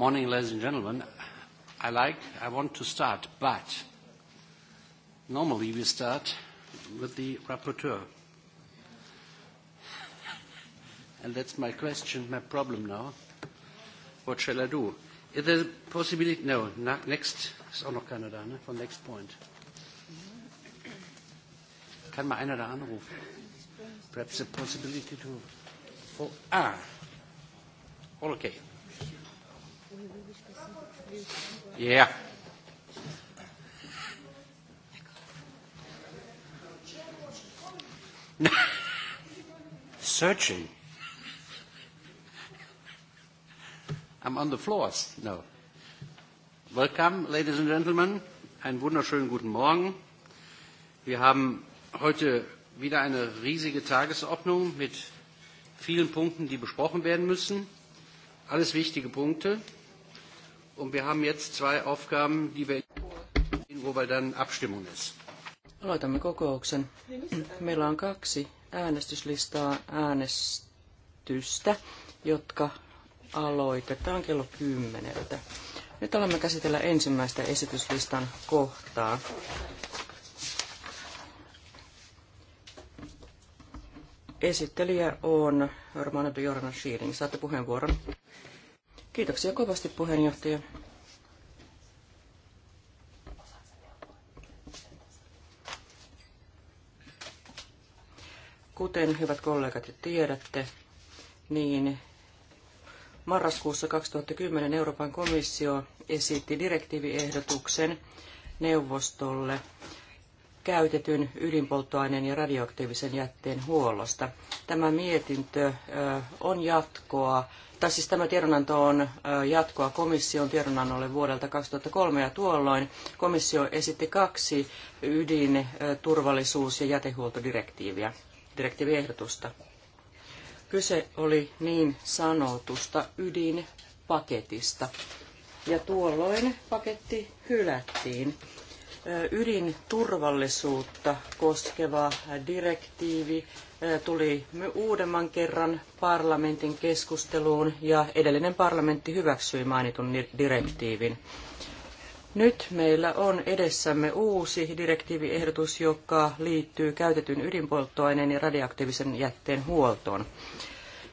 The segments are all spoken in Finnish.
Morning, ladies and gentlemen. I like, I want to start, but normally we start with the rapporteur. And that's my question, my problem now. What shall I do? Is there a possibility? No, next ist auch noch keiner Next Point. Kann mal einer Perhaps a possibility to. All ah, okay. Yeah. Searching. I'm on the floors. No. Welcome, ladies and gentlemen. Einen wunderschönen guten Morgen. Wir haben heute wieder eine riesige Tagesordnung mit vielen Punkten, die besprochen werden müssen. Alles wichtige Punkte. Und wir haben jetzt zwei Aufgaben, die wir in wo dann Abstimmung ist. Aloitamme kokouksen. Meillä on kaksi äänestyslistaa äänestystä, jotka aloitetaan kello kymmeneltä. Nyt alamme käsitellä ensimmäistä esityslistan kohtaa. Esittelijä on Romano de Jorna Schiering. Saatte puheenvuoron. Kiitoksia kovasti puheenjohtaja. Kuten hyvät kollegat jo tiedätte, niin marraskuussa 2010 Euroopan komissio esitti direktiiviehdotuksen neuvostolle käytetyn ydinpolttoaineen ja radioaktiivisen jätteen huollosta. Tämä mietintö on jatkoa, tai siis tämä tiedonanto on jatkoa komission tiedonannolle vuodelta 2003 ja tuolloin komissio esitti kaksi ydinturvallisuus- ja jätehuoltodirektiiviä, direktiiviehdotusta. Kyse oli niin sanotusta ydinpaketista. Ja tuolloin paketti hylättiin ydinturvallisuutta koskeva direktiivi tuli uudemman kerran parlamentin keskusteluun ja edellinen parlamentti hyväksyi mainitun direktiivin. Nyt meillä on edessämme uusi direktiiviehdotus, joka liittyy käytetyn ydinpolttoaineen ja radioaktiivisen jätteen huoltoon.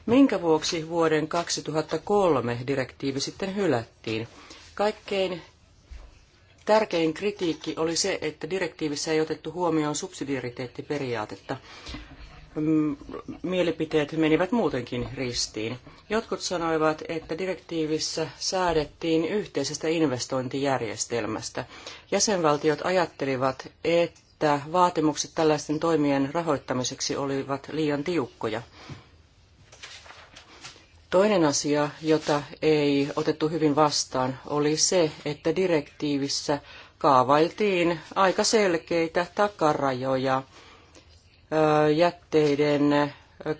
Minkä vuoksi vuoden 2003 direktiivi sitten hylättiin? Kaikkein Tärkein kritiikki oli se, että direktiivissä ei otettu huomioon subsidiariteettiperiaatetta. Mm, mielipiteet menivät muutenkin ristiin. Jotkut sanoivat, että direktiivissä säädettiin yhteisestä investointijärjestelmästä. Jäsenvaltiot ajattelivat, että vaatimukset tällaisten toimien rahoittamiseksi olivat liian tiukkoja. Toinen asia, jota ei otettu hyvin vastaan, oli se, että direktiivissä kaavailtiin aika selkeitä takarajoja jätteiden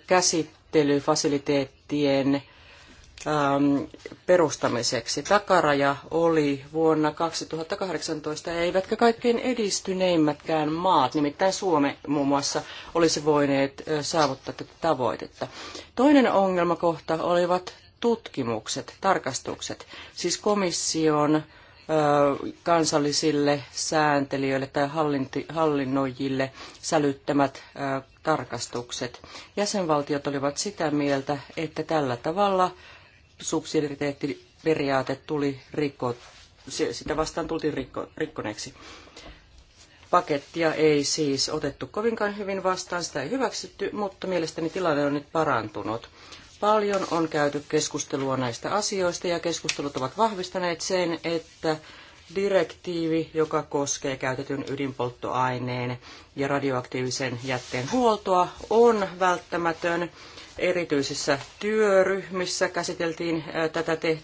käsittelyfasiliteettien Ähm, perustamiseksi. Takaraja oli vuonna 2018, eivätkä kaikkein edistyneimmätkään maat, nimittäin Suomi muun muassa, olisi voineet saavuttaa tätä tavoitetta. Toinen ongelmakohta olivat tutkimukset, tarkastukset, siis komission kansallisille sääntelijöille tai hallinnoijille sälyttämät tarkastukset. Jäsenvaltiot olivat sitä mieltä, että tällä tavalla subsidiariteettiperiaate tuli rikko, sitä vastaan tultiin rikko, rikkoneeksi. Pakettia ei siis otettu kovinkaan hyvin vastaan, sitä ei hyväksytty, mutta mielestäni tilanne on nyt parantunut. Paljon on käyty keskustelua näistä asioista ja keskustelut ovat vahvistaneet sen, että direktiivi, joka koskee käytetyn ydinpolttoaineen ja radioaktiivisen jätteen huoltoa, on välttämätön erityisissä työryhmissä käsiteltiin tätä te-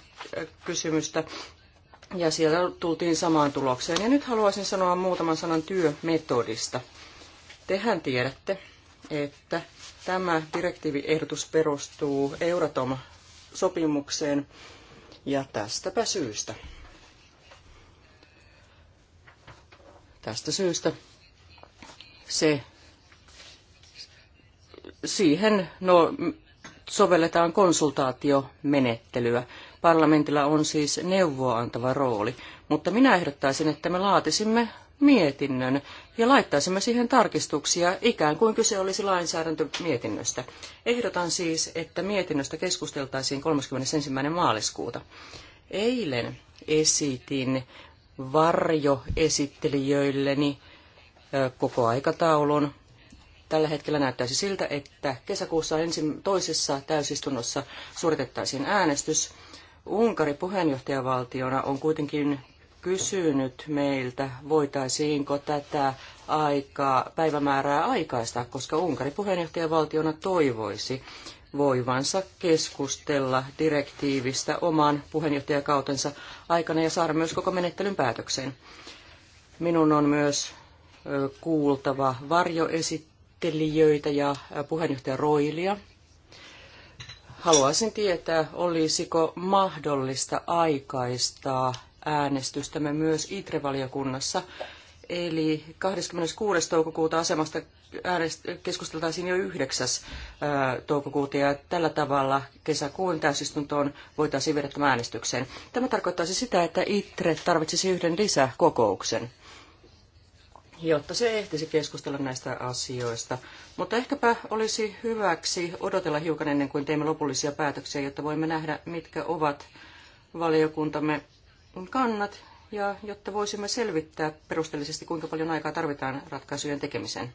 kysymystä ja siellä tultiin samaan tulokseen. Ja nyt haluaisin sanoa muutaman sanan työmetodista. Tehän tiedätte, että tämä direktiiviehdotus perustuu Euratom-sopimukseen ja tästäpä syystä. Tästä syystä se siihen no, sovelletaan konsultaatiomenettelyä. Parlamentilla on siis neuvoa antava rooli, mutta minä ehdottaisin, että me laatisimme mietinnön ja laittaisimme siihen tarkistuksia ikään kuin kyse olisi lainsäädäntömietinnöstä. Ehdotan siis, että mietinnöstä keskusteltaisiin 31. maaliskuuta. Eilen esitin varjoesittelijöilleni koko aikataulun Tällä hetkellä näyttäisi siltä, että kesäkuussa ensin toisessa täysistunnossa suoritettaisiin äänestys. Unkari puheenjohtajavaltiona on kuitenkin kysynyt meiltä, voitaisiinko tätä aikaa, päivämäärää aikaistaa, koska Unkari puheenjohtajavaltiona toivoisi voivansa keskustella direktiivistä oman puheenjohtajakautensa aikana ja saada myös koko menettelyn päätökseen. Minun on myös kuultava varjoesittelyä esittelijöitä ja puheenjohtaja Roilia. Haluaisin tietää, olisiko mahdollista aikaistaa äänestystämme myös ITRE-valiokunnassa. Eli 26. toukokuuta asemasta keskusteltaisiin jo 9. toukokuuta ja tällä tavalla kesäkuun täysistuntoon voitaisiin viedä tämä äänestykseen. Tämä tarkoittaisi sitä, että ITRE tarvitsisi yhden lisäkokouksen jotta se ehtisi keskustella näistä asioista. Mutta ehkäpä olisi hyväksi odotella hiukan ennen kuin teemme lopullisia päätöksiä, jotta voimme nähdä, mitkä ovat valiokuntamme kannat ja jotta voisimme selvittää perusteellisesti, kuinka paljon aikaa tarvitaan ratkaisujen tekemiseen.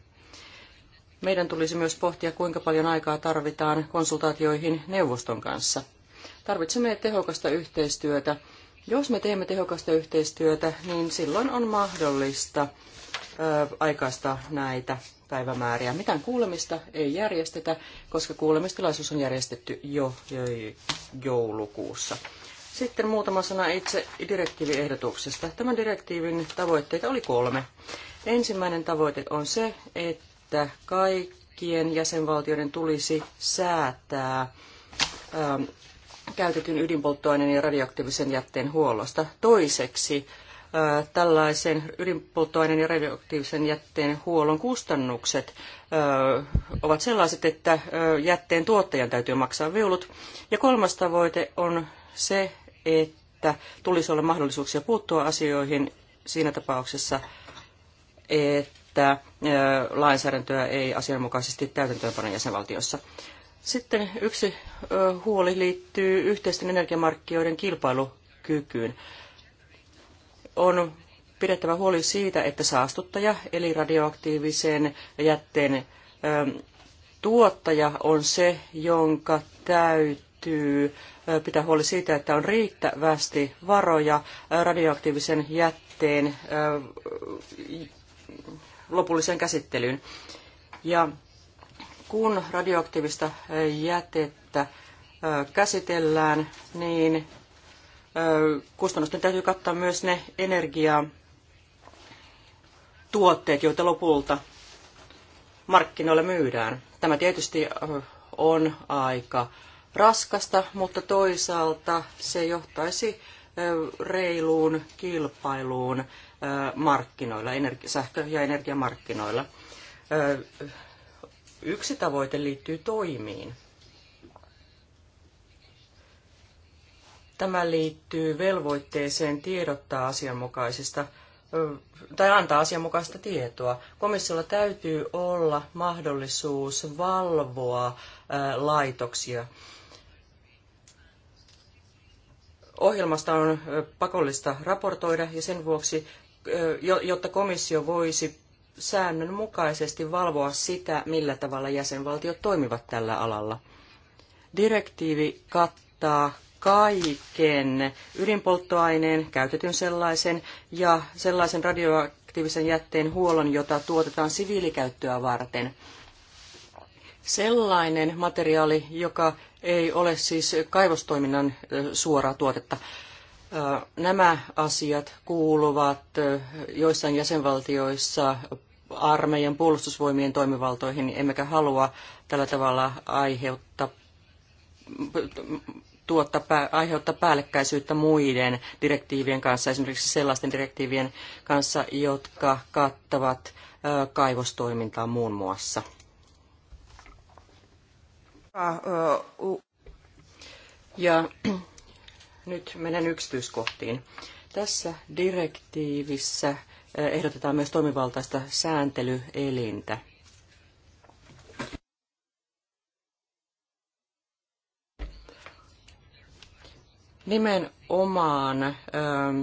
Meidän tulisi myös pohtia, kuinka paljon aikaa tarvitaan konsultaatioihin neuvoston kanssa. Tarvitsemme tehokasta yhteistyötä. Jos me teemme tehokasta yhteistyötä, niin silloin on mahdollista aikaista näitä päivämääriä. Mitään kuulemista ei järjestetä, koska kuulemistilaisuus on järjestetty jo joulukuussa. Sitten muutama sana itse direktiiviehdotuksesta. Tämän direktiivin tavoitteita oli kolme. Ensimmäinen tavoite on se, että kaikkien jäsenvaltioiden tulisi säätää ää, ähm, käytetyn ydinpolttoaineen ja radioaktiivisen jätteen huollosta. Toiseksi tällaisen ydinpolttoaineen ja radioaktiivisen jätteen huollon kustannukset ovat sellaiset, että jätteen tuottajan täytyy maksaa viulut. Ja kolmas tavoite on se, että tulisi olla mahdollisuuksia puuttua asioihin siinä tapauksessa, että lainsäädäntöä ei asianmukaisesti täytäntöönpano jäsenvaltiossa. Sitten yksi huoli liittyy yhteisten energiamarkkinoiden kilpailukykyyn on pidettävä huoli siitä, että saastuttaja eli radioaktiivisen jätteen ähm, tuottaja on se, jonka täytyy äh, pitää huoli siitä, että on riittävästi varoja äh, radioaktiivisen jätteen äh, lopulliseen käsittelyyn. Ja kun radioaktiivista jätettä käsitellään, niin kustannusten täytyy kattaa myös ne energiatuotteet, joita lopulta markkinoilla myydään. Tämä tietysti on aika raskasta, mutta toisaalta se johtaisi reiluun kilpailuun markkinoilla, sähkö- ja energiamarkkinoilla. Yksi tavoite liittyy toimiin. Tämä liittyy velvoitteeseen tiedottaa asianmukaisista tai antaa asianmukaista tietoa. Komissiolla täytyy olla mahdollisuus valvoa laitoksia. Ohjelmasta on pakollista raportoida ja sen vuoksi, jotta komissio voisi säännönmukaisesti valvoa sitä, millä tavalla jäsenvaltiot toimivat tällä alalla. Direktiivi kattaa kaiken ydinpolttoaineen, käytetyn sellaisen ja sellaisen radioaktiivisen jätteen huollon, jota tuotetaan siviilikäyttöä varten. Sellainen materiaali, joka ei ole siis kaivostoiminnan suoraa tuotetta. Nämä asiat kuuluvat joissain jäsenvaltioissa armeijan puolustusvoimien toimivaltoihin, emmekä halua tällä tavalla aiheuttaa tuotta aiheuttaa päällekkäisyyttä muiden direktiivien kanssa, esimerkiksi sellaisten direktiivien kanssa, jotka kattavat kaivostoimintaa muun muassa. Ja nyt menen yksityiskohtiin. Tässä direktiivissä ehdotetaan myös toimivaltaista sääntelyelintä. Nimenomaan ö, ähm,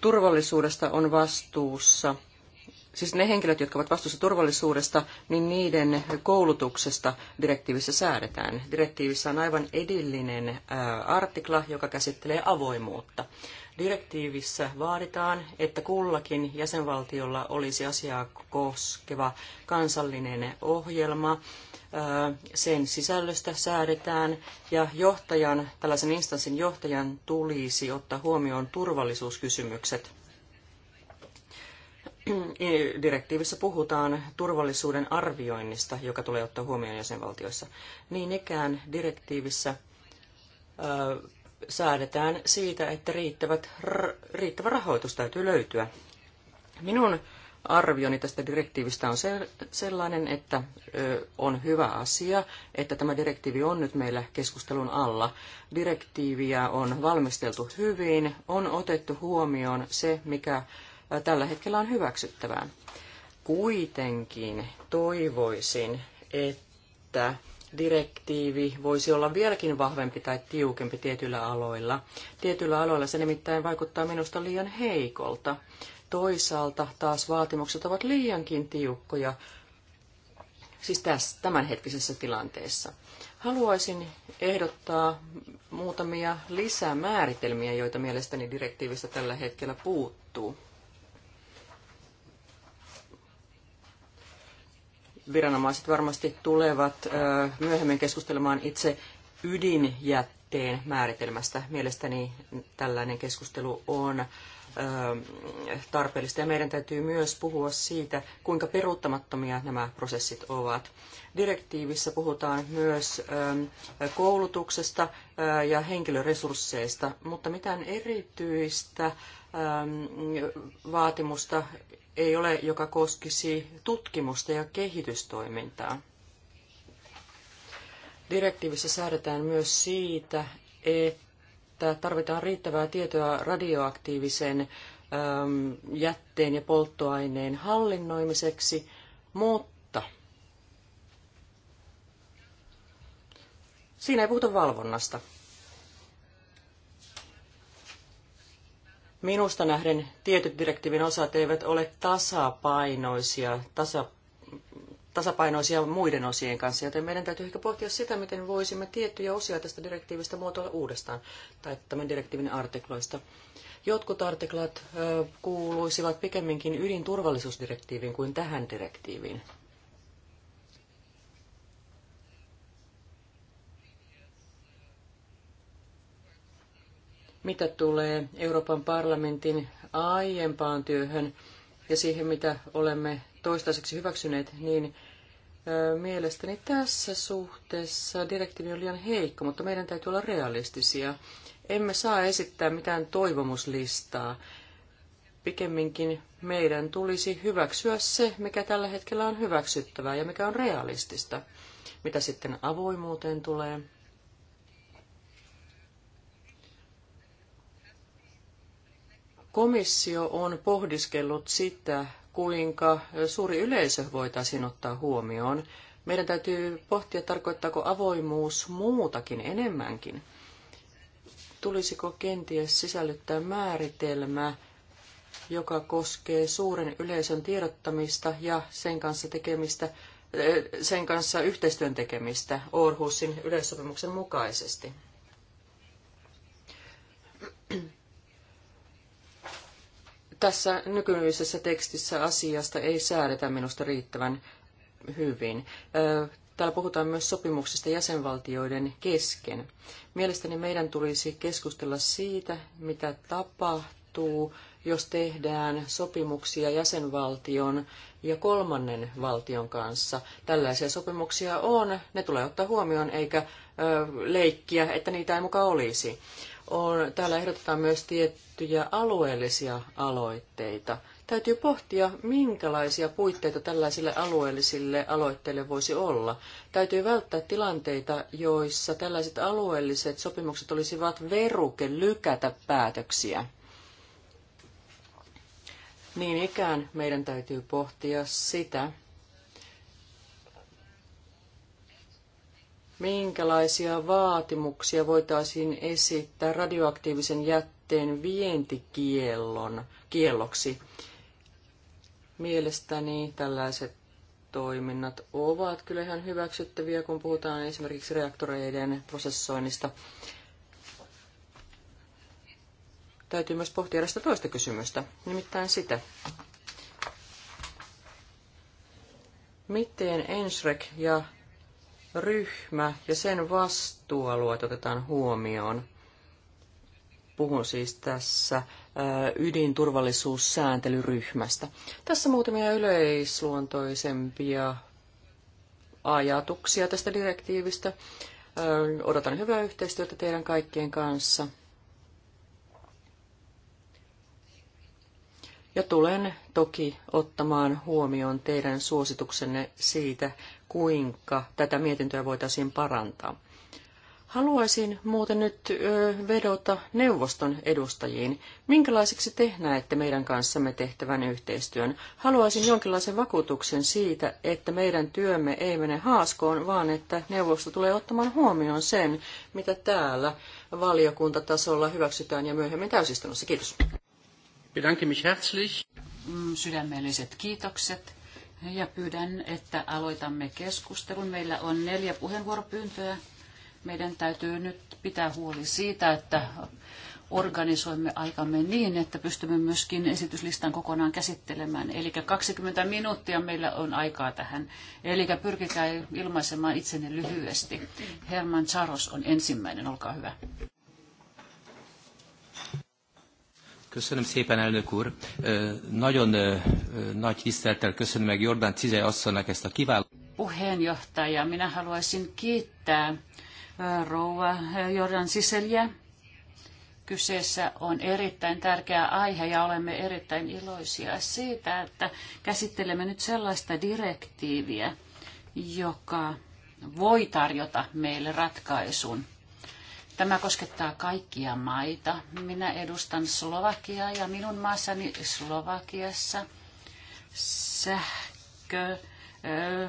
turvallisuudesta on vastuussa, siis ne henkilöt, jotka ovat vastuussa turvallisuudesta, niin niiden koulutuksesta direktiivissä säädetään. Direktiivissä on aivan edellinen ö, äh, artikla, joka käsittelee avoimuutta. Direktiivissä vaaditaan, että kullakin jäsenvaltiolla olisi asiaa koskeva kansallinen ohjelma, sen sisällöstä säädetään ja johtajan, tällaisen instanssin johtajan tulisi ottaa huomioon turvallisuuskysymykset. E, direktiivissä puhutaan turvallisuuden arvioinnista, joka tulee ottaa huomioon jäsenvaltioissa. Niin ikään direktiivissä säädetään siitä, että riittävät, riittävä rahoitus täytyy löytyä. Minun arvioni tästä direktiivistä on sellainen, että on hyvä asia, että tämä direktiivi on nyt meillä keskustelun alla. Direktiiviä on valmisteltu hyvin, on otettu huomioon se, mikä tällä hetkellä on hyväksyttävää. Kuitenkin toivoisin, että direktiivi voisi olla vieläkin vahvempi tai tiukempi tietyillä aloilla. Tietyillä aloilla se nimittäin vaikuttaa minusta liian heikolta. Toisaalta taas vaatimukset ovat liiankin tiukkoja, siis tässä tämänhetkisessä tilanteessa. Haluaisin ehdottaa muutamia lisämääritelmiä, joita mielestäni direktiivistä tällä hetkellä puuttuu. Viranomaiset varmasti tulevat myöhemmin keskustelemaan itse ydinjätteen määritelmästä. Mielestäni tällainen keskustelu on tarpeellista. Ja meidän täytyy myös puhua siitä, kuinka peruuttamattomia nämä prosessit ovat. Direktiivissä puhutaan myös koulutuksesta ja henkilöresursseista, mutta mitään erityistä vaatimusta ei ole, joka koskisi tutkimusta ja kehitystoimintaa. Direktiivissä säädetään myös siitä, että että tarvitaan riittävää tietoa radioaktiivisen ähm, jätteen ja polttoaineen hallinnoimiseksi, mutta siinä ei puhuta valvonnasta. Minusta nähden tietyt direktiivin osat eivät ole tasapainoisia, tasapainoisia tasapainoisia muiden osien kanssa, joten meidän täytyy ehkä pohtia sitä, miten voisimme tiettyjä osia tästä direktiivistä muotoilla uudestaan, tai tämän direktiivin artikloista. Jotkut artiklat ö, kuuluisivat pikemminkin ydinturvallisuusdirektiiviin kuin tähän direktiiviin. Mitä tulee Euroopan parlamentin aiempaan työhön ja siihen, mitä olemme toistaiseksi hyväksyneet, niin mielestäni tässä suhteessa direktiivi on liian heikko, mutta meidän täytyy olla realistisia. Emme saa esittää mitään toivomuslistaa. Pikemminkin meidän tulisi hyväksyä se, mikä tällä hetkellä on hyväksyttävää ja mikä on realistista. Mitä sitten avoimuuteen tulee, komissio on pohdiskellut sitä, kuinka suuri yleisö voitaisiin ottaa huomioon. Meidän täytyy pohtia, tarkoittaako avoimuus muutakin enemmänkin. Tulisiko kenties sisällyttää määritelmä, joka koskee suuren yleisön tiedottamista ja sen kanssa tekemistä eh, sen kanssa yhteistyön tekemistä Orhusin yleissopimuksen mukaisesti. tässä nykyisessä tekstissä asiasta ei säädetä minusta riittävän hyvin. Täällä puhutaan myös sopimuksista jäsenvaltioiden kesken. Mielestäni meidän tulisi keskustella siitä, mitä tapahtuu, jos tehdään sopimuksia jäsenvaltion ja kolmannen valtion kanssa. Tällaisia sopimuksia on, ne tulee ottaa huomioon eikä leikkiä, että niitä ei muka olisi on, täällä ehdotetaan myös tiettyjä alueellisia aloitteita. Täytyy pohtia, minkälaisia puitteita tällaisille alueellisille aloitteille voisi olla. Täytyy välttää tilanteita, joissa tällaiset alueelliset sopimukset olisivat veruke lykätä päätöksiä. Niin ikään meidän täytyy pohtia sitä, minkälaisia vaatimuksia voitaisiin esittää radioaktiivisen jätteen vientikiellon kielloksi. Mielestäni tällaiset toiminnat ovat kyllä ihan hyväksyttäviä, kun puhutaan esimerkiksi reaktoreiden prosessoinnista. Täytyy myös pohtia erästä toista kysymystä, nimittäin sitä, miten Ensrek ja ryhmä ja sen vastuualueet otetaan huomioon. Puhun siis tässä äh, ydinturvallisuussääntelyryhmästä. Tässä muutamia yleisluontoisempia ajatuksia tästä direktiivistä. Äh, odotan hyvää yhteistyötä teidän kaikkien kanssa. Ja tulen toki ottamaan huomioon teidän suosituksenne siitä, kuinka tätä mietintöä voitaisiin parantaa. Haluaisin muuten nyt vedota neuvoston edustajiin. Minkälaiseksi te näette meidän kanssamme tehtävän yhteistyön? Haluaisin jonkinlaisen vakuutuksen siitä, että meidän työmme ei mene haaskoon, vaan että neuvosto tulee ottamaan huomioon sen, mitä täällä valiokuntatasolla hyväksytään ja myöhemmin täysistunnossa. Kiitos. Bedanke mich herzlich. Mm, sydämelliset kiitokset. Ja pyydän, että aloitamme keskustelun. Meillä on neljä puheenvuoropyyntöä. Meidän täytyy nyt pitää huoli siitä, että organisoimme aikamme niin, että pystymme myöskin esityslistan kokonaan käsittelemään. Eli 20 minuuttia meillä on aikaa tähän. Eli pyrkikää ilmaisemaan itsenne lyhyesti. Herman Charos on ensimmäinen, olkaa hyvä. Köszönöm szépen, elnök úr. Nagyon nagy tisztelettel köszönöm meg Jordán Cize asszonynak ezt a kiváló... Puheenjohtaja, minä haluaisin kiittää rouva Jordan Siseliä. Kyseessä on erittäin tärkeä aihe ja olemme erittäin iloisia siitä, että käsittelemme nyt sellaista direktiiviä, joka voi tarjota meille ratkaisun Tämä koskettaa kaikkia maita. Minä edustan Slovakiaa ja minun maassani Slovakiassa sähkö,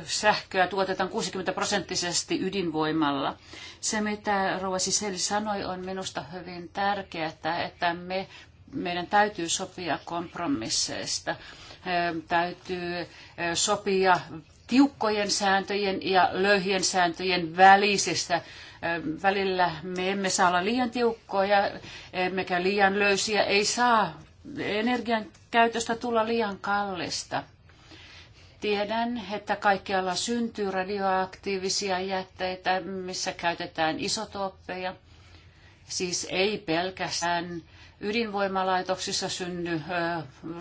sähköä tuotetaan 60 prosenttisesti ydinvoimalla. Se, mitä Rouva Siseli sanoi, on minusta hyvin tärkeää, että me, meidän täytyy sopia kompromisseista. Täytyy sopia tiukkojen sääntöjen ja löyhien sääntöjen välisistä Välillä me emme saa olla liian tiukkoja, emmekä liian löysiä, ei saa energian käytöstä tulla liian kallista. Tiedän, että kaikkialla syntyy radioaktiivisia jätteitä, missä käytetään isotooppeja. Siis ei pelkästään ydinvoimalaitoksissa synny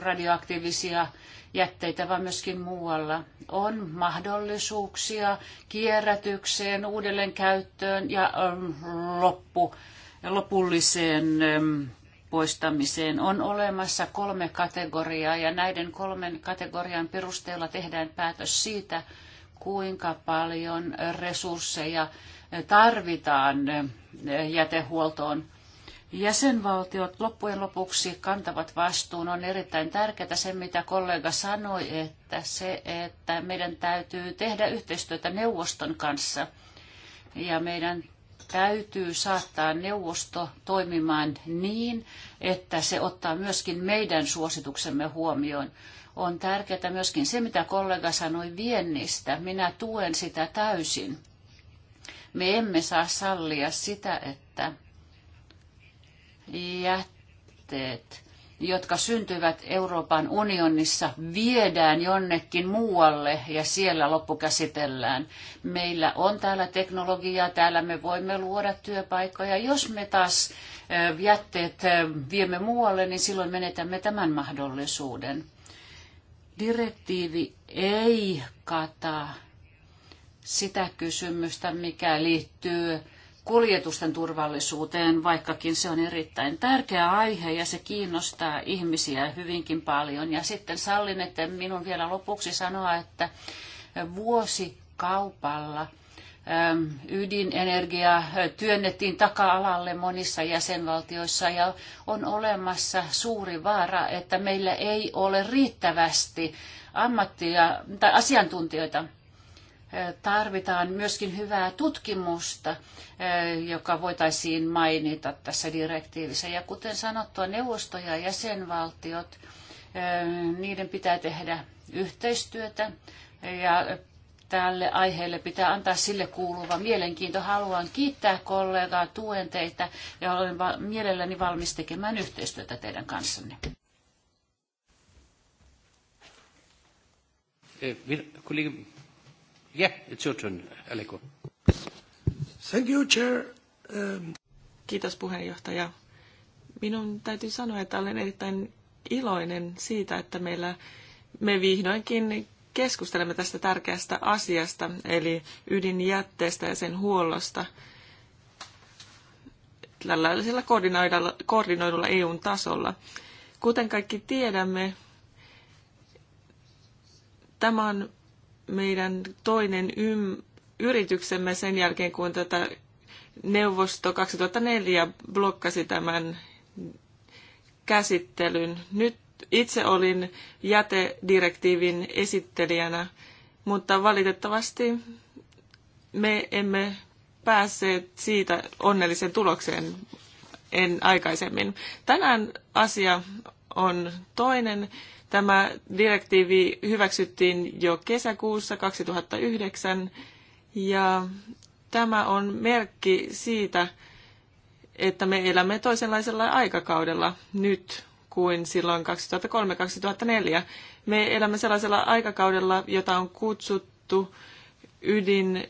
radioaktiivisia jätteitä, vaan myöskin muualla. On mahdollisuuksia kierrätykseen, uudelleenkäyttöön ja ähm, loppu, lopulliseen ähm, poistamiseen. On olemassa kolme kategoriaa ja näiden kolmen kategorian perusteella tehdään päätös siitä, kuinka paljon resursseja tarvitaan äh, jätehuoltoon jäsenvaltiot loppujen lopuksi kantavat vastuun. On erittäin tärkeää se, mitä kollega sanoi, että se, että meidän täytyy tehdä yhteistyötä neuvoston kanssa ja meidän täytyy saattaa neuvosto toimimaan niin, että se ottaa myöskin meidän suosituksemme huomioon. On tärkeää myöskin se, mitä kollega sanoi viennistä. Minä tuen sitä täysin. Me emme saa sallia sitä, että jätteet, jotka syntyvät Euroopan unionissa, viedään jonnekin muualle ja siellä loppukäsitellään. Meillä on täällä teknologiaa, täällä me voimme luoda työpaikkoja. Jos me taas jätteet viemme muualle, niin silloin menetämme tämän mahdollisuuden. Direktiivi ei kata sitä kysymystä, mikä liittyy kuljetusten turvallisuuteen, vaikkakin se on erittäin tärkeä aihe ja se kiinnostaa ihmisiä hyvinkin paljon. Ja sitten sallin, että minun vielä lopuksi sanoa, että vuosikaupalla ydinenergia työnnettiin taka-alalle monissa jäsenvaltioissa ja on olemassa suuri vaara, että meillä ei ole riittävästi ammattia tai asiantuntijoita tarvitaan myöskin hyvää tutkimusta, eh, joka voitaisiin mainita tässä direktiivissä. Ja kuten sanottua, neuvosto ja jäsenvaltiot, eh, niiden pitää tehdä yhteistyötä ja tälle aiheelle pitää antaa sille kuuluva mielenkiinto. Haluan kiittää kollegaa, tuen teitä ja olen mielelläni valmis tekemään yhteistyötä teidän kanssanne. Eh, kollega Yeah, it's your turn, Eliko. Thank you, Chair. Um... Kiitos puheenjohtaja. Minun täytyy sanoa, että olen erittäin iloinen siitä, että meillä me vihdoinkin keskustelemme tästä tärkeästä asiasta, eli ydinjätteestä ja sen huollosta tällaisella koordinoidulla, koordinoidulla EUn tasolla. Kuten kaikki tiedämme, tämä on meidän toinen ym- yrityksemme sen jälkeen, kun tätä neuvosto 2004 blokkasi tämän käsittelyn. Nyt itse olin jätedirektiivin esittelijänä, mutta valitettavasti me emme päässeet siitä onnelliseen tulokseen en aikaisemmin. Tänään asia on toinen. Tämä direktiivi hyväksyttiin jo kesäkuussa 2009 ja tämä on merkki siitä, että me elämme toisenlaisella aikakaudella nyt kuin silloin 2003-2004. Me elämme sellaisella aikakaudella, jota on kutsuttu ydin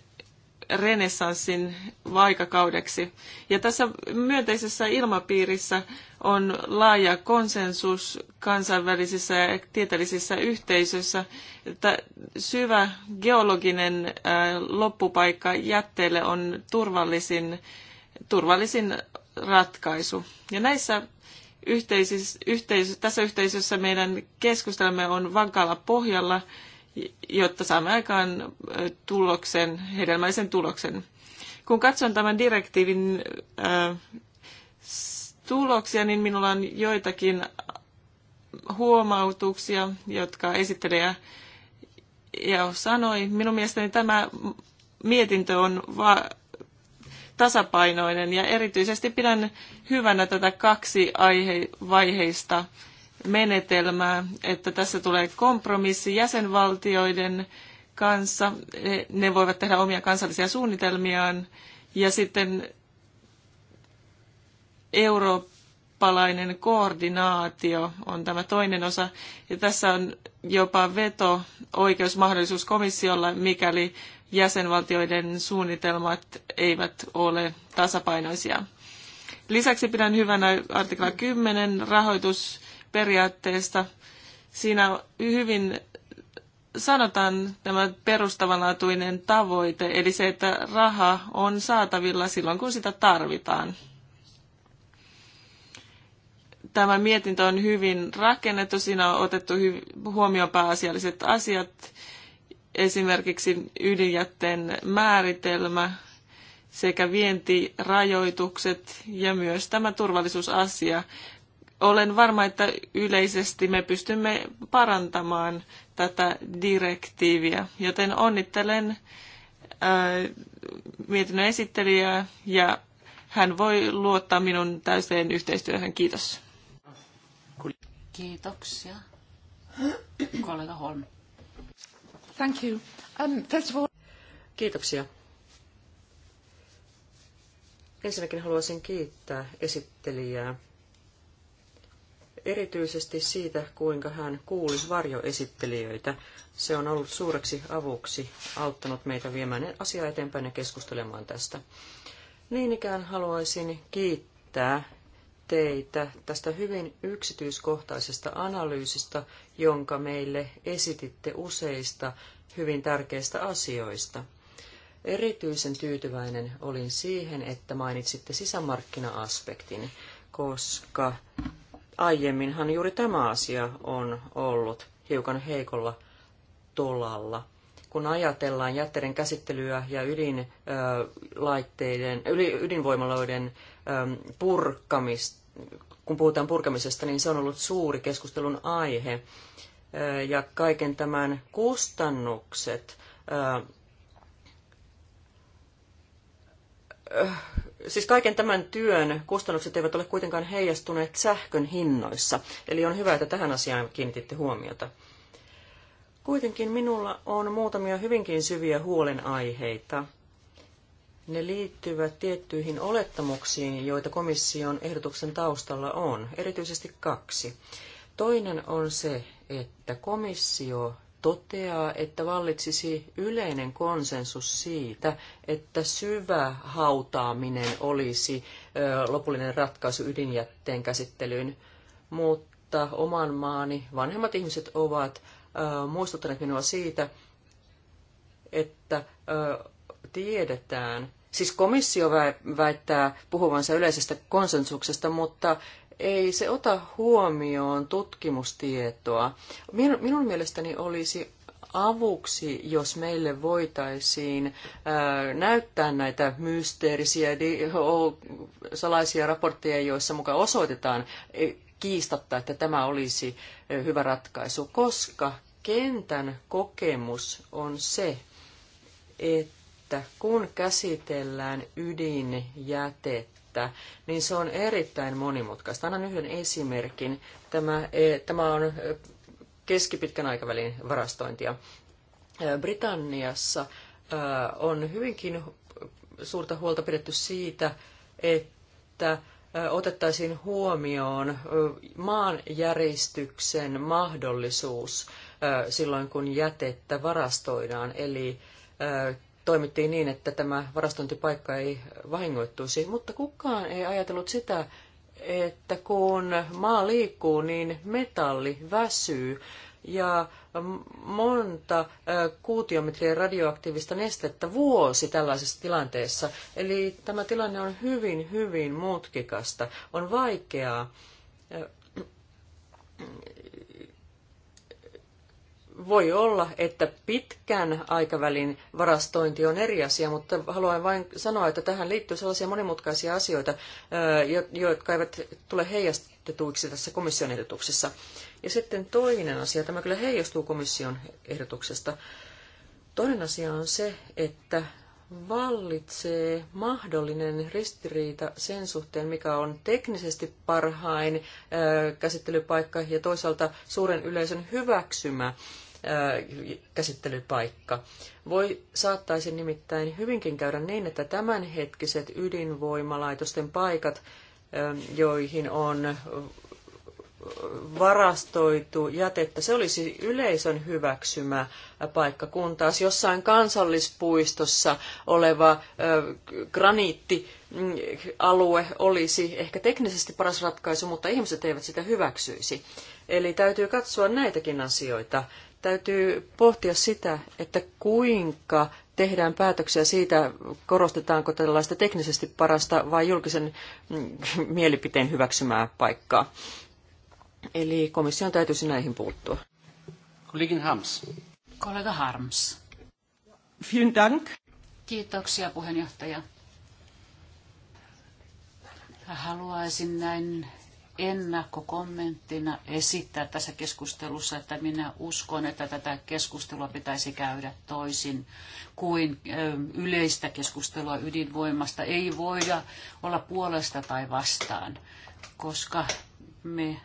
renessanssin vaikakaudeksi. Ja tässä myönteisessä ilmapiirissä on laaja konsensus kansainvälisissä ja tieteellisissä yhteisöissä, että syvä geologinen äh, loppupaikka jätteelle on turvallisin, turvallisin ratkaisu. Ja näissä yhteisissä, yhteisö, tässä yhteisössä meidän keskustelumme on vankalla pohjalla – jotta saamme aikaan tuloksen, hedelmällisen tuloksen. Kun katson tämän direktiivin tuloksia, niin minulla on joitakin huomautuksia, jotka esittelijä ja sanoi. Minun mielestäni tämä mietintö on va- tasapainoinen ja erityisesti pidän hyvänä tätä kaksi aihe- vaiheista menetelmää, että tässä tulee kompromissi jäsenvaltioiden kanssa. Ne voivat tehdä omia kansallisia suunnitelmiaan ja sitten eurooppalainen koordinaatio on tämä toinen osa. Ja tässä on jopa veto oikeusmahdollisuus komissiolla, mikäli jäsenvaltioiden suunnitelmat eivät ole tasapainoisia. Lisäksi pidän hyvänä artikla 10 rahoitus periaatteesta. Siinä hyvin sanotaan tämä perustavanlaatuinen tavoite, eli se, että raha on saatavilla silloin, kun sitä tarvitaan. Tämä mietintö on hyvin rakennettu, siinä on otettu huomioon pääasialliset asiat, esimerkiksi ydinjätteen määritelmä sekä vientirajoitukset ja myös tämä turvallisuusasia olen varma, että yleisesti me pystymme parantamaan tätä direktiiviä, joten onnittelen ää, mietinnön esittelijää ja hän voi luottaa minun täyseen yhteistyöhön. Kiitos. Kiitoksia. Kollega Holm. Thank you. Um, first of all... Kiitoksia. Ensinnäkin haluaisin kiittää esittelijää erityisesti siitä, kuinka hän kuuli varjoesittelijöitä. Se on ollut suureksi avuksi, auttanut meitä viemään asiaa eteenpäin ja keskustelemaan tästä. Niin ikään haluaisin kiittää teitä tästä hyvin yksityiskohtaisesta analyysistä, jonka meille esititte useista hyvin tärkeistä asioista. Erityisen tyytyväinen olin siihen, että mainitsitte sisämarkkina-aspektin, koska Aiemminhan juuri tämä asia on ollut hiukan heikolla tolalla. Kun ajatellaan jätteiden käsittelyä ja ydinlaitteiden, ydinvoimaloiden purkamista, kun puhutaan purkamisesta, niin se on ollut suuri keskustelun aihe. Ja kaiken tämän kustannukset Siis kaiken tämän työn kustannukset eivät ole kuitenkaan heijastuneet sähkön hinnoissa, eli on hyvä, että tähän asiaan kiinnititte huomiota. Kuitenkin minulla on muutamia hyvinkin syviä huolenaiheita. Ne liittyvät tiettyihin olettamuksiin, joita komission ehdotuksen taustalla on, erityisesti kaksi. Toinen on se, että komissio toteaa, että vallitsisi yleinen konsensus siitä, että syvä hautaaminen olisi lopullinen ratkaisu ydinjätteen käsittelyyn, mutta oman maani vanhemmat ihmiset ovat muistuttaneet minua siitä, että tiedetään, siis komissio väittää puhuvansa yleisestä konsensuksesta, mutta ei se ota huomioon tutkimustietoa. Minun mielestäni olisi avuksi, jos meille voitaisiin äh, näyttää näitä mysteerisiä salaisia raportteja, joissa mukaan osoitetaan e, kiistatta, että tämä olisi hyvä ratkaisu, koska kentän kokemus on se, että kun käsitellään ydinjätettä, päättää, niin se on erittäin monimutkaista. Annan yhden esimerkin. Tämä, e, tämä on keskipitkän aikavälin varastointia. Britanniassa on hyvinkin suurta huolta pidetty siitä, että otettaisiin huomioon maanjäristyksen mahdollisuus silloin, kun jätettä varastoidaan, eli toimittiin niin, että tämä varastointipaikka ei vahingoittuisi, mutta kukaan ei ajatellut sitä, että kun maa liikkuu, niin metalli väsyy ja monta kuutiometriä radioaktiivista nestettä vuosi tällaisessa tilanteessa. Eli tämä tilanne on hyvin, hyvin mutkikasta. On vaikeaa voi olla, että pitkän aikavälin varastointi on eri asia, mutta haluan vain sanoa, että tähän liittyy sellaisia monimutkaisia asioita, jotka eivät tule heijastetuiksi tässä komission ehdotuksessa. Ja sitten toinen asia, tämä kyllä heijastuu komission ehdotuksesta. Toinen asia on se, että vallitsee mahdollinen ristiriita sen suhteen, mikä on teknisesti parhain käsittelypaikka ja toisaalta suuren yleisön hyväksymä käsittelypaikka. Voi saattaisi nimittäin hyvinkin käydä niin, että tämänhetkiset ydinvoimalaitosten paikat, joihin on varastoitu jätettä, se olisi yleisön hyväksymä paikka, kun taas jossain kansallispuistossa oleva graniittialue mm, olisi ehkä teknisesti paras ratkaisu, mutta ihmiset eivät sitä hyväksyisi. Eli täytyy katsoa näitäkin asioita täytyy pohtia sitä, että kuinka tehdään päätöksiä siitä, korostetaanko tällaista teknisesti parasta vai julkisen mm, mielipiteen hyväksymää paikkaa. Eli komission täytyisi näihin puuttua. Kollegin Harms. Kollega Harms. Vielen Dank. Kiitoksia puheenjohtaja. Haluaisin näin ennakkokommenttina esittää tässä keskustelussa, että minä uskon, että tätä keskustelua pitäisi käydä toisin kuin yleistä keskustelua ydinvoimasta. Ei voida olla puolesta tai vastaan, koska me,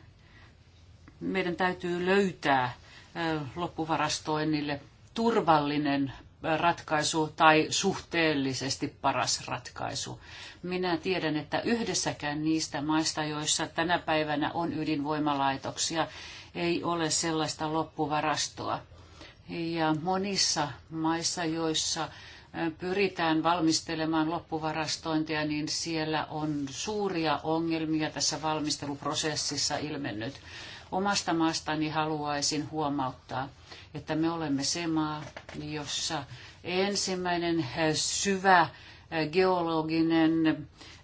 meidän täytyy löytää loppuvarastoinnille turvallinen ratkaisu tai suhteellisesti paras ratkaisu. Minä tiedän, että yhdessäkään niistä maista, joissa tänä päivänä on ydinvoimalaitoksia, ei ole sellaista loppuvarastoa. Ja monissa maissa, joissa pyritään valmistelemaan loppuvarastointia, niin siellä on suuria ongelmia tässä valmisteluprosessissa ilmennyt. Omasta maastani haluaisin huomauttaa, että me olemme se maa, jossa ensimmäinen eh, syvä eh, geologinen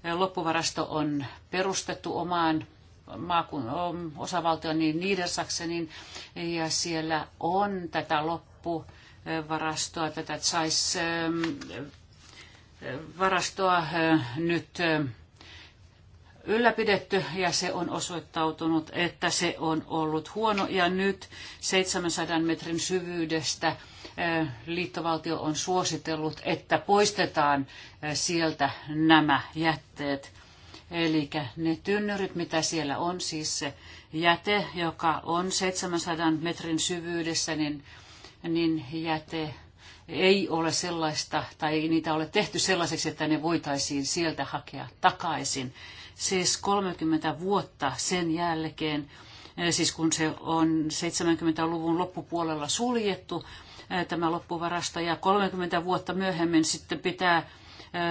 eh, loppuvarasto on perustettu omaan maakun, osavaltioon niin Niedersaksenin, ja siellä on tätä loppuvarastoa, tätä Zeiss-varastoa nyt ylläpidetty ja se on osoittautunut, että se on ollut huono. Ja nyt 700 metrin syvyydestä liittovaltio on suositellut, että poistetaan sieltä nämä jätteet. Eli ne tynnyrit, mitä siellä on, siis se jäte, joka on 700 metrin syvyydessä, niin, niin jäte ei ole sellaista, tai niitä ole tehty sellaiseksi, että ne voitaisiin sieltä hakea takaisin siis 30 vuotta sen jälkeen, eh, siis kun se on 70-luvun loppupuolella suljettu, eh, tämä loppuvarasto, ja 30 vuotta myöhemmin sitten pitää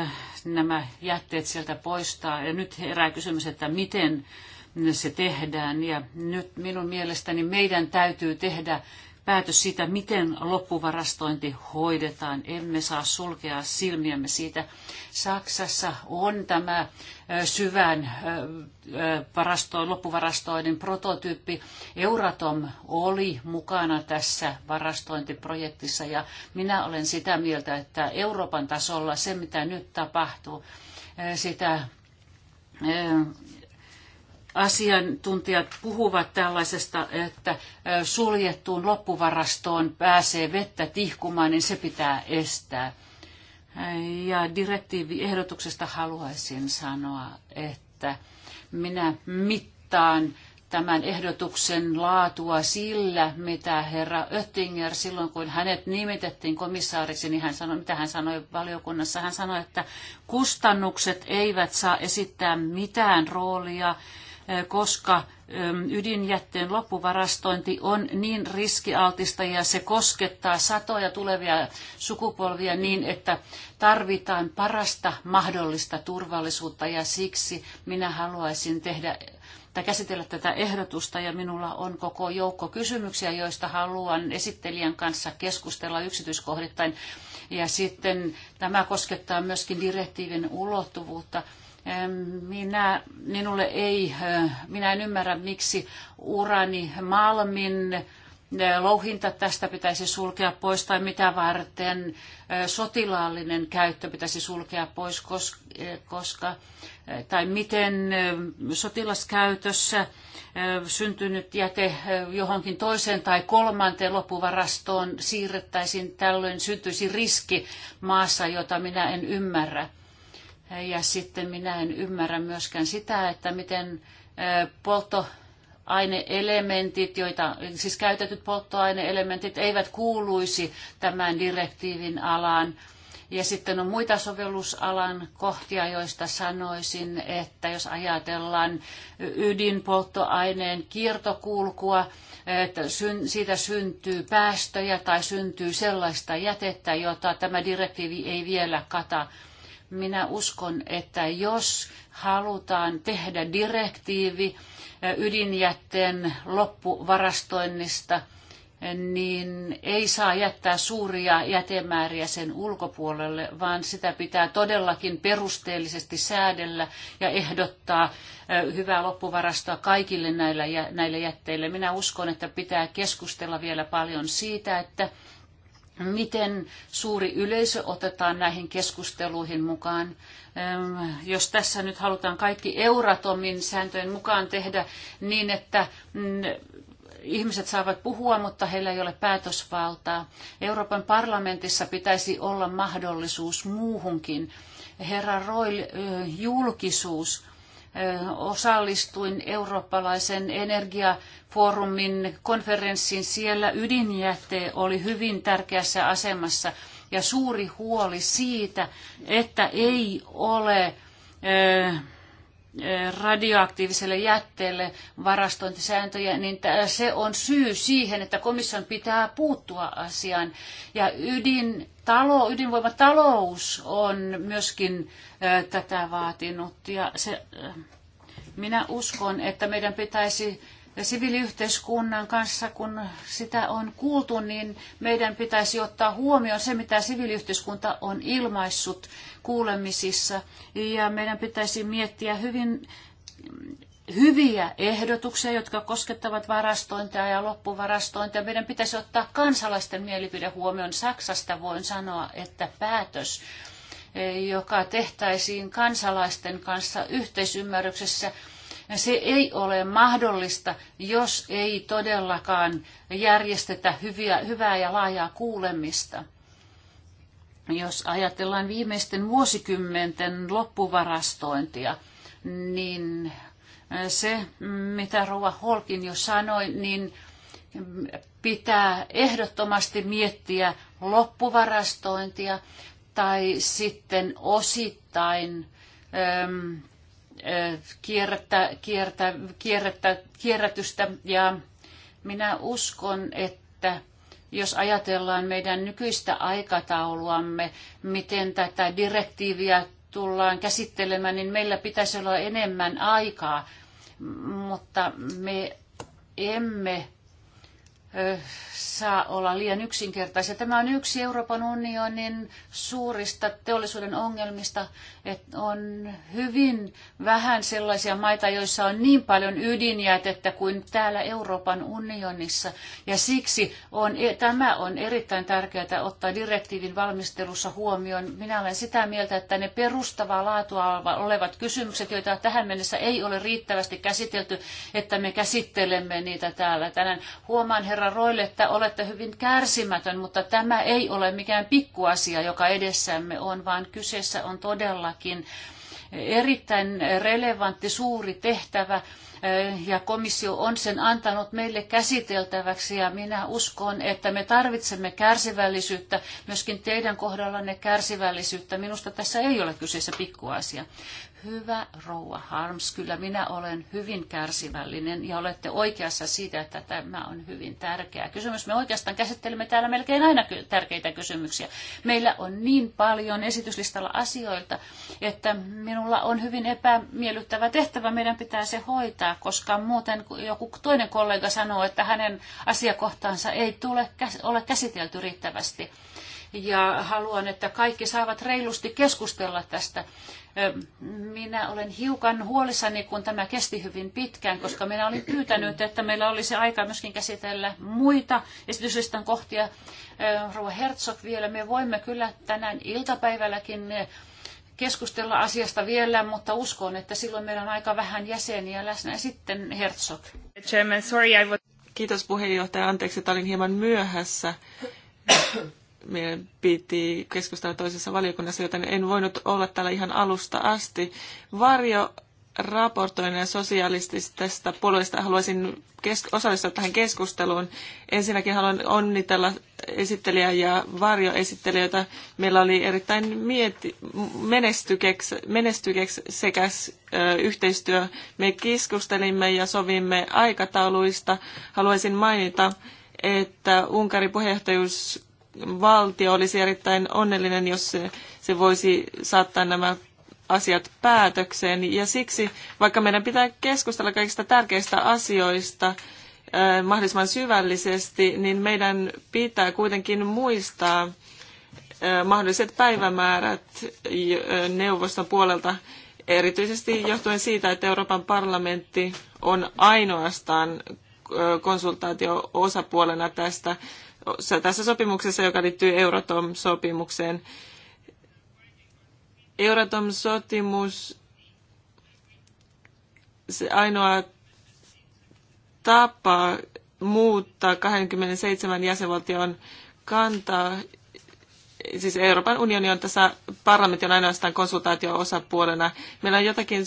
eh, nämä jätteet sieltä poistaa. Ja nyt herää kysymys, että miten se tehdään. Ja nyt minun mielestäni meidän täytyy tehdä päätös siitä, miten loppuvarastointi hoidetaan. Emme saa sulkea silmiämme siitä. Saksassa on tämä syvän varasto loppuvarastoinnin prototyyppi. Euratom oli mukana tässä varastointiprojektissa ja minä olen sitä mieltä, että Euroopan tasolla se, mitä nyt tapahtuu, sitä asiantuntijat puhuvat tällaisesta, että suljettuun loppuvarastoon pääsee vettä tihkumaan, niin se pitää estää. Ja direktiiviehdotuksesta haluaisin sanoa, että minä mittaan tämän ehdotuksen laatua sillä, mitä herra Oettinger silloin, kun hänet nimitettiin komissaariksi, niin hän sanoi, mitä hän sanoi valiokunnassa, hän sanoi, että kustannukset eivät saa esittää mitään roolia koska ydinjätteen loppuvarastointi on niin riskialtista ja se koskettaa satoja tulevia sukupolvia niin, että tarvitaan parasta mahdollista turvallisuutta ja siksi minä haluaisin tehdä tai käsitellä tätä ehdotusta ja minulla on koko joukko kysymyksiä, joista haluan esittelijän kanssa keskustella yksityiskohdittain. Ja sitten tämä koskettaa myöskin direktiivin ulottuvuutta minä, minulle ei, eh, minä en ymmärrä, miksi urani Malmin eh, louhinta tästä pitäisi sulkea pois tai mitä varten eh, sotilaallinen käyttö pitäisi sulkea pois, koska, tai miten sotilaskäytössä syntynyt jäte johonkin toiseen tai kolmanteen loppuvarastoon siirrettäisiin, tällöin syntyisi riski maassa, jota minä en ymmärrä. Ja sitten minä en ymmärrä myöskään sitä, että miten polttoaineelementit, joita, siis käytetyt polttoaineelementit eivät kuuluisi tämän direktiivin alaan. Ja sitten on muita sovellusalan kohtia, joista sanoisin, että jos ajatellaan ydinpolttoaineen kiertokulkua, että siitä syntyy päästöjä tai syntyy sellaista jätettä, jota tämä direktiivi ei vielä kata minä uskon, että jos halutaan tehdä direktiivi ydinjätteen loppuvarastoinnista, niin ei saa jättää suuria jätemääriä sen ulkopuolelle, vaan sitä pitää todellakin perusteellisesti säädellä ja ehdottaa hyvää loppuvarastoa kaikille näillä, näille jätteille. Minä uskon, että pitää keskustella vielä paljon siitä, että miten suuri yleisö otetaan näihin keskusteluihin mukaan. Jos tässä nyt halutaan kaikki Euratomin sääntöjen mukaan tehdä niin, että mm, ihmiset saavat puhua, mutta heillä ei ole päätösvaltaa. Euroopan parlamentissa pitäisi olla mahdollisuus muuhunkin. Herra Roil, julkisuus osallistuin eurooppalaisen energiafoorumin konferenssiin. Siellä ydinjäte oli hyvin tärkeässä asemassa ja suuri huoli siitä, että ei ole radioaktiiviselle jätteelle varastointisääntöjä, niin se on syy siihen, että komission pitää puuttua asiaan. Ja ydin talo, ydinvoimatalous on myöskin tätä vaatinut. Ja se, minä uskon, että meidän pitäisi siviiliyhteiskunnan kanssa, kun sitä on kuultu, niin meidän pitäisi ottaa huomioon se, mitä siviiliyhteiskunta on ilmaissut kuulemisissa. Ja meidän pitäisi miettiä hyvin hyviä ehdotuksia, jotka koskettavat varastointia ja loppuvarastointia. Meidän pitäisi ottaa kansalaisten mielipide huomioon. Saksasta voin sanoa, että päätös, eh, joka tehtäisiin kansalaisten kanssa yhteisymmärryksessä, se ei ole mahdollista, jos ei todellakaan järjestetä hyviä, hyvää ja laajaa kuulemista. Jos ajatellaan viimeisten vuosikymmenten loppuvarastointia, niin se, mitä Rova Holkin jo sanoi, niin pitää ehdottomasti miettiä loppuvarastointia tai sitten osittain äm, äh, kiertä, kierrättä, kierrätystä. Ja minä uskon, että jos ajatellaan meidän nykyistä aikatauluamme, miten tätä direktiiviä tullaan käsittelemään, niin meillä pitäisi olla enemmän aikaa mutta me emme saa olla liian yksinkertaisia. Tämä on yksi Euroopan unionin suurista teollisuuden ongelmista, että on hyvin vähän sellaisia maita, joissa on niin paljon ydinjätettä kuin täällä Euroopan unionissa. Ja siksi on, e, tämä on erittäin tärkeää ottaa direktiivin valmistelussa huomioon. Minä olen sitä mieltä, että ne perustavaa laatua olevat kysymykset, joita tähän mennessä ei ole riittävästi käsitelty, että me käsittelemme niitä täällä tänään. Huomaan herra herra Roille, että olette hyvin kärsimätön, mutta tämä ei ole mikään pikkuasia, joka edessämme on, vaan kyseessä on todellakin erittäin relevantti suuri tehtävä eh, ja komissio on sen antanut meille käsiteltäväksi ja minä uskon, että me tarvitsemme kärsivällisyyttä, myöskin teidän kohdallanne kärsivällisyyttä. Minusta tässä ei ole kyseessä pikkuasia. Hyvä rouva Harms, kyllä minä olen hyvin kärsivällinen ja olette oikeassa siitä, että tämä on hyvin tärkeä kysymys. Me oikeastaan käsittelemme täällä melkein aina tärkeitä kysymyksiä. Meillä on niin paljon esityslistalla asioita, että minulla on hyvin epämiellyttävä tehtävä. Meidän pitää se hoitaa, koska muuten joku toinen kollega sanoo, että hänen asiakohtaansa ei tule, ole käsitelty riittävästi ja haluan, että kaikki saavat reilusti keskustella tästä minä olen hiukan huolissani, kun tämä kesti hyvin pitkään, koska minä olin pyytänyt, että meillä olisi aikaa myöskin käsitellä muita esityslistan kohtia. Rouva Herzog vielä, me voimme kyllä tänään iltapäivälläkin keskustella asiasta vielä, mutta uskon, että silloin meillä on aika vähän jäseniä läsnä. Sitten Herzog. Chairman, sorry, I Kiitos puheenjohtaja. Anteeksi, että olin hieman myöhässä meidän piti keskustella toisessa valiokunnassa, joten en voinut olla täällä ihan alusta asti. Varjo raportoinen sosialistista puolueesta haluaisin osallistua tähän keskusteluun. Ensinnäkin haluan onnitella esittelijää ja varjoesittelijöitä. Meillä oli erittäin mieti- menestykeks, menestykeks sekä yhteistyö. Me keskustelimme ja sovimme aikatauluista. Haluaisin mainita, että Unkarin puheenjohtajuus valtio olisi erittäin onnellinen, jos se, se voisi saattaa nämä asiat päätökseen. Ja siksi, vaikka meidän pitää keskustella kaikista tärkeistä asioista eh, mahdollisimman syvällisesti, niin meidän pitää kuitenkin muistaa eh, mahdolliset päivämäärät neuvoston puolelta, erityisesti johtuen siitä, että Euroopan parlamentti on ainoastaan konsultaatio osapuolena tästä tässä sopimuksessa, joka liittyy Euratom-sopimukseen. Euratom-sotimus, se ainoa tapa muuttaa 27 jäsenvaltion kantaa, siis Euroopan unioni on tässä parlamentti on ainoastaan konsultaatio-osapuolena. Meillä on jotakin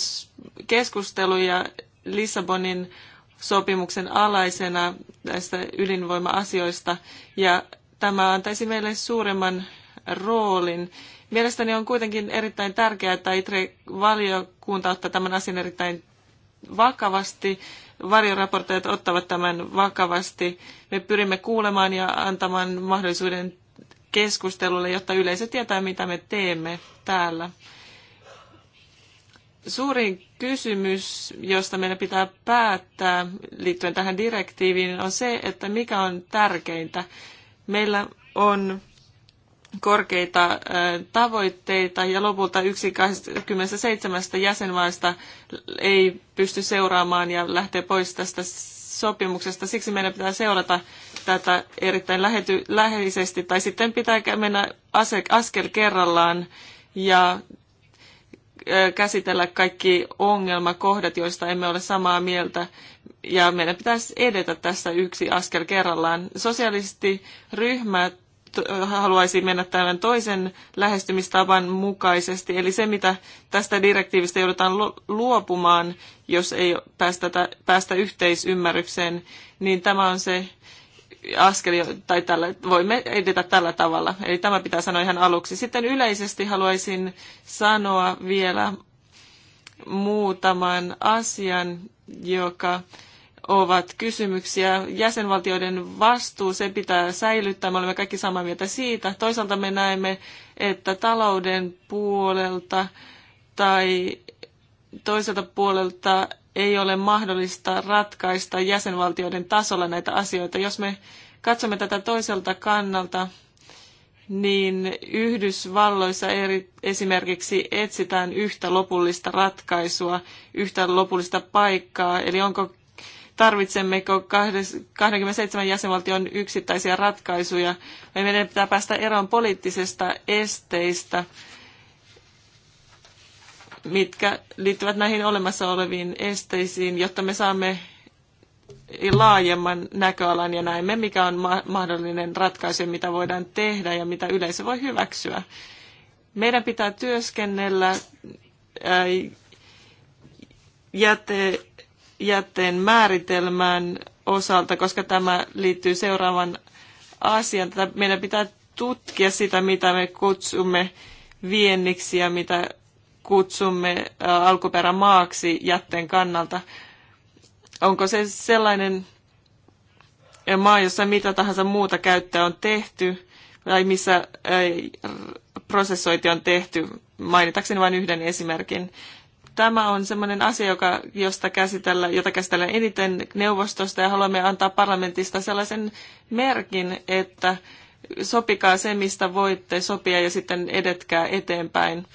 keskusteluja Lissabonin sopimuksen alaisena näistä ydinvoima-asioista ja tämä antaisi meille suuremman roolin. Mielestäni on kuitenkin erittäin tärkeää, että ITRE-valiokunta ottaa tämän asian erittäin vakavasti. Varjoraportoijat ottavat tämän vakavasti. Me pyrimme kuulemaan ja antamaan mahdollisuuden keskustelulle, jotta yleisö tietää, mitä me teemme täällä. Suurin kysymys, josta meidän pitää päättää liittyen tähän direktiiviin, on se, että mikä on tärkeintä. Meillä on korkeita tavoitteita ja lopulta yksi 27 jäsenmaista ei pysty seuraamaan ja lähtee pois tästä sopimuksesta. Siksi meidän pitää seurata tätä erittäin lähety, läheisesti tai sitten pitää mennä askel kerrallaan ja käsitellä kaikki ongelmakohdat, joista emme ole samaa mieltä, ja meidän pitäisi edetä tässä yksi askel kerrallaan. Sosialistiryhmä haluaisi mennä tämän toisen lähestymistavan mukaisesti, eli se, mitä tästä direktiivistä joudutaan luopumaan, jos ei päästä, päästä yhteisymmärrykseen, niin tämä on se askelia, tai tällä, voimme edetä tällä tavalla. Eli tämä pitää sanoa ihan aluksi. Sitten yleisesti haluaisin sanoa vielä muutaman asian, joka ovat kysymyksiä. Jäsenvaltioiden vastuu, se pitää säilyttää, me olemme kaikki samaa mieltä siitä. Toisaalta me näemme, että talouden puolelta tai toiselta puolelta ei ole mahdollista ratkaista jäsenvaltioiden tasolla näitä asioita. Jos me katsomme tätä toiselta kannalta, niin Yhdysvalloissa eri, esimerkiksi etsitään yhtä lopullista ratkaisua, yhtä lopullista paikkaa, eli onko tarvitsemmeko 27 jäsenvaltion yksittäisiä ratkaisuja. Meidän pitää päästä eroon poliittisesta esteistä mitkä liittyvät näihin olemassa oleviin esteisiin, jotta me saamme laajemman näköalan ja näemme, mikä on ma- mahdollinen ratkaisu, mitä voidaan tehdä ja mitä yleisö voi hyväksyä. Meidän pitää työskennellä ää, äh, jäte, jätteen määritelmään osalta, koska tämä liittyy seuraavan asian. Tätä meidän pitää tutkia sitä, mitä me kutsumme vienniksi ja mitä kutsumme alkuperämaaksi jätteen kannalta. Onko se sellainen maa, jossa mitä tahansa muuta käyttöä on tehty tai missä prosessointi on tehty? Mainitakseni vain yhden esimerkin. Tämä on sellainen asia, joka, josta käsitellä, jota käsitellään eniten neuvostosta ja haluamme antaa parlamentista sellaisen merkin, että sopikaa se, mistä voitte sopia ja sitten edetkää eteenpäin.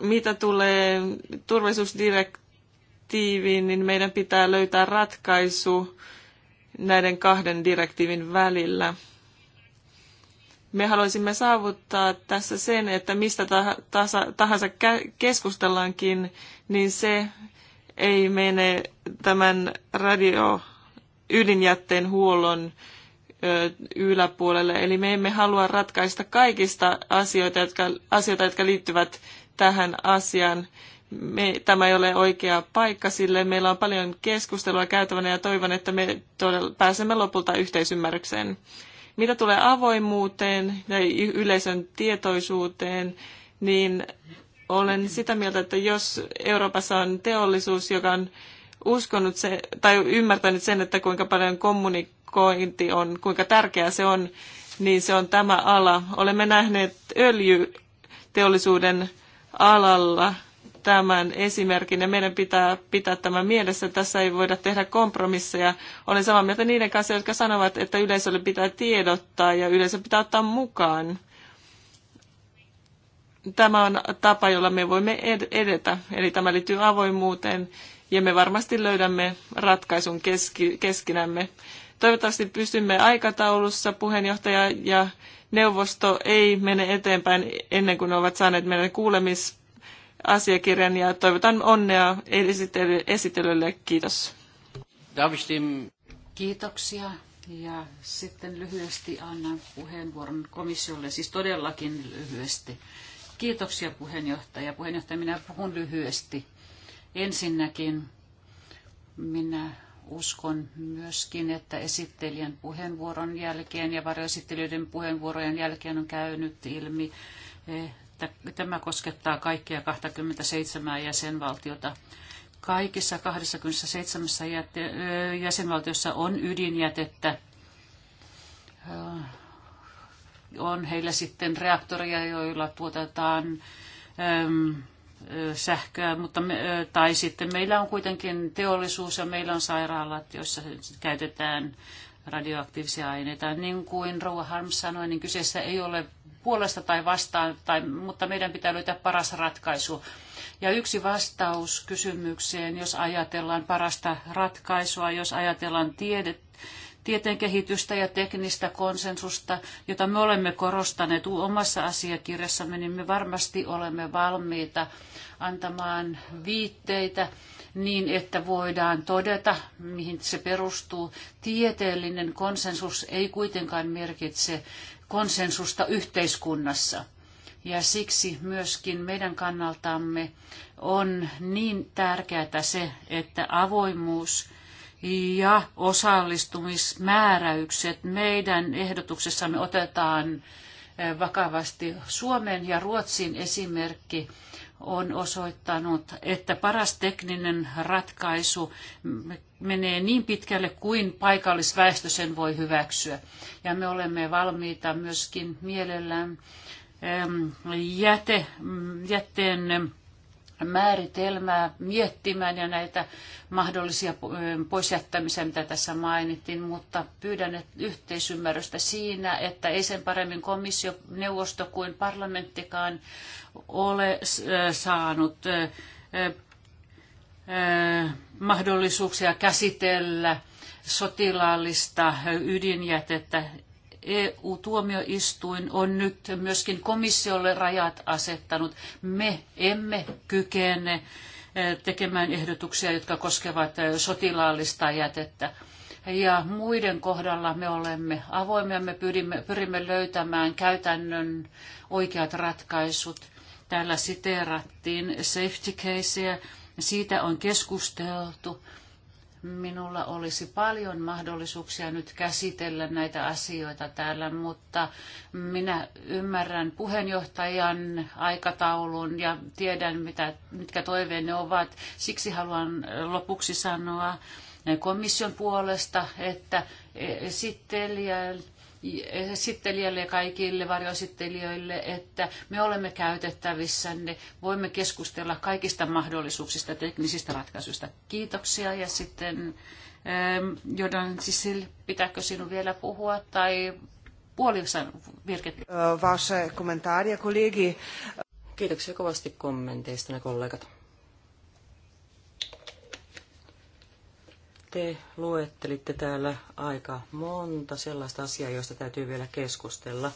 Mitä tulee turvallisuusdirektiiviin, niin meidän pitää löytää ratkaisu näiden kahden direktiivin välillä. Me haluaisimme saavuttaa tässä sen, että mistä tahansa keskustellaankin, niin se ei mene tämän radio ydinjätteen huollon yläpuolelle. Eli me emme halua ratkaista kaikista asioita, jotka, asioita, jotka liittyvät tähän asiaan. Me, tämä ei ole oikea paikka sille. Meillä on paljon keskustelua käytävänä ja toivon, että me todella pääsemme lopulta yhteisymmärrykseen. Mitä tulee avoimuuteen ja yleisön tietoisuuteen, niin olen sitä mieltä, että jos Euroopassa on teollisuus, joka on uskonut se, tai ymmärtänyt sen, että kuinka paljon kommunikointi on, kuinka tärkeää se on, niin se on tämä ala. Olemme nähneet öljyteollisuuden alalla tämän esimerkin ja meidän pitää pitää tämä mielessä. Tässä ei voida tehdä kompromisseja. Olen samaa mieltä niiden kanssa, jotka sanovat, että yleisölle pitää tiedottaa ja yleisö pitää ottaa mukaan. Tämä on tapa, jolla me voimme edetä. Eli tämä liittyy avoimuuteen ja me varmasti löydämme ratkaisun keski, keskinämme. Toivottavasti pysymme aikataulussa puheenjohtaja ja neuvosto ei mene eteenpäin ennen kuin ne ovat saaneet meidän kuulemisasiakirjan ja toivotan onnea esittelylle. Kiitos. Kiitoksia. Ja sitten lyhyesti annan puheenvuoron komissiolle, siis todellakin lyhyesti. Kiitoksia puheenjohtaja. Puheenjohtaja, minä puhun lyhyesti. Ensinnäkin minä uskon myöskin, että esittelijän puheenvuoron jälkeen ja varjoesittelijöiden puheenvuorojen jälkeen on käynyt ilmi, että tämä koskettaa kaikkia 27 jäsenvaltiota. Kaikissa 27 jäsenvaltiossa on ydinjätettä. On heillä sitten reaktoria, joilla tuotetaan sähköä, mutta me, tai sitten meillä on kuitenkin teollisuus ja meillä on sairaalat, joissa käytetään radioaktiivisia aineita. Niin kuin Rouva Harms sanoi, niin kyseessä ei ole puolesta tai vastaan, tai, mutta meidän pitää löytää paras ratkaisu. Ja yksi vastaus kysymykseen, jos ajatellaan parasta ratkaisua, jos ajatellaan tiedet, tieteen kehitystä ja teknistä konsensusta, jota me olemme korostaneet omassa asiakirjassamme, niin me varmasti olemme valmiita antamaan viitteitä niin, että voidaan todeta, mihin se perustuu. Tieteellinen konsensus ei kuitenkaan merkitse konsensusta yhteiskunnassa. Ja siksi myöskin meidän kannaltamme on niin tärkeää se, että avoimuus ja osallistumismääräykset meidän ehdotuksessamme otetaan eh, vakavasti. Suomen ja Ruotsin esimerkki on osoittanut, että paras tekninen ratkaisu menee niin pitkälle kuin paikallisväestö sen voi hyväksyä. Ja me olemme valmiita myöskin mielellään jäte, jätteen määritelmää miettimään ja näitä mahdollisia poisjättämisiä, mitä tässä mainittiin, mutta pyydän yhteisymmärrystä siinä, että ei sen paremmin komissio, neuvosto kuin parlamenttikaan ole saanut mahdollisuuksia käsitellä sotilaallista ydinjätettä EU-tuomioistuin on nyt myöskin komissiolle rajat asettanut. Me emme kykene eh, tekemään ehdotuksia, jotka koskevat eh, sotilaallista jätettä. Ja muiden kohdalla me olemme avoimia, me pyrimme, pyrimme löytämään käytännön oikeat ratkaisut. Täällä siteerattiin safety casea, siitä on keskusteltu Minulla olisi paljon mahdollisuuksia nyt käsitellä näitä asioita täällä, mutta minä ymmärrän puheenjohtajan aikataulun ja tiedän, mitä, mitkä ne ovat. Siksi haluan lopuksi sanoa komission puolesta, että sitten esittelijälle ja kaikille varjoesittelijöille, että me olemme käytettävissänne, voimme keskustella kaikista mahdollisuuksista teknisistä ratkaisuista. Kiitoksia ja sitten ähm, Jordan Sisil, pitääkö sinun vielä puhua tai puolisan virkettä äh, Vaše kommentaria, kollegi. Kiitoksia kovasti kommenteista, ne kollegat. Te luettelitte täällä aika monta sellaista asiaa, joista täytyy vielä keskustella.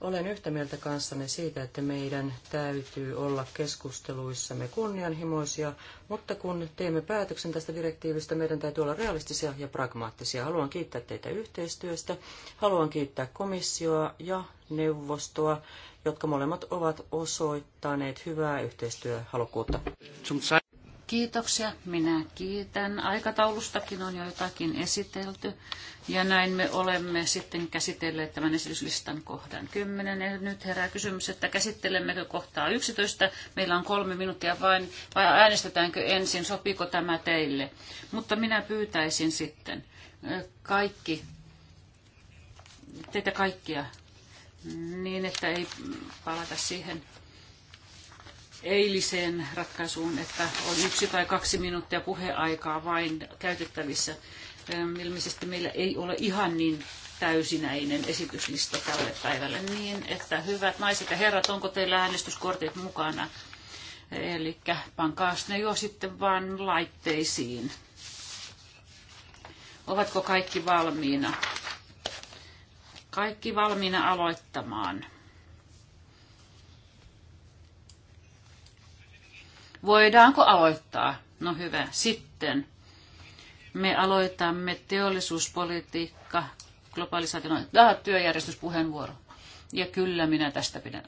Olen yhtä mieltä kanssanne siitä, että meidän täytyy olla keskusteluissamme kunnianhimoisia, mutta kun teemme päätöksen tästä direktiivistä, meidän täytyy olla realistisia ja pragmaattisia. Haluan kiittää teitä yhteistyöstä, haluan kiittää komissioa ja neuvostoa, jotka molemmat ovat osoittaneet hyvää yhteistyöhalukkuutta. Kiitoksia. Minä kiitän. Aikataulustakin on jo jotakin esitelty. Ja näin me olemme sitten käsitelleet tämän esityslistan kohdan 10. Ja nyt herää kysymys, että käsittelemmekö kohtaa 11. Meillä on kolme minuuttia vain, vai äänestetäänkö ensin, sopiiko tämä teille. Mutta minä pyytäisin sitten kaikki, teitä kaikkia, niin että ei palata siihen eiliseen ratkaisuun, että on yksi tai kaksi minuuttia puheaikaa vain käytettävissä. Ilmeisesti meillä ei ole ihan niin täysinäinen esityslista tälle päivälle niin, että hyvät naiset ja herrat, onko teillä äänestyskortit mukana? Eli pankaa ne jo sitten vaan laitteisiin. Ovatko kaikki valmiina? Kaikki valmiina aloittamaan. Voidaanko aloittaa? No hyvä, sitten me aloitamme teollisuuspolitiikka, globalisaation, ah, työjärjestyspuheenvuoro. Ja kyllä minä tästä pidän.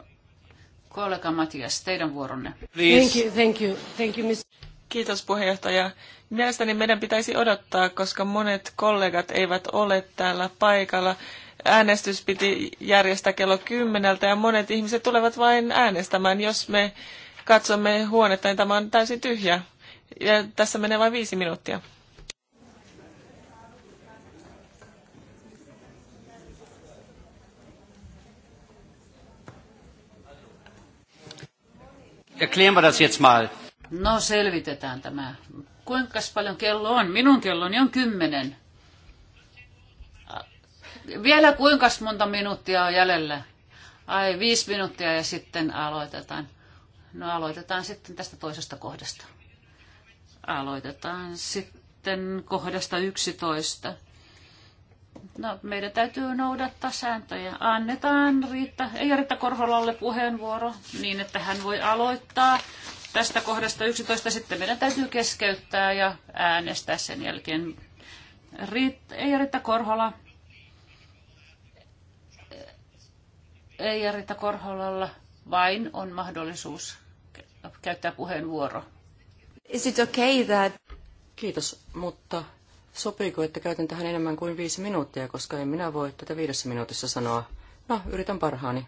Kollega Matias, teidän vuoronne. Thank you, thank you, thank you, miss. Kiitos puheenjohtaja. Mielestäni meidän pitäisi odottaa, koska monet kollegat eivät ole täällä paikalla. Äänestys piti järjestää kello kymmeneltä ja monet ihmiset tulevat vain äänestämään. Jos me katsomme huonetta, niin tämä on täysin tyhjä. Ja tässä menee vain viisi minuuttia. Erklären das jetzt mal. No selvitetään tämä. Kuinka paljon kello on? Minun kelloni on kymmenen. Vielä kuinka monta minuuttia on jäljellä? Ai viisi minuuttia ja sitten aloitetaan. No aloitetaan sitten tästä toisesta kohdasta. Aloitetaan sitten kohdasta 11. No, meidän täytyy noudattaa sääntöjä. Annetaan Riitta, ei Riitta Korholalle puheenvuoro niin, että hän voi aloittaa tästä kohdasta 11. Sitten meidän täytyy keskeyttää ja äänestää sen jälkeen. Riitta, ei Riitta Korhola. Ei Riitta Korholalla vain on mahdollisuus käyttää puheenvuoro. Is it okay that... Kiitos, mutta sopiiko, että käytän tähän enemmän kuin viisi minuuttia, koska en minä voi tätä viidessä minuutissa sanoa. No, yritän parhaani.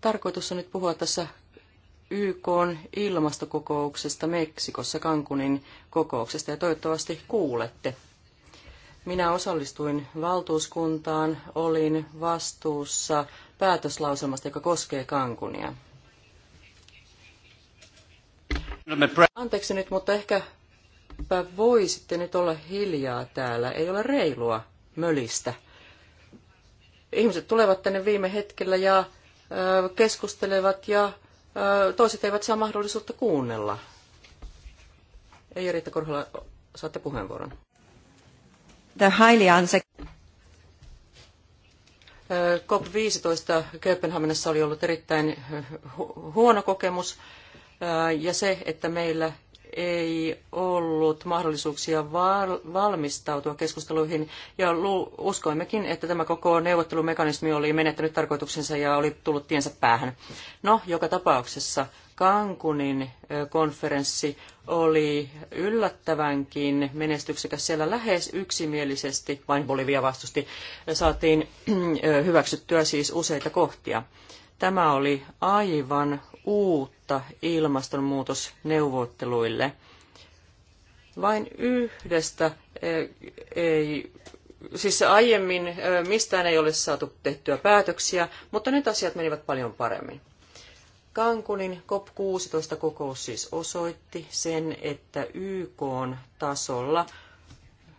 Tarkoitus on nyt puhua tässä YK ilmastokokouksesta Meksikossa, Kankunin kokouksesta, ja toivottavasti kuulette. Minä osallistuin valtuuskuntaan, olin vastuussa päätöslauselmasta, joka koskee Kankunia. Anteeksi nyt, mutta ehkäpä voisitte nyt olla hiljaa täällä. Ei ole reilua mölistä. Ihmiset tulevat tänne viime hetkellä ja keskustelevat ja toiset eivät saa mahdollisuutta kuunnella. Ei Riitta Korhola, saatte puheenvuoron. The highly unse- COP15 Kööpenhaminassa oli ollut erittäin huono kokemus. Äh, ja se, että meillä ei ollut mahdollisuuksia valmistautua keskusteluihin ja uskoimmekin, että tämä koko neuvottelumekanismi oli menettänyt tarkoituksensa ja oli tullut tiensä päähän. No, joka tapauksessa Kankunin äh, konferenssi oli yllättävänkin menestyksekäs. Siellä lähes yksimielisesti, vain Bolivia vastusti, äh, saatiin hyväksyttyä siis useita kohtia. Tämä oli aivan uutta ilmastonmuutosneuvotteluille. Vain yhdestä e, ei, siis aiemmin e, mistään ei ole saatu tehtyä päätöksiä, mutta nyt asiat menivät paljon paremmin. Kankunin COP16 kokous siis osoitti sen, että YK tasolla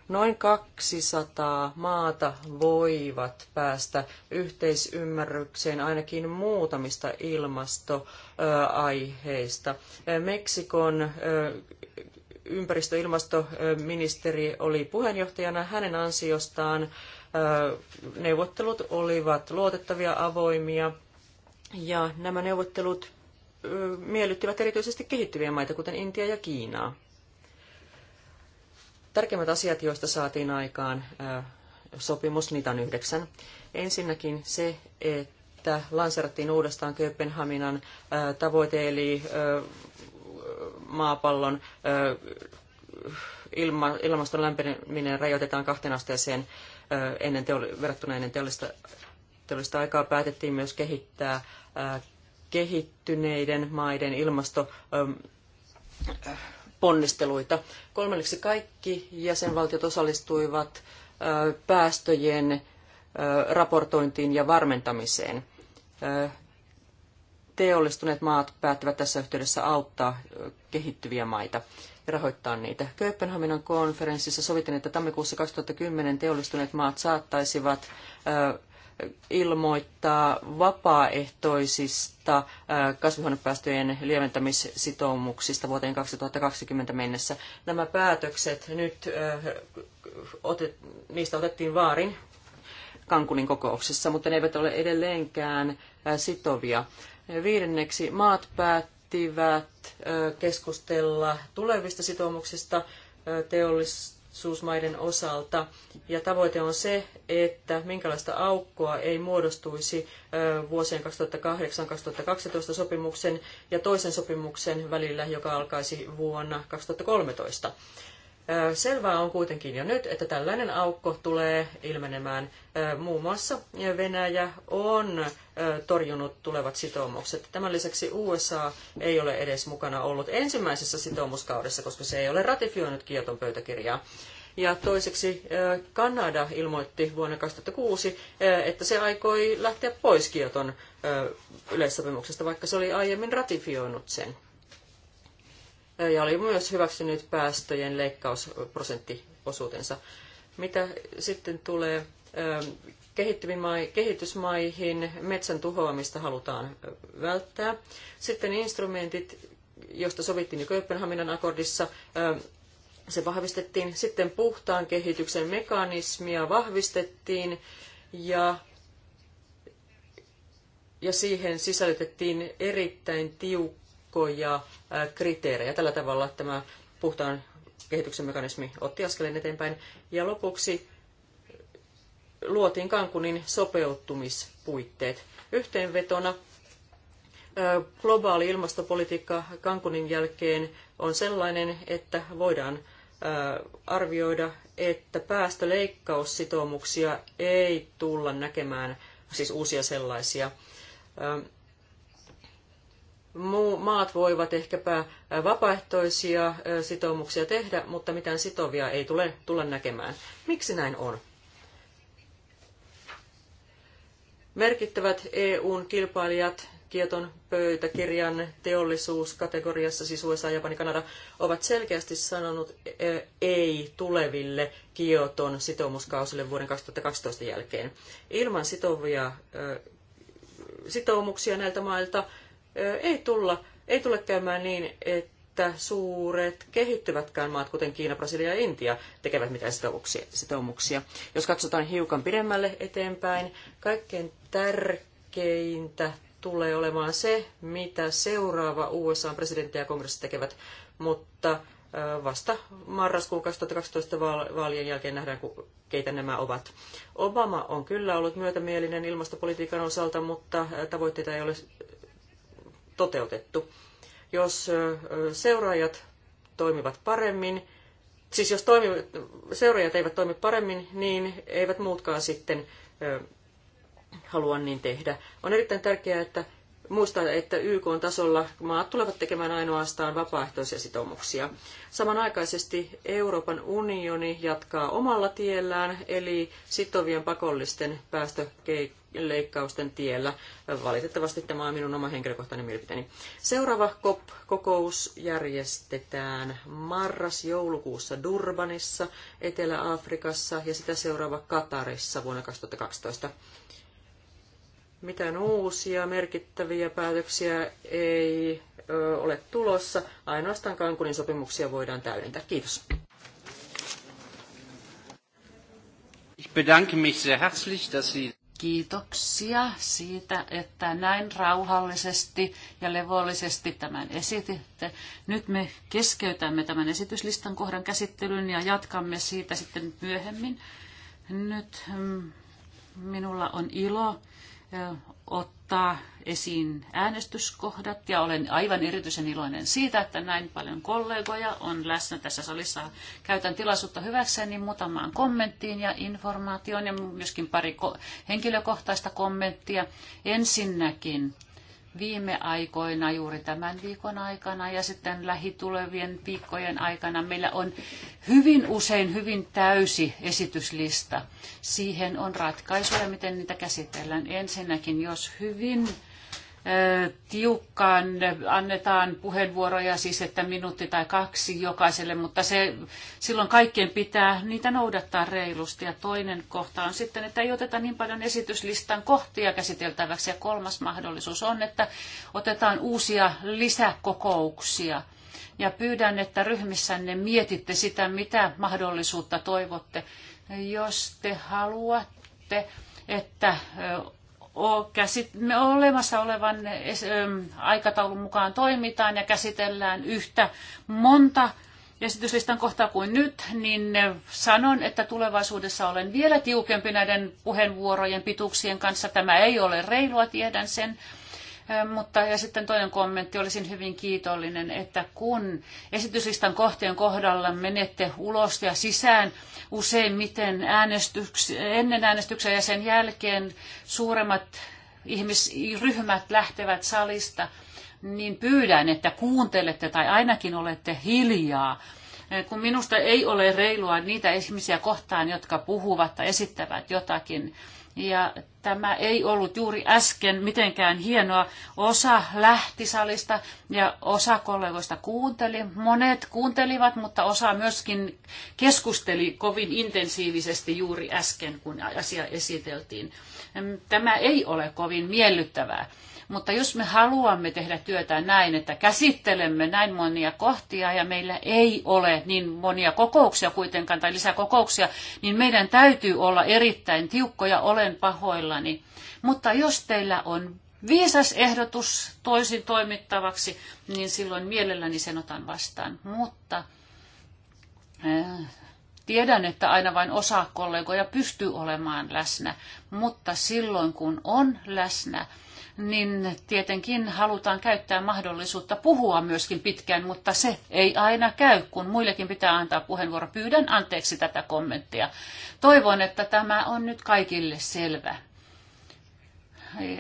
Noin 200 maata voivat päästä yhteisymmärrykseen ainakin muutamista ilmastoaiheista. Meksikon ympäristö- ja ilmastoministeri oli puheenjohtajana. Hänen ansiostaan neuvottelut olivat luotettavia, avoimia ja nämä neuvottelut miellyttivät erityisesti kehittyviä maita, kuten Intia ja Kiinaa. Tärkeimmät asiat, joista saatiin aikaan sopimus, niitä on yhdeksän. Ensinnäkin se, että lanserattiin uudestaan Kööpenhaminan tavoite, eli maapallon ilmaston lämpeneminen rajoitetaan kahteen asteeseen ennen teoli, verrattuna ennen teollista, teollista aikaa. Päätettiin myös kehittää kehittyneiden maiden ilmasto ponnisteluita. Kolmanneksi kaikki jäsenvaltiot osallistuivat päästöjen raportointiin ja varmentamiseen. Teollistuneet maat päättävät tässä yhteydessä auttaa kehittyviä maita ja rahoittaa niitä. Kööpenhaminan konferenssissa sovittiin, että tammikuussa 2010 teollistuneet maat saattaisivat ilmoittaa vapaaehtoisista kasvihuonepäästöjen lieventämissitoumuksista vuoteen 2020 mennessä. Nämä päätökset nyt, otet, niistä otettiin vaarin Kankunin kokouksessa, mutta ne eivät ole edelleenkään sitovia. Viidenneksi maat päättivät keskustella tulevista sitoumuksista teollisista teollisuusmaiden osalta. Ja tavoite on se, että minkälaista aukkoa ei muodostuisi vuosien 2008-2012 sopimuksen ja toisen sopimuksen välillä, joka alkaisi vuonna 2013. Selvää on kuitenkin jo nyt, että tällainen aukko tulee ilmenemään. Muun muassa Venäjä on torjunut tulevat sitoumukset. Tämän lisäksi USA ei ole edes mukana ollut ensimmäisessä sitoumuskaudessa, koska se ei ole ratifioinut Kioton pöytäkirjaa. Ja toiseksi Kanada ilmoitti vuonna 2006, että se aikoi lähteä pois Kioton yleissopimuksesta, vaikka se oli aiemmin ratifioinut sen ja oli myös hyväksynyt päästöjen leikkausprosenttiosuutensa. Mitä sitten tulee ähm, kehitysmaihin, metsän tuhoamista halutaan äh, välttää. Sitten instrumentit, josta sovittiin jo Kööpenhaminan akordissa, ähm, se vahvistettiin. Sitten puhtaan kehityksen mekanismia vahvistettiin ja, ja siihen sisällytettiin erittäin tiukka tiukkoja kriteerejä. Tällä tavalla tämä puhtaan kehityksen mekanismi otti askeleen eteenpäin. Ja lopuksi luotiin Kankunin sopeutumispuitteet. Yhteenvetona globaali ilmastopolitiikka Kankunin jälkeen on sellainen, että voidaan arvioida, että päästöleikkaussitoumuksia ei tulla näkemään, siis uusia sellaisia maat voivat ehkäpä vapaaehtoisia sitoumuksia tehdä, mutta mitään sitovia ei tule tulla näkemään. Miksi näin on? Merkittävät EUn kilpailijat Kieton pöytäkirjan teollisuuskategoriassa, siis USA, Japani, Kanada, ovat selkeästi sanonut e, e, ei tuleville Kioton sitoumuskausille vuoden 2012 jälkeen. Ilman sitovia sitoumuksia näiltä mailta ei, tulla, ei tule käymään niin, että suuret kehittyvätkään maat, kuten Kiina, Brasilia ja Intia, tekevät mitään sitoumuksia. Jos katsotaan hiukan pidemmälle eteenpäin, kaikkein tärkeintä tulee olemaan se, mitä seuraava USA-presidentti ja kongressi tekevät, mutta vasta marraskuun 2012 vaalien jälkeen nähdään, keitä nämä ovat. Obama on kyllä ollut myötämielinen ilmastopolitiikan osalta, mutta tavoitteita ei ole toteutettu. Jos seuraajat toimivat paremmin, siis jos toimi, seuraajat eivät toimi paremmin, niin eivät muutkaan sitten halua niin tehdä. On erittäin tärkeää, että Muista, että YK on tasolla maat tulevat tekemään ainoastaan vapaaehtoisia sitoumuksia. Samanaikaisesti Euroopan unioni jatkaa omalla tiellään, eli sitovien pakollisten päästöleikkausten tiellä. Valitettavasti tämä on minun oma henkilökohtainen mielipiteeni. Seuraava COP-kokous järjestetään marras-joulukuussa Durbanissa, Etelä-Afrikassa ja sitä seuraava Katarissa vuonna 2012 mitään uusia merkittäviä päätöksiä ei ole tulossa. Ainoastaan Kankunin niin sopimuksia voidaan täydentää. Kiitos. Kiitoksia siitä, että näin rauhallisesti ja levollisesti tämän esititte. Nyt me keskeytämme tämän esityslistan kohdan käsittelyn ja jatkamme siitä sitten myöhemmin. Nyt mm, minulla on ilo ottaa esiin äänestyskohdat ja olen aivan erityisen iloinen siitä, että näin paljon kollegoja on läsnä tässä salissa. Käytän tilaisuutta hyväkseni muutamaan kommenttiin ja informaatioon ja myöskin pari henkilökohtaista kommenttia. Ensinnäkin viime aikoina, juuri tämän viikon aikana ja sitten lähitulevien viikkojen aikana meillä on hyvin usein hyvin täysi esityslista. Siihen on ratkaisuja, miten niitä käsitellään. Ensinnäkin, jos hyvin tiukkaan annetaan puheenvuoroja, siis että minuutti tai kaksi jokaiselle, mutta se, silloin kaikkien pitää niitä noudattaa reilusti. Ja toinen kohta on sitten, että ei oteta niin paljon esityslistan kohtia käsiteltäväksi. Ja kolmas mahdollisuus on, että otetaan uusia lisäkokouksia. Ja pyydän, että ryhmissänne mietitte sitä, mitä mahdollisuutta toivotte. Jos te haluatte, että käsit, olemassa olevan aikataulun mukaan toimitaan ja käsitellään yhtä monta esityslistan kohtaa kuin nyt, niin eh, sanon, että tulevaisuudessa olen vielä tiukempi näiden puheenvuorojen pituuksien kanssa. Tämä ei ole reilua, tiedän sen, mutta ja sitten toinen kommentti, olisin hyvin kiitollinen, että kun esityslistan kohteen kohdalla menette ulos ja sisään useimmiten äänestyks- ennen äänestyksiä ja sen jälkeen suuremmat ihmisryhmät lähtevät salista, niin pyydän, että kuuntelette tai ainakin olette hiljaa kun minusta ei ole reilua niitä ihmisiä kohtaan, jotka puhuvat tai esittävät jotakin. Ja tämä ei ollut juuri äsken mitenkään hienoa. Osa lähti salista ja osa kollegoista kuunteli. Monet kuuntelivat, mutta osa myöskin keskusteli kovin intensiivisesti juuri äsken, kun asia esiteltiin. Tämä ei ole kovin miellyttävää. Mutta jos me haluamme tehdä työtä näin, että käsittelemme näin monia kohtia ja meillä ei ole niin monia kokouksia kuitenkaan tai lisäkokouksia, niin meidän täytyy olla erittäin tiukkoja, olen pahoillani. Mutta jos teillä on viisas ehdotus toisin toimittavaksi, niin silloin mielelläni sen otan vastaan. Mutta äh, tiedän, että aina vain osa kollegoja pystyy olemaan läsnä, mutta silloin kun on läsnä, niin tietenkin halutaan käyttää mahdollisuutta puhua myöskin pitkään, mutta se ei aina käy, kun muillekin pitää antaa puheenvuoro. Pyydän anteeksi tätä kommenttia. Toivon, että tämä on nyt kaikille selvä.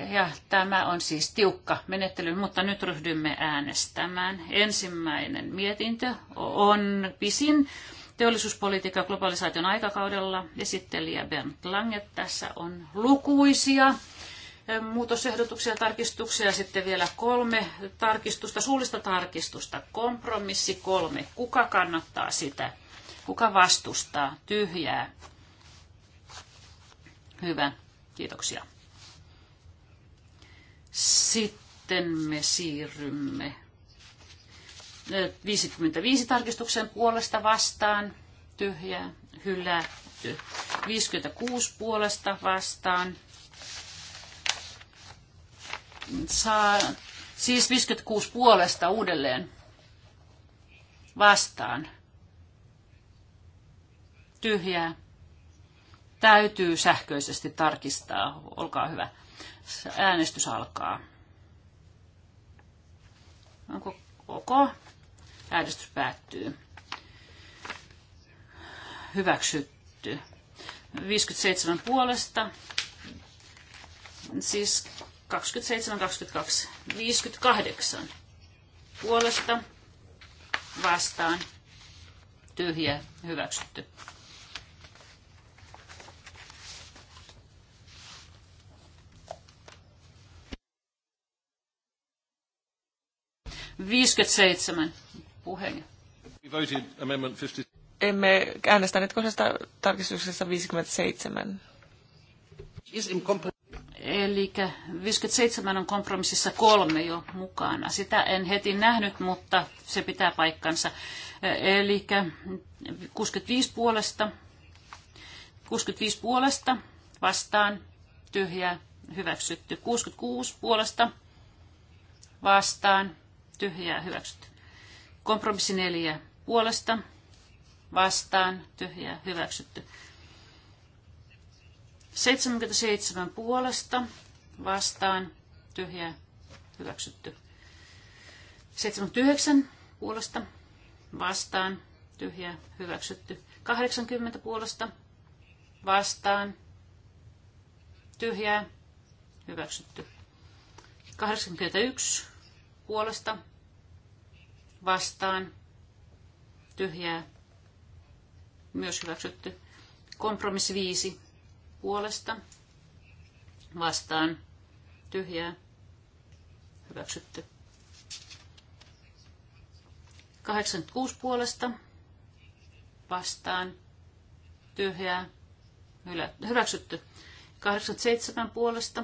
Ja tämä on siis tiukka menettely, mutta nyt ryhdymme äänestämään. Ensimmäinen mietintö on pisin teollisuuspolitiikka globalisaation aikakaudella. Esittelijä Bernd Lange. Tässä on lukuisia muutosehdotuksia ja tarkistuksia. Sitten vielä kolme tarkistusta, suullista tarkistusta. Kompromissi kolme. Kuka kannattaa sitä? Kuka vastustaa? Tyhjää. Hyvä. Kiitoksia. Sitten me siirrymme 55 tarkistuksen puolesta vastaan, tyhjää, hylätty. 56 puolesta vastaan, saa siis 56 puolesta uudelleen vastaan. Tyhjää. Täytyy sähköisesti tarkistaa. Olkaa hyvä. Äänestys alkaa. Onko ok? Äänestys päättyy. Hyväksytty. 57 puolesta. Siis 27-22. 58. Puolesta vastaan tyhjä hyväksytty. Viisikymmentäseitsemän puheen. Emme äänestäneet kohdasta tarkistuksessa 57. Eli 57 on kompromississa kolme jo mukana. Sitä en heti nähnyt, mutta se pitää paikkansa. Eli 65 puolesta, 65 puolesta vastaan tyhjä, hyväksytty. 66 puolesta vastaan tyhjä, hyväksytty. Kompromissi 4 puolesta vastaan tyhjä, hyväksytty. 77 puolesta vastaan tyhjä hyväksytty. 79 puolesta vastaan tyhjä hyväksytty. 80 puolesta vastaan tyhjää hyväksytty. 81 puolesta vastaan tyhjää myös hyväksytty. Kompromissi 5 puolesta vastaan tyhjää hyväksytty. 86 puolesta vastaan tyhjää hyväksytty. 87 puolesta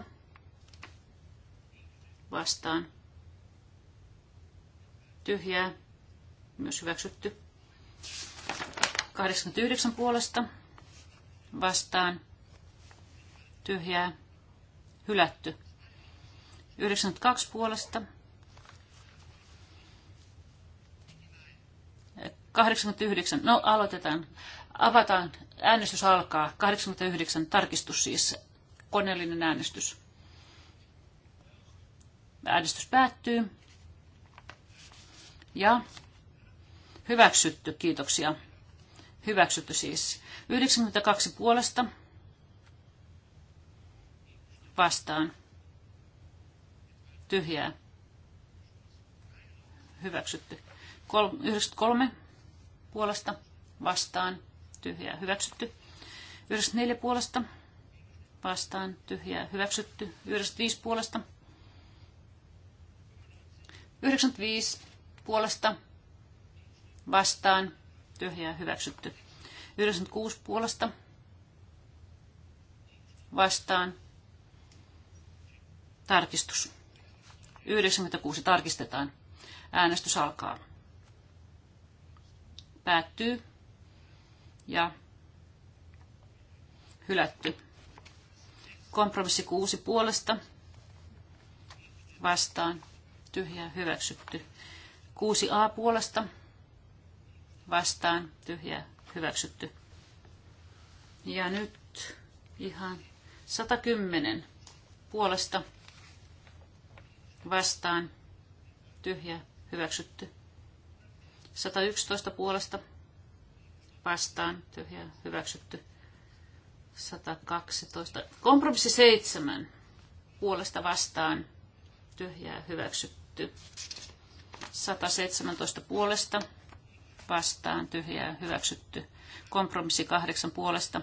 vastaan tyhjää myös hyväksytty. 89 puolesta vastaan tyhjää, hylätty. 92 puolesta. 89. No, aloitetaan. Avataan. Äänestys alkaa. 89. Tarkistus siis. Koneellinen äänestys. Äänestys päättyy. Ja hyväksytty. Kiitoksia. Hyväksytty siis. 92 puolesta vastaan tyhjää hyväksytty. 93 puolesta vastaan tyhjää hyväksytty. 94 puolesta vastaan tyhjää hyväksytty. 95 puolesta 95 puolesta vastaan tyhjää hyväksytty. 96 puolesta vastaan Tarkistus. 96 tarkistetaan. Äänestys alkaa. Päättyy. Ja hylätty. Kompromissi 6 puolesta. Vastaan. tyhjä hyväksytty. 6a puolesta. Vastaan. tyhjä hyväksytty. Ja nyt ihan 110 puolesta vastaan tyhjä hyväksytty. 111 puolesta vastaan tyhjä hyväksytty. 112. Kompromissi 7 puolesta vastaan tyhjää hyväksytty. 117 puolesta vastaan tyhjää hyväksytty. Kompromissi 8 puolesta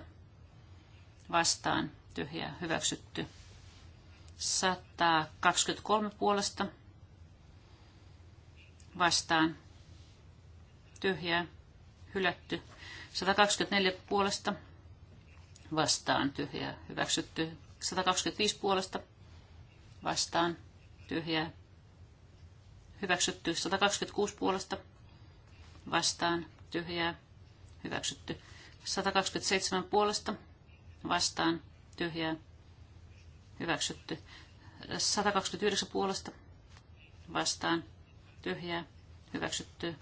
vastaan tyhjää hyväksytty. 123 puolesta vastaan tyhjää hylätty. 124 puolesta vastaan tyhjää hyväksytty. 125 puolesta vastaan tyhjää hyväksytty. 126 puolesta vastaan tyhjää hyväksytty. 127 puolesta vastaan tyhjää Hyväksytty. 129 puolesta vastaan. Tyhjää. Hyväksytty.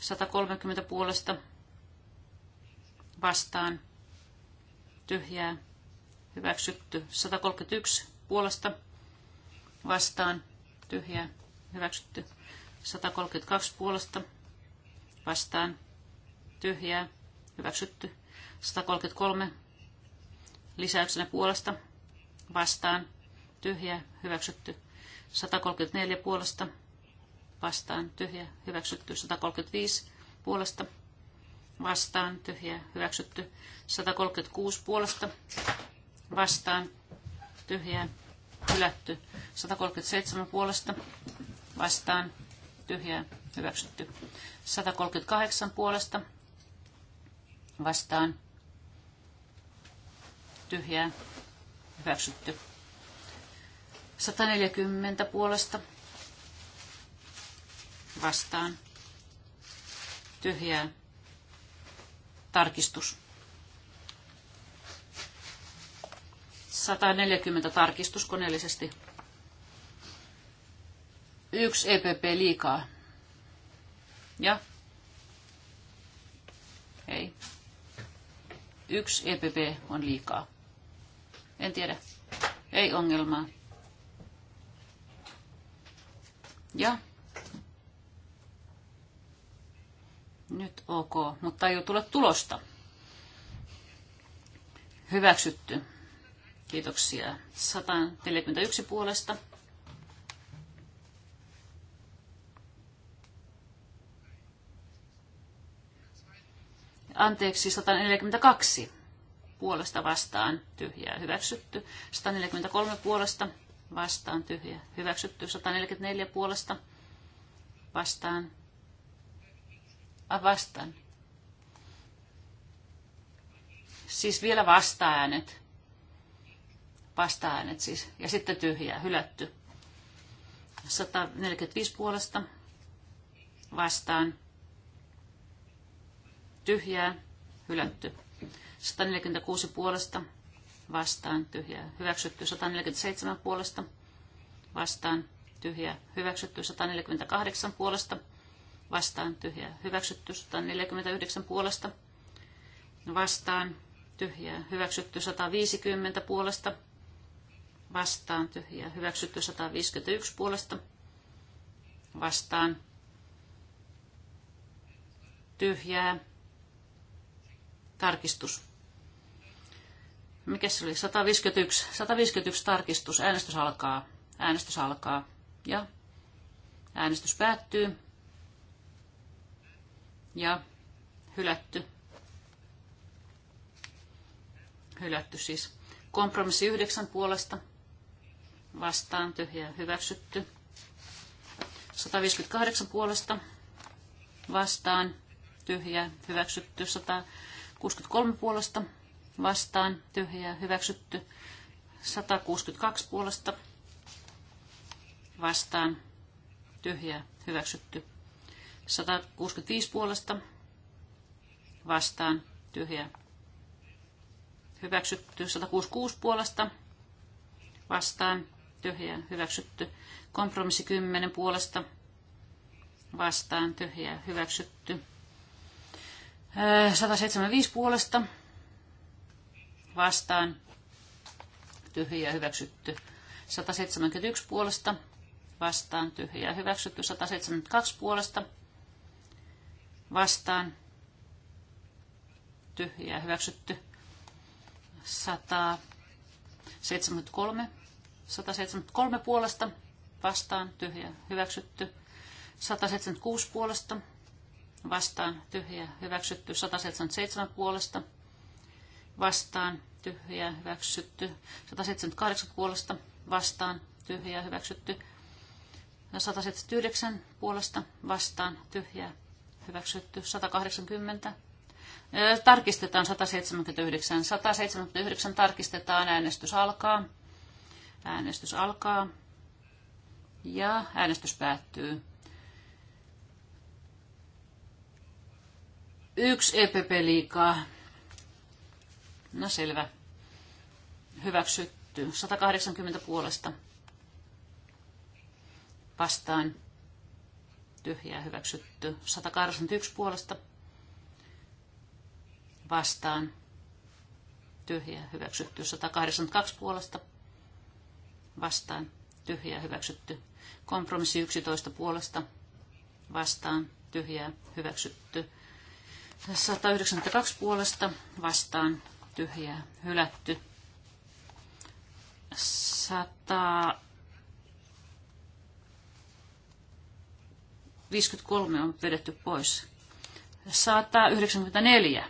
130 puolesta vastaan. Tyhjää. Hyväksytty. 131 puolesta vastaan. Tyhjää. Hyväksytty. 132 puolesta vastaan. Tyhjää. Hyväksytty. 133 lisäyksenä puolesta vastaan tyhjä hyväksytty 134 puolesta vastaan tyhjä hyväksytty 135 puolesta vastaan tyhjä hyväksytty 136 puolesta vastaan tyhjä hylätty 137 puolesta vastaan tyhjä hyväksytty 138 puolesta vastaan tyhjää hyväksytty. 140 puolesta vastaan tyhjää tarkistus. 140 tarkistus koneellisesti. Yksi EPP liikaa. Ja? Ei. Yksi EPP on liikaa. En tiedä. Ei ongelmaa. Ja. Nyt ok, mutta ei tulla tulosta. Hyväksytty. Kiitoksia. 141 puolesta. Anteeksi, 142 puolesta vastaan tyhjää hyväksytty. 143 puolesta vastaan tyhjää hyväksytty. 144 puolesta vastaan. A, vastaan. Siis vielä vastaäänet. Vastaäänet siis. Ja sitten tyhjää, hylätty. 145 puolesta vastaan. Tyhjää, hylätty. 146 puolesta vastaan tyhjää hyväksytty 147 puolesta vastaan tyhjää hyväksytty 148 puolesta vastaan tyhjää hyväksytty 149 puolesta vastaan tyhjää hyväksytty 150 puolesta vastaan tyhjää hyväksytty 151 puolesta vastaan tyhjää tarkistus mikä se oli? 151, 151 tarkistus. Äänestys alkaa. Äänestys alkaa. Ja äänestys päättyy. Ja hylätty. Hylätty siis. Kompromissi yhdeksän puolesta. Vastaan tyhjä hyväksytty. 158 puolesta. Vastaan tyhjä hyväksytty. 163 puolesta vastaan tyhjää hyväksytty. 162 puolesta vastaan tyhjää hyväksytty. 165 puolesta vastaan tyhjää hyväksytty. 166 puolesta vastaan tyhjää hyväksytty. Kompromissi 10 puolesta vastaan tyhjää hyväksytty. 175 puolesta vastaan tyhjiä hyväksytty 171 puolesta vastaan tyhjiä hyväksytty 172 puolesta vastaan tyhjiä hyväksytty 173 173 puolesta vastaan tyhjä hyväksytty 176 puolesta vastaan tyhjä hyväksytty 177 puolesta vastaan tyhjä hyväksytty. 178 puolesta vastaan tyhjä hyväksytty. 179 no, puolesta vastaan tyhjä hyväksytty. 180 Tarkistetaan 179. 179 tarkistetaan. Äänestys alkaa. Äänestys alkaa. Ja äänestys päättyy. Yksi EPP liikaa. No selvä. Hyväksytty. 180 puolesta. Vastaan. Tyhjää hyväksytty. 181 puolesta. Vastaan. Tyhjää hyväksytty. 182 puolesta. Vastaan. Tyhjää hyväksytty. Kompromissi 11 puolesta. Vastaan. Tyhjää hyväksytty. 192 puolesta vastaan tyhjää hylätty. 153 on vedetty pois. 194.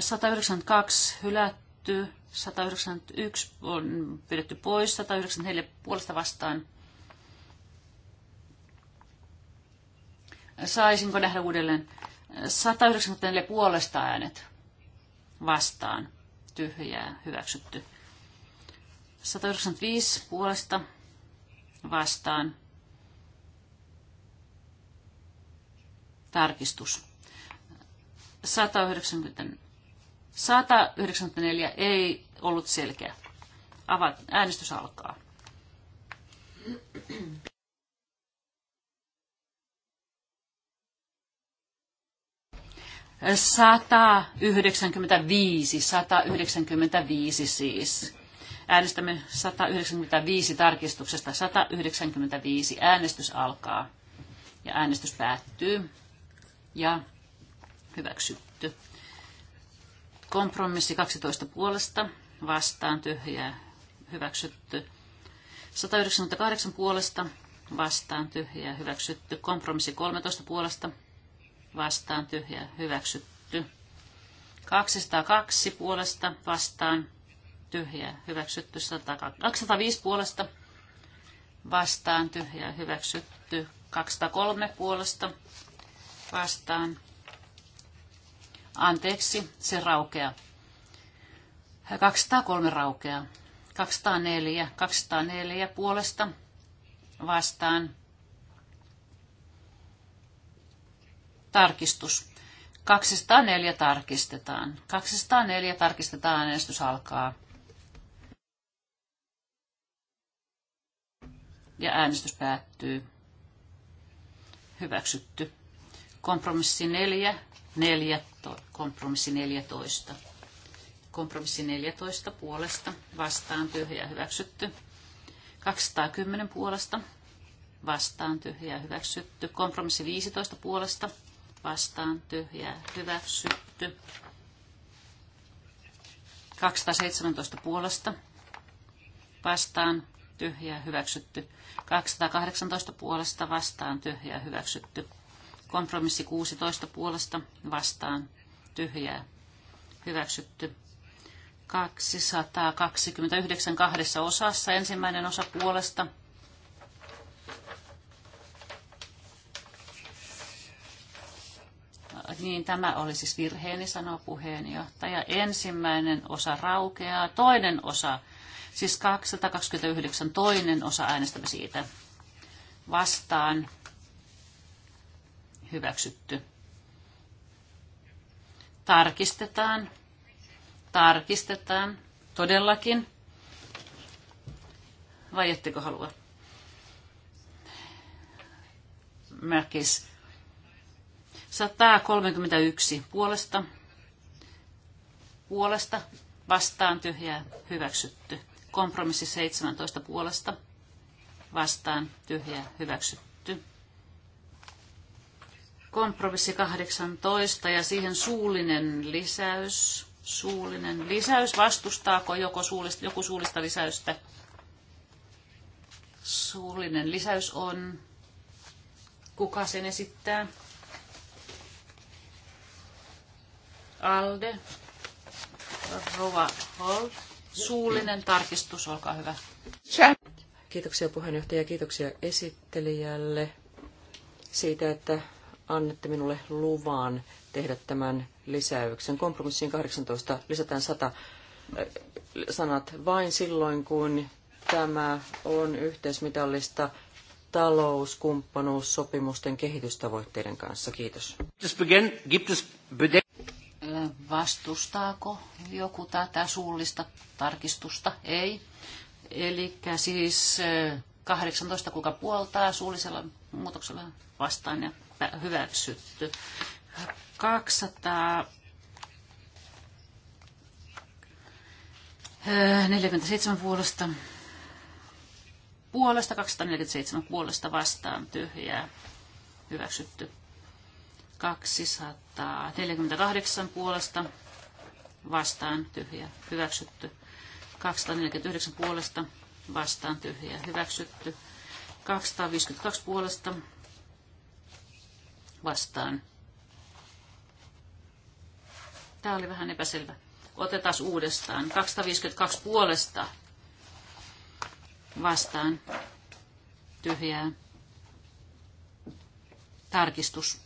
192 hylätty. 191 on pidetty pois. 194 puolesta vastaan. Saisinko nähdä uudelleen? 194 puolesta äänet vastaan tyhjää hyväksytty. 195 puolesta vastaan tarkistus. 194 ei ollut selkeä. Avat, äänestys alkaa. 195, 195 siis. Äänestämme 195 tarkistuksesta. 195 äänestys alkaa ja äänestys päättyy ja hyväksytty. Kompromissi 12 puolesta vastaan tyhjää hyväksytty. 198 puolesta vastaan tyhjää hyväksytty. Kompromissi 13 puolesta vastaan tyhjä hyväksytty. 202 puolesta vastaan tyhjä hyväksytty. 205 puolesta vastaan tyhjä hyväksytty. 203 puolesta vastaan. Anteeksi, se raukea. 203 raukea. 204, 204 puolesta vastaan Tarkistus. 204 tarkistetaan. 204 tarkistetaan, äänestys alkaa. Ja äänestys päättyy. Hyväksytty. Kompromissi 4, 4, kompromissi 14. Kompromissi 14 puolesta vastaan tyhjä hyväksytty. 210 puolesta vastaan tyhjä hyväksytty. Kompromissi 15 puolesta vastaan tyhjää hyväksytty. 217 puolesta vastaan tyhjää hyväksytty. 218 puolesta vastaan tyhjää hyväksytty. Kompromissi 16 puolesta vastaan tyhjää hyväksytty. 229 kahdessa osassa ensimmäinen osa puolesta Niin, tämä oli siis virheeni, sanoo puheenjohtaja. Ensimmäinen osa raukeaa, toinen osa, siis 229, toinen osa äänestämme siitä vastaan. Hyväksytty. Tarkistetaan. Tarkistetaan. Todellakin. Vai ettekö halua? Merkis 131 puolesta, puolesta, vastaan tyhjää, hyväksytty. Kompromissi 17 puolesta, vastaan tyhjää, hyväksytty. Kompromissi 18 ja siihen suullinen lisäys. Suullinen lisäys. Vastustaako joko suulista, joku suullista lisäystä? Suullinen lisäys on. Kuka sen esittää? Alde, Rova Hall, suullinen tarkistus, olkaa hyvä. Kiitoksia puheenjohtaja, kiitoksia esittelijälle siitä, että annette minulle luvan tehdä tämän lisäyksen. Kompromissiin 18 lisätään 100 äh, sanat vain silloin, kun tämä on yhteismitallista talouskumppanuussopimusten kehitystavoitteiden kanssa. Kiitos. Vastustaako joku tätä suullista tarkistusta? Ei. Eli siis 18 kuka puoltaa suullisella muutoksella vastaan ja hyväksytty. 247 puolesta puolesta, 247 puolesta vastaan tyhjää hyväksytty. 248 puolesta vastaan tyhjä hyväksytty. 249 puolesta vastaan tyhjä hyväksytty. 252 puolesta vastaan. Tämä oli vähän epäselvä. Otetaan uudestaan. 252 puolesta vastaan tyhjää tarkistus.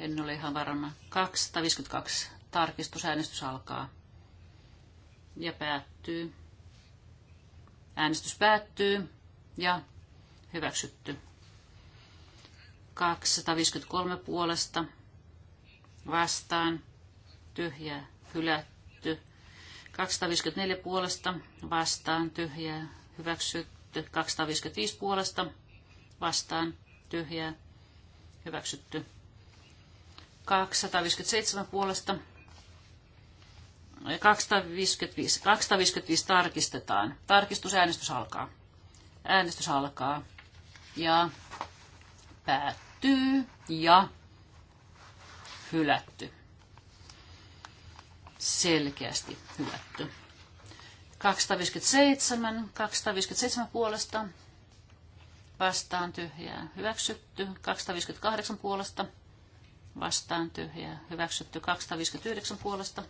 En ole ihan varma. 252 tarkistusäänestys alkaa ja päättyy. Äänestys päättyy ja hyväksytty. 253 puolesta vastaan tyhjää hylätty. 254 puolesta vastaan tyhjää hyväksytty. 255 puolesta vastaan tyhjää hyväksytty. 257 puolesta. 255. 255 tarkistetaan. Tarkistusäänestys alkaa. Äänestys alkaa. Ja päättyy ja hylätty. Selkeästi hylätty. 257, 257 puolesta vastaan tyhjää hyväksytty, 258 puolesta vastaan tyhjää. Hyväksytty 259 puolesta.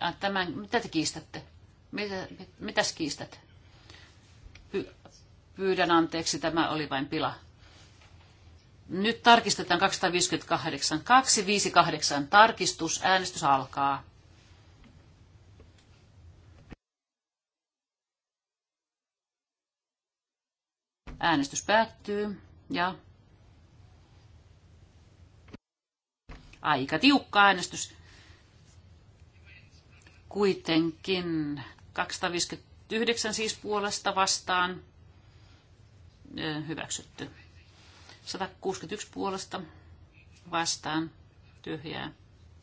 Ja ah, tämän, mitä te kiistätte? Mitä, mit, mitäs kiistät? Py, pyydän anteeksi, tämä oli vain pila. Nyt tarkistetaan 258. 258 tarkistus. Äänestys alkaa. Äänestys päättyy ja aika tiukka äänestys. Kuitenkin 259 siis puolesta vastaan hyväksytty. 161 puolesta vastaan tyhjää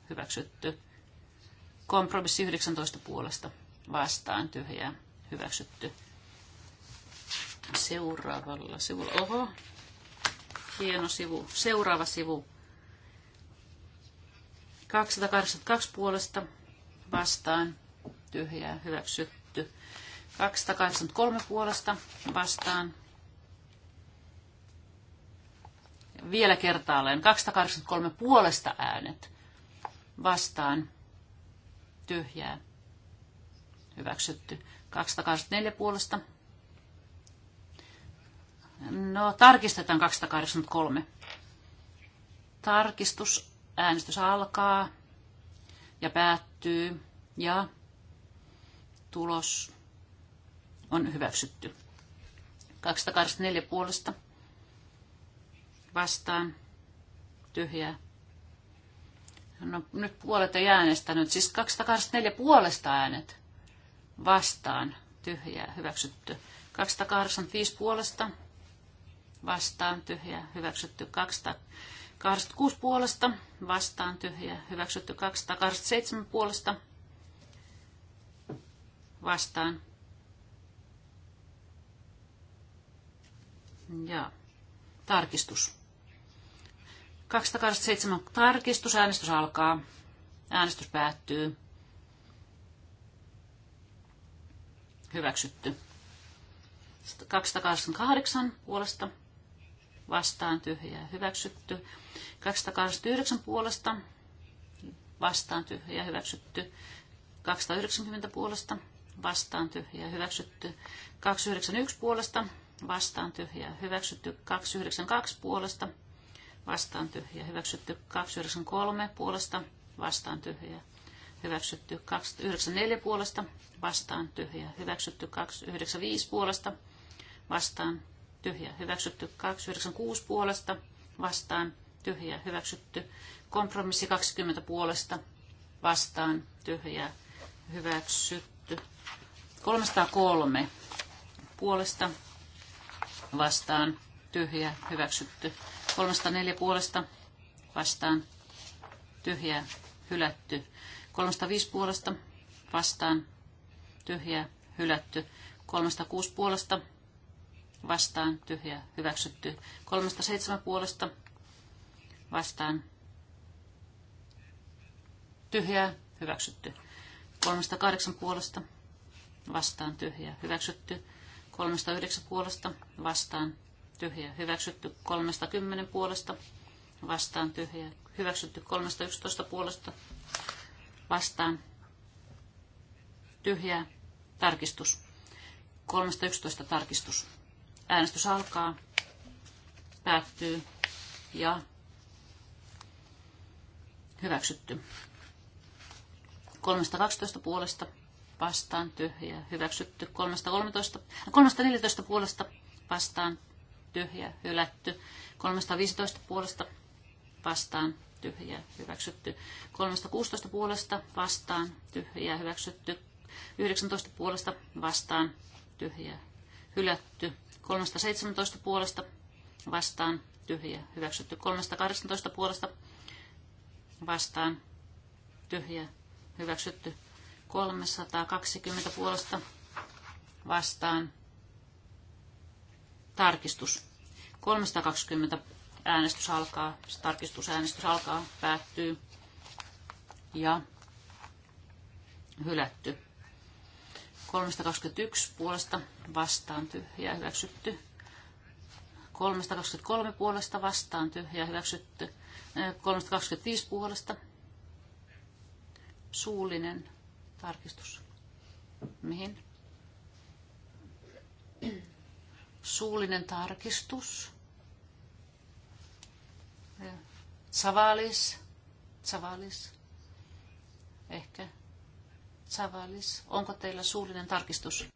hyväksytty. Kompromissi 19 puolesta vastaan tyhjää hyväksytty seuraavalla sivulla. Oho, hieno sivu. Seuraava sivu. 282 puolesta vastaan tyhjää hyväksytty. 283 puolesta vastaan. Vielä kertaalleen 283 puolesta äänet vastaan tyhjää hyväksytty. 284 puolesta No, tarkistetaan 283. Tarkistus, äänestys alkaa ja päättyy ja tulos on hyväksytty. 284 puolesta vastaan tyhjää. No, nyt puolet ei äänestänyt, siis 284 puolesta äänet vastaan tyhjää hyväksytty. 285 puolesta vastaan tyhjä, hyväksytty 286 puolesta, vastaan tyhjä, hyväksytty 287 puolesta, vastaan. Ja tarkistus. 287 tarkistus, äänestys alkaa, äänestys päättyy. Hyväksytty. 288 puolesta vastaan tyhjää hyväksytty. 289 puolesta vastaan tyhjää hyväksytty. 290 puolesta vastaan tyhjää hyväksytty. 291 puolesta vastaan tyhjää hyväksytty. 292 puolesta vastaan tyhjää hyväksytty. 293 puolesta vastaan tyhjää hyväksytty 294 puolesta, vastaan tyhjä, hyväksytty 295 puolesta, vastaan tyhjä hyväksytty 296 puolesta vastaan tyhjä hyväksytty kompromissi 20 puolesta vastaan tyhjä hyväksytty 303 puolesta vastaan tyhjä hyväksytty 304 puolesta vastaan tyhjä hylätty 305 puolesta vastaan tyhjä hylätty 306 puolesta vastaan tyhjä hyväksytty. seitsemän puolesta vastaan tyhjää hyväksytty. kahdeksan puolesta vastaan tyhjä hyväksytty. yhdeksän puolesta vastaan tyhjä hyväksytty. kymmenen puolesta vastaan tyhjä hyväksytty. yksitoista puolesta vastaan tyhjää tarkistus. 311 tarkistus. Äänestys alkaa, päättyy ja hyväksytty. 312 puolesta vastaan tyhjä, hyväksytty. 313, 314 puolesta vastaan tyhjä, hylätty. 315 puolesta vastaan tyhjä, hyväksytty. 316 puolesta vastaan tyhjä, hyväksytty. 19 puolesta vastaan tyhjä, hylätty. 317 puolesta vastaan tyhjä hyväksytty. 318 puolesta vastaan tyhjä hyväksytty. 320 puolesta vastaan tarkistus. 320 äänestys alkaa, tarkistusäänestys alkaa, päättyy ja hylätty. 321 puolesta vastaan tyhjä hyväksytty. 323 puolesta vastaan tyhjä hyväksytty. 325 äh, puolesta suullinen tarkistus. Mihin? Suullinen tarkistus. Äh, Savalis. Savalis. Ehkä Savalis, onko teillä suullinen tarkistus?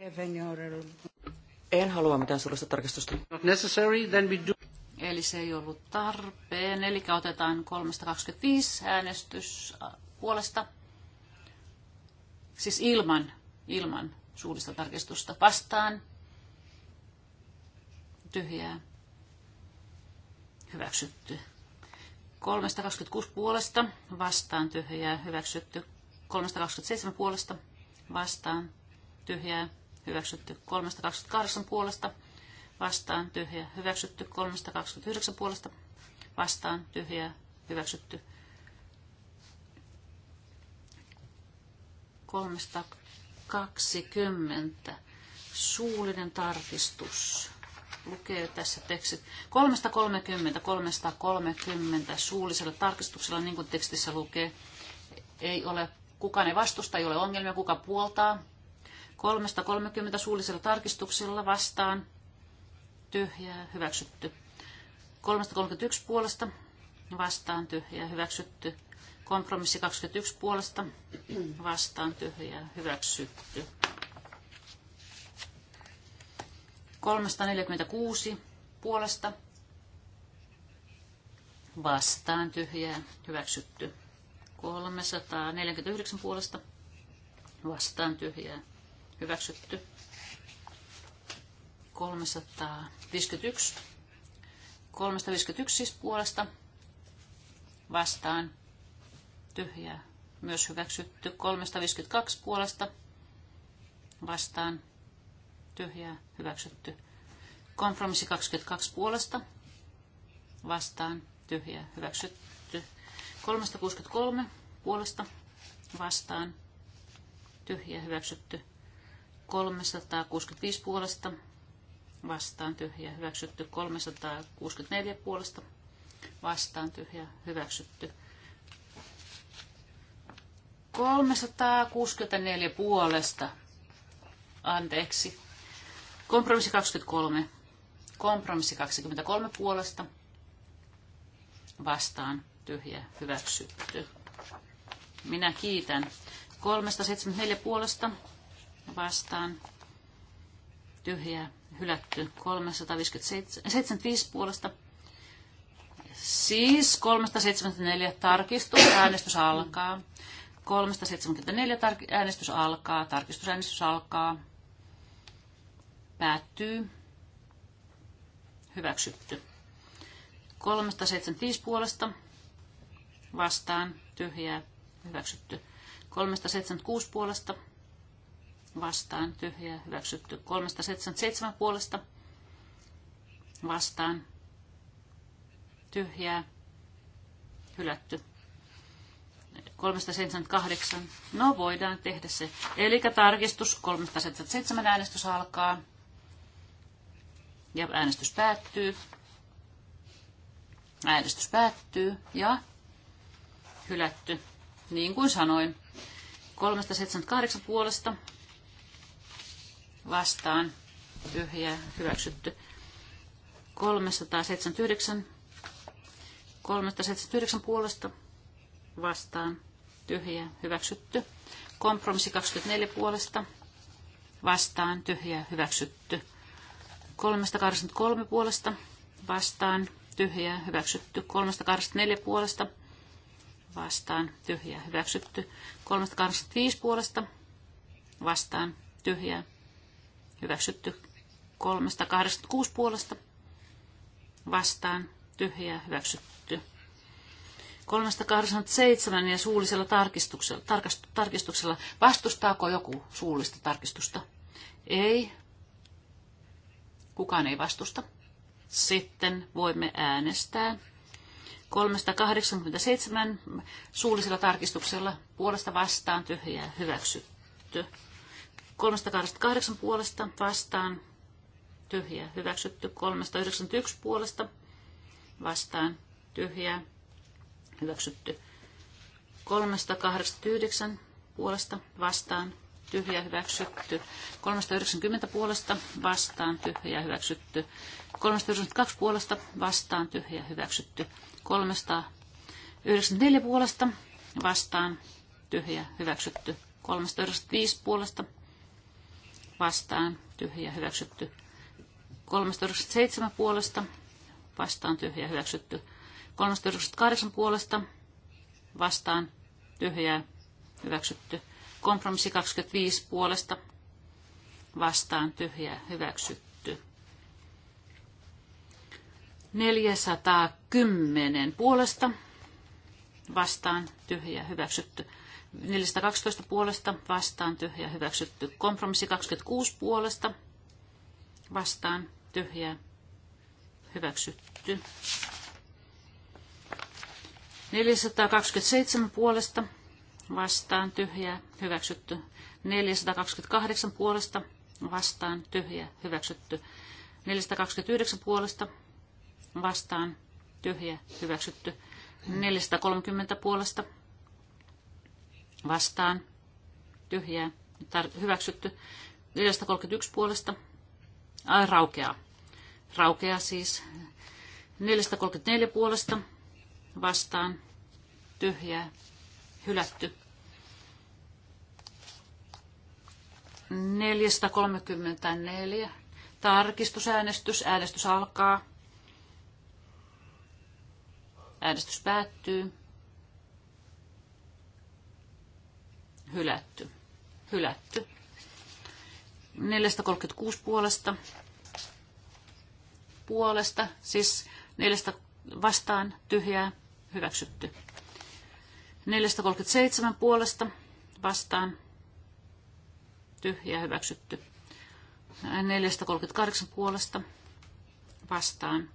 En halua mitään suullista tarkistusta. Not necessary, then we do. Eli se ei ollut tarpeen. Eli otetaan 325 äänestys äh, puolesta. Siis ilman, ilman suullista tarkistusta vastaan. Tyhjää. Hyväksytty. 326 puolesta vastaan tyhjää hyväksytty. 327 puolesta vastaan tyhjää hyväksytty. 328 puolesta vastaan tyhjää hyväksytty. 329 puolesta vastaan tyhjää hyväksytty. 320 suullinen tarkistus lukee tässä tekstit. 330, 330 suullisella tarkistuksella, niin kuin tekstissä lukee, ei ole kuka ne vastusta, ei ole ongelmia, kuka puoltaa. 3.30 suullisella tarkistuksella vastaan. Tyhjää, hyväksytty. 3.31 puolesta vastaan tyhjää, hyväksytty. Kompromissi 21 puolesta vastaan tyhjää, hyväksytty. 346 puolesta vastaan tyhjää, hyväksytty. 349 puolesta vastaan tyhjää hyväksytty. 351. 351 siis puolesta vastaan tyhjää myös hyväksytty. 352 puolesta vastaan tyhjää hyväksytty. Kompromissi 22 puolesta vastaan tyhjää hyväksytty. 363 puolesta vastaan tyhjä hyväksytty. 365 puolesta vastaan tyhjä hyväksytty. 364 puolesta vastaan tyhjä hyväksytty. 364 puolesta. Anteeksi. Kompromissi 23. Kompromissi 23 puolesta. Vastaan tyhjä hyväksytty. Minä kiitän. 374 puolesta vastaan tyhjä hylätty. 375 puolesta. Siis 374 tarkistus, äänestys alkaa. 374 tar- äänestys alkaa, tarkistusäänestys alkaa, päättyy, hyväksytty. 375 puolesta vastaan tyhjää hyväksytty. 376 puolesta vastaan tyhjää hyväksytty. 377 puolesta vastaan tyhjää hylätty. 378. No voidaan tehdä se. Eli tarkistus 377 äänestys alkaa. Ja äänestys päättyy. Äänestys päättyy. Ja hylätty, niin kuin sanoin. 378 puolesta vastaan tyhjä hyväksytty. 379, 379 puolesta vastaan tyhjä hyväksytty. Kompromissi 24 puolesta vastaan tyhjä hyväksytty. 383 puolesta vastaan tyhjä hyväksytty. 384 puolesta vastaan tyhjä hyväksytty. 385 puolesta vastaan tyhjä hyväksytty. 386 puolesta vastaan tyhjä hyväksytty. 387 ja suullisella tarkistuksella, tarkastu, tarkistuksella. Vastustaako joku suullista tarkistusta? Ei. Kukaan ei vastusta. Sitten voimme äänestää 387 suullisella tarkistuksella puolesta vastaan tyhjää hyväksytty. 388 puolesta vastaan tyhjää hyväksytty. 391 puolesta vastaan tyhjää hyväksytty. 389 puolesta vastaan tyhjä hyväksytty. 390 puolesta vastaan tyhjä hyväksytty. 392 puolesta vastaan tyhjä hyväksytty. 394 puolesta vastaan tyhjä hyväksytty. 395 puolesta vastaan tyhjä hyväksytty. 397 puolesta vastaan tyhjä hyväksytty. 398 puolesta vastaan tyhjä hyväksytty. Kompromissi 25 puolesta vastaan tyhjä hyväksytty. 410 puolesta vastaan tyhjä hyväksytty. 412 puolesta vastaan tyhjä hyväksytty. Kompromissi 26 puolesta vastaan tyhjä hyväksytty. 427 puolesta vastaan tyhjä hyväksytty. 428 puolesta vastaan tyhjä hyväksytty. 429 puolesta vastaan tyhjä hyväksytty. 430 puolesta vastaan tyhjää tar- hyväksytty. 431 puolesta ai, raukeaa. Raukeaa siis 434 puolesta vastaan tyhjää hylätty. 434 tarkistusäänestys. Äänestys alkaa. Äänestys päättyy. Hylätty. Hylätty. 436 puolesta. Puolesta, siis neljästä vastaan tyhjää, hyväksytty. 437 puolesta vastaan tyhjää, hyväksytty. 438 puolesta vastaan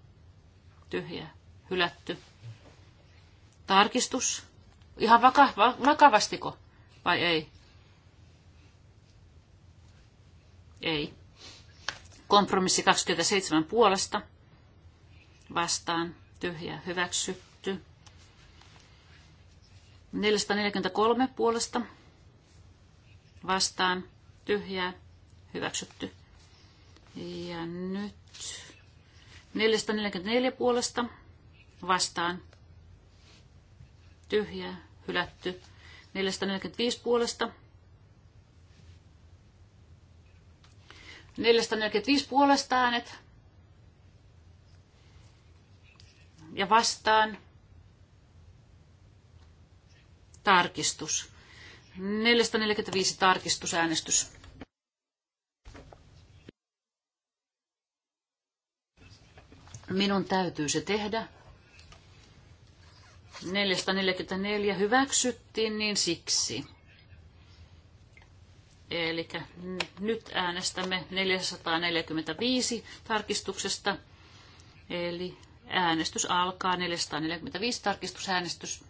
tyhjää, hylätty. Tarkistus? Ihan vaka- va- vakavastiko? Vai ei? Ei. Kompromissi 27 puolesta. Vastaan. Tyhjä. Hyväksytty. 443 puolesta. Vastaan. Tyhjää. Hyväksytty. Ja nyt 444 puolesta vastaan tyhjää, hylätty. 445 puolesta. 445 puolesta äänet. Ja vastaan. Tarkistus. 445 tarkistusäänestys. Minun täytyy se tehdä. 444 hyväksyttiin, niin siksi. Eli nyt äänestämme 445 tarkistuksesta. Eli äänestys alkaa 445 tarkistusäänestys.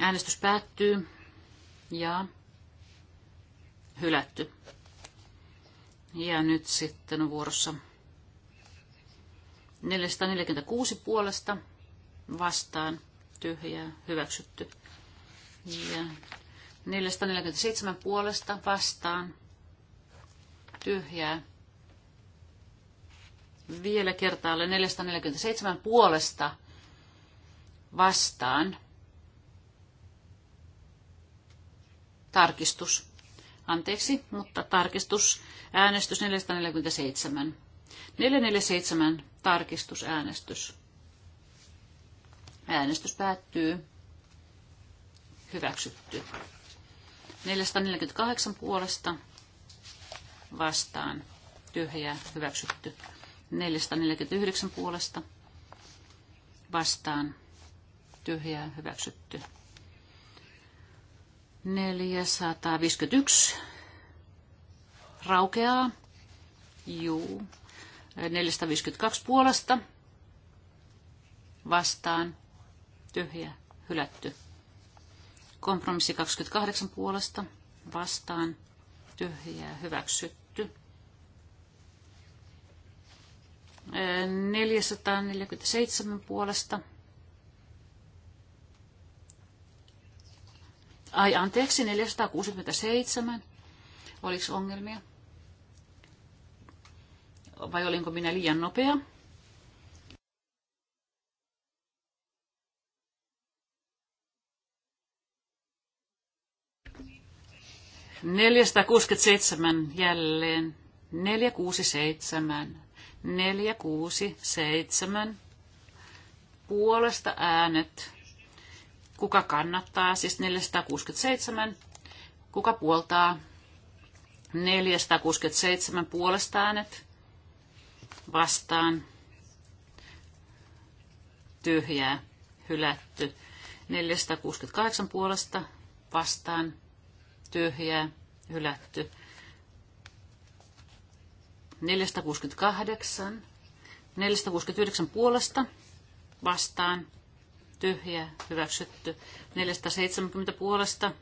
Äänestys päättyy ja hylätty. Ja nyt sitten on vuorossa 446 puolesta vastaan tyhjää hyväksytty. Ja 447 puolesta vastaan tyhjää. Vielä kertaalle 447 puolesta vastaan tarkistus. Anteeksi, mutta tarkistus äänestys 447. 447 tarkistusäänestys. Äänestys päättyy. Hyväksytty. 448 puolesta vastaan. Tyhjää. Hyväksytty. 449 puolesta vastaan. Tyhjää. Hyväksytty. 451 raukeaa. Juu. 452 puolesta vastaan tyhjä hylätty. Kompromissi 28 puolesta vastaan tyhjää hyväksytty. 447 puolesta. Ai anteeksi, 467. Oliko ongelmia? vai olinko minä liian nopea? Neljästä seitsemän jälleen. Neljä kuusi seitsemän. Neljä kuusi seitsemän. Puolesta äänet. Kuka kannattaa? Siis 467. Kuka puoltaa? 467 puolesta äänet vastaan tyhjää hylätty. 468 puolesta vastaan tyhjää hylätty. 468, 469 puolesta vastaan tyhjää hyväksytty. 470 puolesta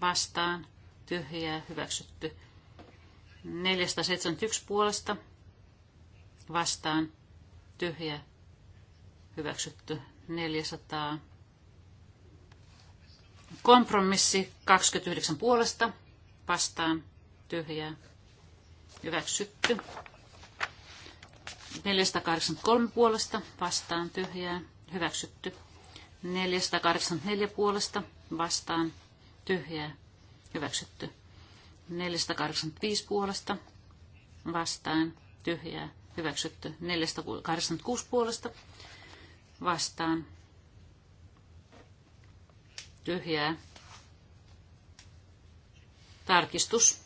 vastaan tyhjää hyväksytty. 471 puolesta vastaan tyhjä hyväksytty 400. Kompromissi 29 puolesta vastaan tyhjä hyväksytty. 483 puolesta vastaan tyhjää hyväksytty. 484 puolesta vastaan tyhjää hyväksytty. 485 puolesta vastaan tyhjää hyväksytty 486 puolesta vastaan tyhjää tarkistus.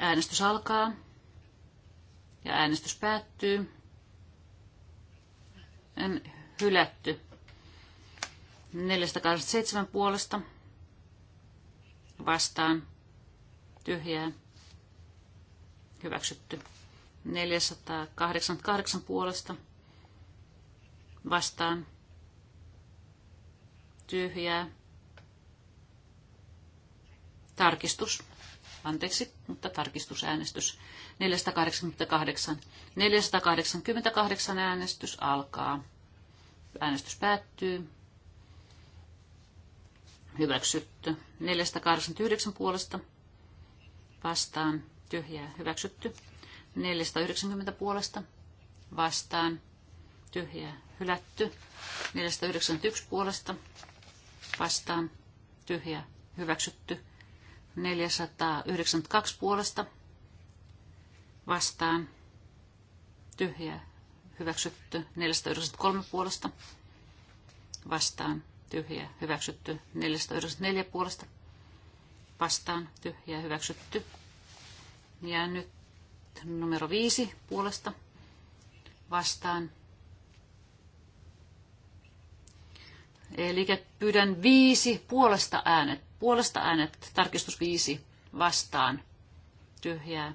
Äänestys alkaa ja äänestys päättyy. En hylätty 487 puolesta vastaan tyhjää hyväksytty. 488 puolesta vastaan tyhjää. Tarkistus. Anteeksi, mutta tarkistusäänestys. 488. 488 äänestys alkaa. Äänestys päättyy. Hyväksytty. 489 puolesta vastaan tyhjää hyväksytty. 490 puolesta vastaan tyhjää hylätty. 491 puolesta vastaan tyhjää hyväksytty. 492 puolesta vastaan tyhjää hyväksytty. 493 puolesta vastaan tyhjää hyväksytty. 494 puolesta vastaan tyhjää hyväksytty. Ja nyt numero viisi puolesta vastaan. Eli pyydän viisi puolesta äänet. Puolesta äänet, tarkistus viisi vastaan. Tyhjää.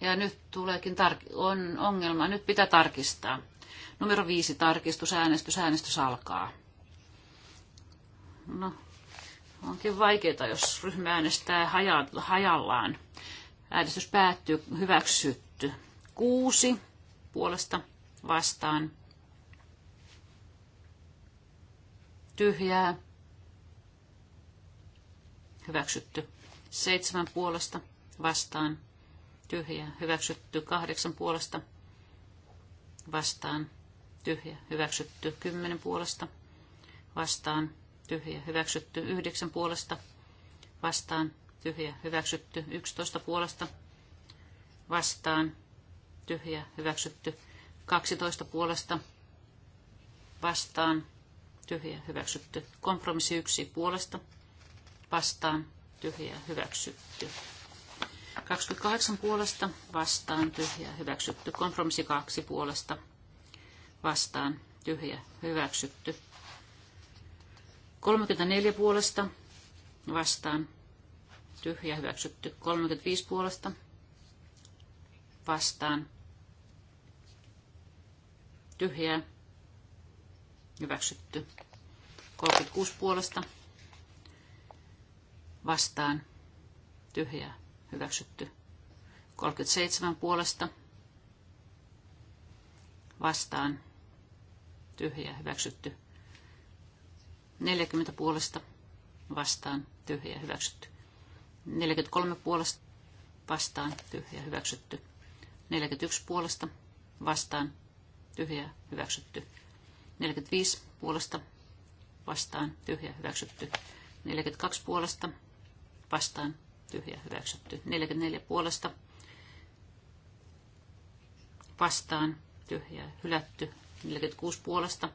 Ja nyt tuleekin tar- on ongelma. Nyt pitää tarkistaa. Numero viisi tarkistus, äänestys, äänestys alkaa. No, Onkin vaikeaa, jos ryhmä äänestää haja, hajallaan. Äänestys päättyy, hyväksytty. Kuusi puolesta vastaan. Tyhjää. Hyväksytty. Seitsemän puolesta vastaan. Tyhjää. Hyväksytty. Kahdeksan puolesta vastaan. Tyhjä. Hyväksytty. Kymmenen puolesta vastaan tyhjä hyväksytty yhdeksän puolesta vastaan tyhjä hyväksytty yksitoista puolesta vastaan tyhjä hyväksytty kaksitoista puolesta vastaan tyhjä hyväksytty kompromissi yksi puolesta vastaan tyhjä hyväksytty 28 puolesta vastaan tyhjä hyväksytty kompromissi 2 puolesta vastaan tyhjä hyväksytty 34 puolesta vastaan tyhjä hyväksytty. 35 puolesta vastaan tyhjä hyväksytty. 36 puolesta vastaan tyhjä hyväksytty. 37 puolesta vastaan tyhjä hyväksytty. 40 puolesta vastaan tyhjä hyväksytty. 43 puolesta vastaan tyhjä hyväksytty. 41 puolesta vastaan tyhjä hyväksytty. 45 puolesta vastaan tyhjä hyväksytty. 42 puolesta vastaan tyhjä hyväksytty. 44 puolesta vastaan tyhjä hylätty. 46 puolesta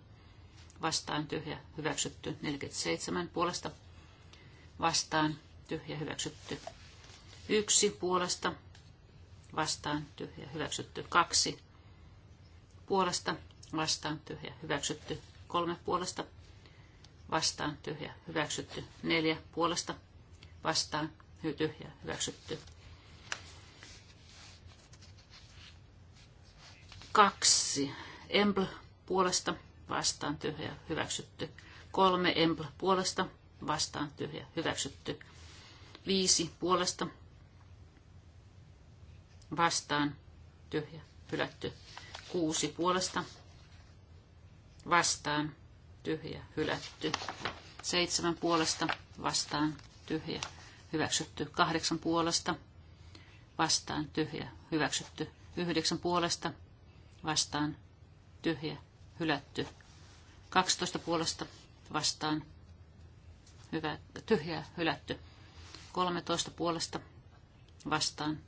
vastaan tyhjä hyväksytty. 47 puolesta vastaan tyhjä hyväksytty. 1 puolesta vastaan tyhjä hyväksytty. 2 puolesta vastaan tyhjä hyväksytty. 3 puolesta vastaan tyhjä hyväksytty. 4 puolesta vastaan tyhjä hyväksytty. kaksi Embl puolesta vastaan tyhjä hyväksytty. Kolme empl puolesta vastaan tyhjä hyväksytty. Viisi puolesta vastaan tyhjä hylätty. Kuusi puolesta vastaan tyhjä hylätty. Seitsemän puolesta vastaan tyhjä hyväksytty. Kahdeksan puolesta vastaan tyhjä hyväksytty. Yhdeksän puolesta vastaan tyhjä hylätty. 12 puolesta vastaan hyvä, tyhjä hylätty. 13 puolesta vastaan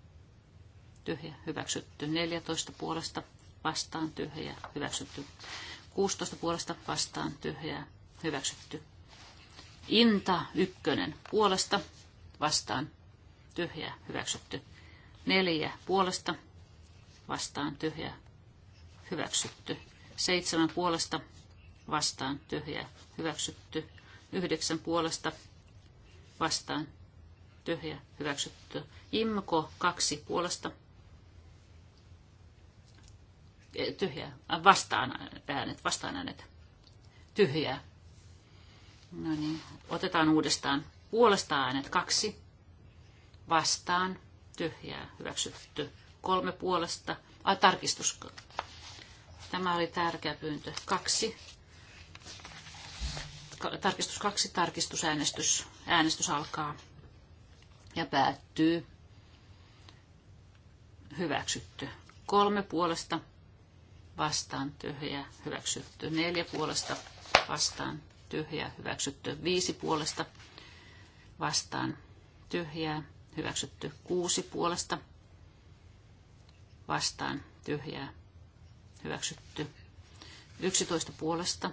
tyhjä hyväksytty. 14 puolesta vastaan tyhjä hyväksytty. 16 puolesta vastaan tyhjä hyväksytty. Inta ykkönen puolesta vastaan tyhjä hyväksytty. Neljä puolesta vastaan tyhjä hyväksytty. Seitsemän puolesta vastaan tyhjä hyväksytty. Yhdeksän puolesta vastaan tyhjä hyväksytty. Imko kaksi puolesta eh, tyhjä äh, vastaan äänet, vastaan äänet, tyhjää. No niin, otetaan uudestaan. Puolesta äänet kaksi, vastaan, tyhjää, hyväksytty. Kolme puolesta, a, tarkistus. Tämä oli tärkeä pyyntö. Kaksi tarkistus 2, tarkistusäänestys. Äänestys alkaa ja päättyy. Hyväksytty. Kolme puolesta vastaan tyhjä hyväksytty. Neljä puolesta vastaan tyhjä hyväksytty. Viisi puolesta vastaan tyhjää hyväksytty. Kuusi puolesta vastaan tyhjää hyväksytty. Yksitoista puolesta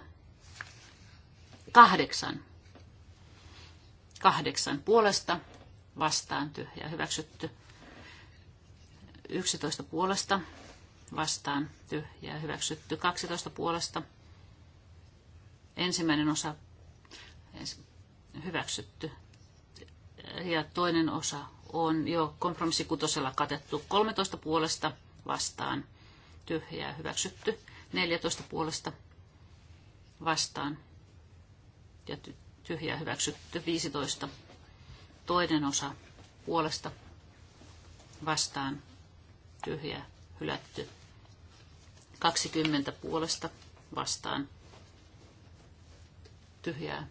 Kahdeksan. Kahdeksan puolesta vastaan tyhjä hyväksytty. Yksitoista puolesta vastaan tyhjä hyväksytty. Kaksitoista puolesta ensimmäinen osa hyväksytty. Ja toinen osa on jo kompromissikutosella katettu 13 puolesta vastaan tyhjää hyväksytty, 14 puolesta vastaan ja tyhjää hyväksytty 15. Toinen osa puolesta vastaan tyhjää hylätty 20 puolesta vastaan tyhjää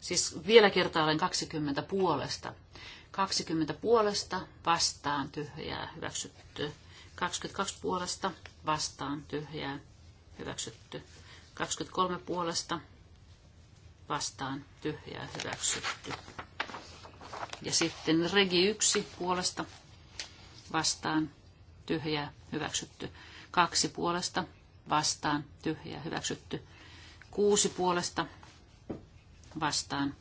Siis vielä kertaalleen 20 puolesta. 20 puolesta vastaan tyhjää hyväksyttyä. 22 puolesta vastaan tyhjää hyväksytty. 23 puolesta vastaan tyhjää hyväksytty. Ja sitten regi 1 puolesta vastaan tyhjää hyväksytty. 2 puolesta vastaan tyhjää hyväksytty. 6 puolesta vastaan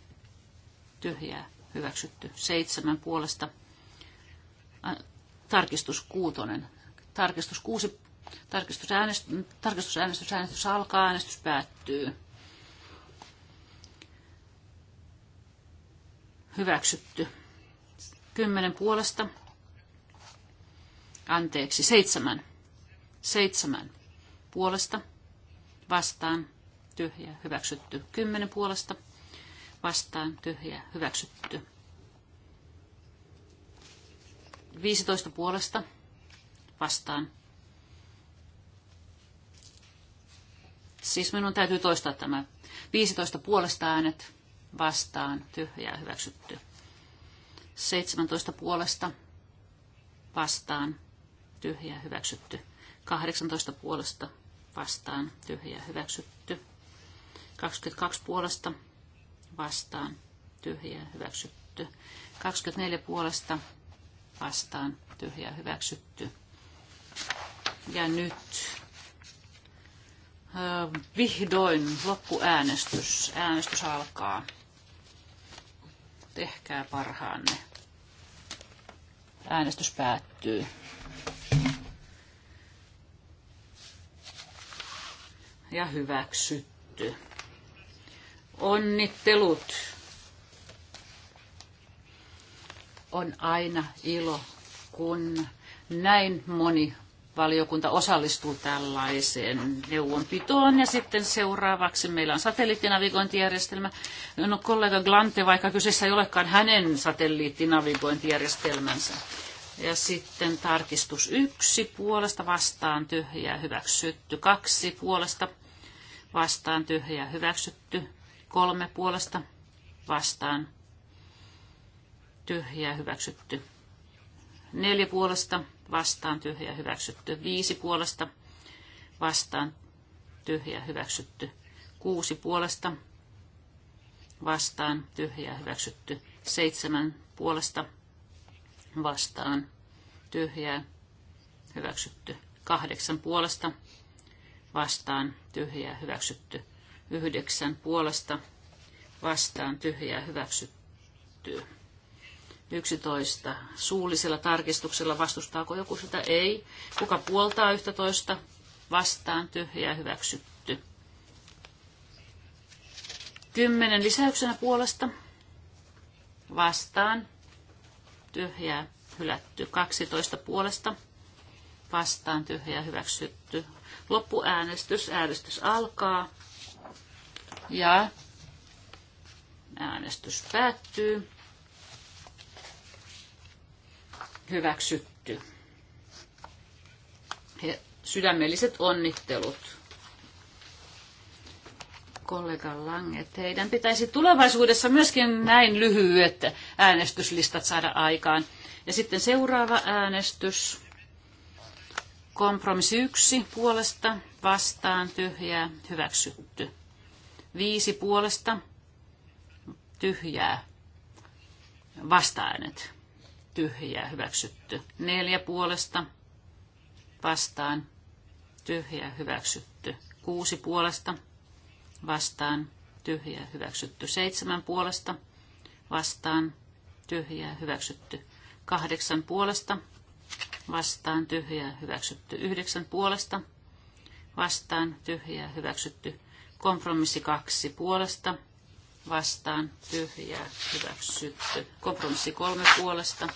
tyhjää hyväksytty. 7 puolesta tarkistus kuutonen Tarkistus 6. Tarkistusäänestys, tarkistusäänestys äänestys alkaa, äänestys päättyy. Hyväksytty. Kymmenen puolesta. Anteeksi, seitsemän. Seitsemän puolesta. Vastaan. Tyhjä. Hyväksytty. Kymmenen puolesta. Vastaan. Tyhjä. Hyväksytty. 15 puolesta vastaan. Siis minun täytyy toistaa tämä. 15 puolesta äänet vastaan, tyhjää hyväksytty. 17 puolesta vastaan, tyhjää hyväksytty. 18 puolesta vastaan, tyhjää hyväksytty. 22 puolesta vastaan, tyhjää hyväksytty. 24 puolesta vastaan, tyhjää hyväksytty. Ja nyt vihdoin loppuäänestys. Äänestys alkaa. Tehkää parhaanne. Äänestys päättyy. Ja hyväksytty. Onnittelut. On aina ilo, kun näin moni valiokunta osallistuu tällaiseen neuvonpitoon. Ja sitten seuraavaksi meillä on satelliittinavigointijärjestelmä. No kollega Glante, vaikka kyseessä ei olekaan hänen satelliittinavigointijärjestelmänsä. Ja sitten tarkistus yksi puolesta vastaan tyhjää hyväksytty. Kaksi puolesta vastaan tyhjää hyväksytty. Kolme puolesta vastaan tyhjää hyväksytty. Neljä puolesta vastaan tyhjä hyväksytty. Viisi puolesta vastaan tyhjä hyväksytty. Kuusi puolesta vastaan tyhjä hyväksytty. Seitsemän puolesta vastaan tyhjää hyväksytty. Kahdeksan puolesta vastaan tyhjää hyväksytty. Yhdeksän puolesta vastaan tyhjää hyväksytty. 11 suullisella tarkistuksella. Vastustaako joku sitä? Ei. Kuka puoltaa 11? Vastaan tyhjä hyväksytty. 10 lisäyksenä puolesta. Vastaan tyhjää hylätty. 12 puolesta. Vastaan tyhjää hyväksytty. Loppuäänestys. Äänestys alkaa. Ja äänestys päättyy. hyväksytty. He, sydämelliset onnittelut kollega Lange, teidän pitäisi tulevaisuudessa myöskin näin lyhyet äänestyslistat saada aikaan. Ja sitten seuraava äänestys. Kompromissi yksi puolesta, vastaan, tyhjää, hyväksytty. Viisi puolesta, tyhjää, vasta-äänet, tyhjää hyväksytty. Neljä puolesta vastaan tyhjää hyväksytty. Kuusi puolesta vastaan tyhjää hyväksytty. Seitsemän puolesta vastaan tyhjää hyväksytty. Kahdeksan puolesta vastaan tyhjää hyväksytty. Yhdeksän puolesta vastaan tyhjää hyväksytty. Kompromissi kaksi puolesta vastaan tyhjää hyväksytty. Kompromissi kolme puolesta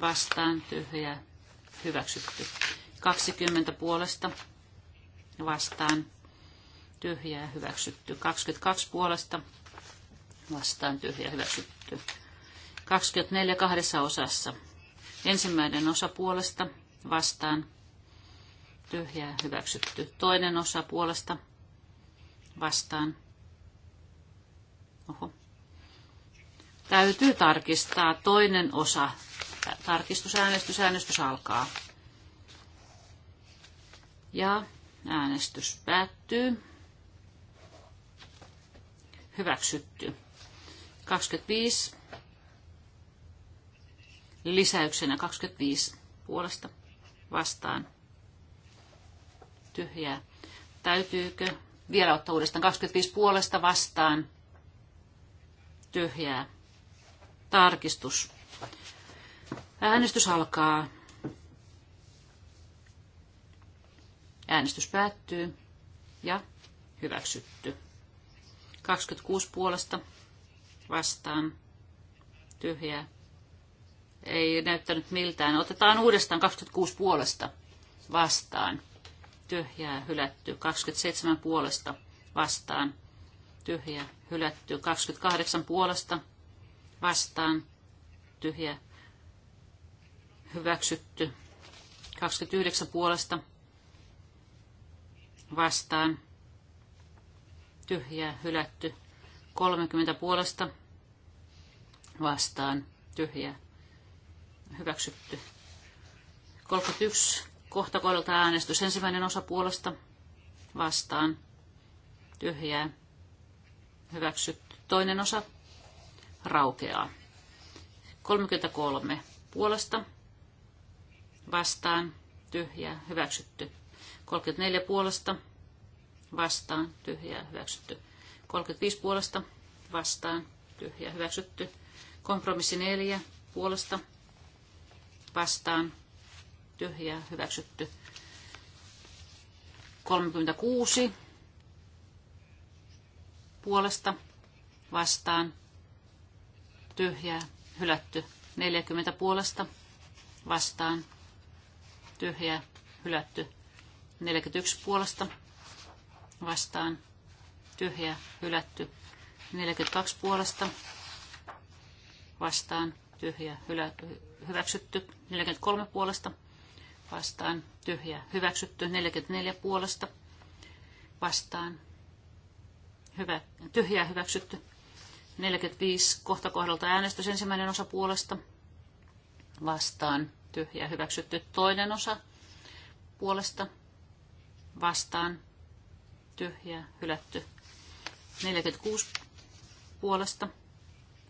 vastaan tyhjää hyväksytty. 20 puolesta vastaan tyhjää hyväksytty. 22 puolesta vastaan tyhjää hyväksytty. 24 kahdessa osassa. Ensimmäinen osa puolesta vastaan tyhjää hyväksytty. Toinen osa puolesta vastaan Oho. Täytyy tarkistaa toinen osa. Tarkistusäänestys, äänestys alkaa. Ja äänestys päättyy. Hyväksytty. 25. Lisäyksenä 25 puolesta vastaan. Tyhjää. Täytyykö vielä ottaa uudestaan 25 puolesta vastaan? tyhjää. Tarkistus. Äänestys alkaa. Äänestys päättyy ja hyväksytty. 26 puolesta vastaan tyhjää. Ei näyttänyt miltään. Otetaan uudestaan 26 puolesta vastaan. Tyhjää hylätty. 27 puolesta vastaan. Tyhjää hylätty 28 puolesta vastaan tyhjä hyväksytty 29 puolesta vastaan tyhjä hylätty 30 puolesta vastaan tyhjä hyväksytty 31 kohta kohdalta äänestys ensimmäinen osa puolesta vastaan tyhjää hyväksytty. Toinen osa raukeaa. 33 puolesta vastaan tyhjä hyväksytty. 34 puolesta vastaan tyhjä hyväksytty. 35 puolesta vastaan tyhjä hyväksytty. Kompromissi 4 puolesta vastaan tyhjä hyväksytty. 36 puolesta vastaan tyhjää hylätty. 40 puolesta vastaan tyhjää hylätty. 41 puolesta vastaan tyhjää hylätty. 42 puolesta vastaan tyhjä hylä, hyväksytty. 43 puolesta vastaan tyhjä hyväksytty. 44 puolesta vastaan Hyvä, tyhjää hyväksytty. 45 kohta kohdalta äänestys ensimmäinen osa puolesta. Vastaan tyhjää hyväksytty toinen osa puolesta. Vastaan tyhjää hylätty. 46 puolesta.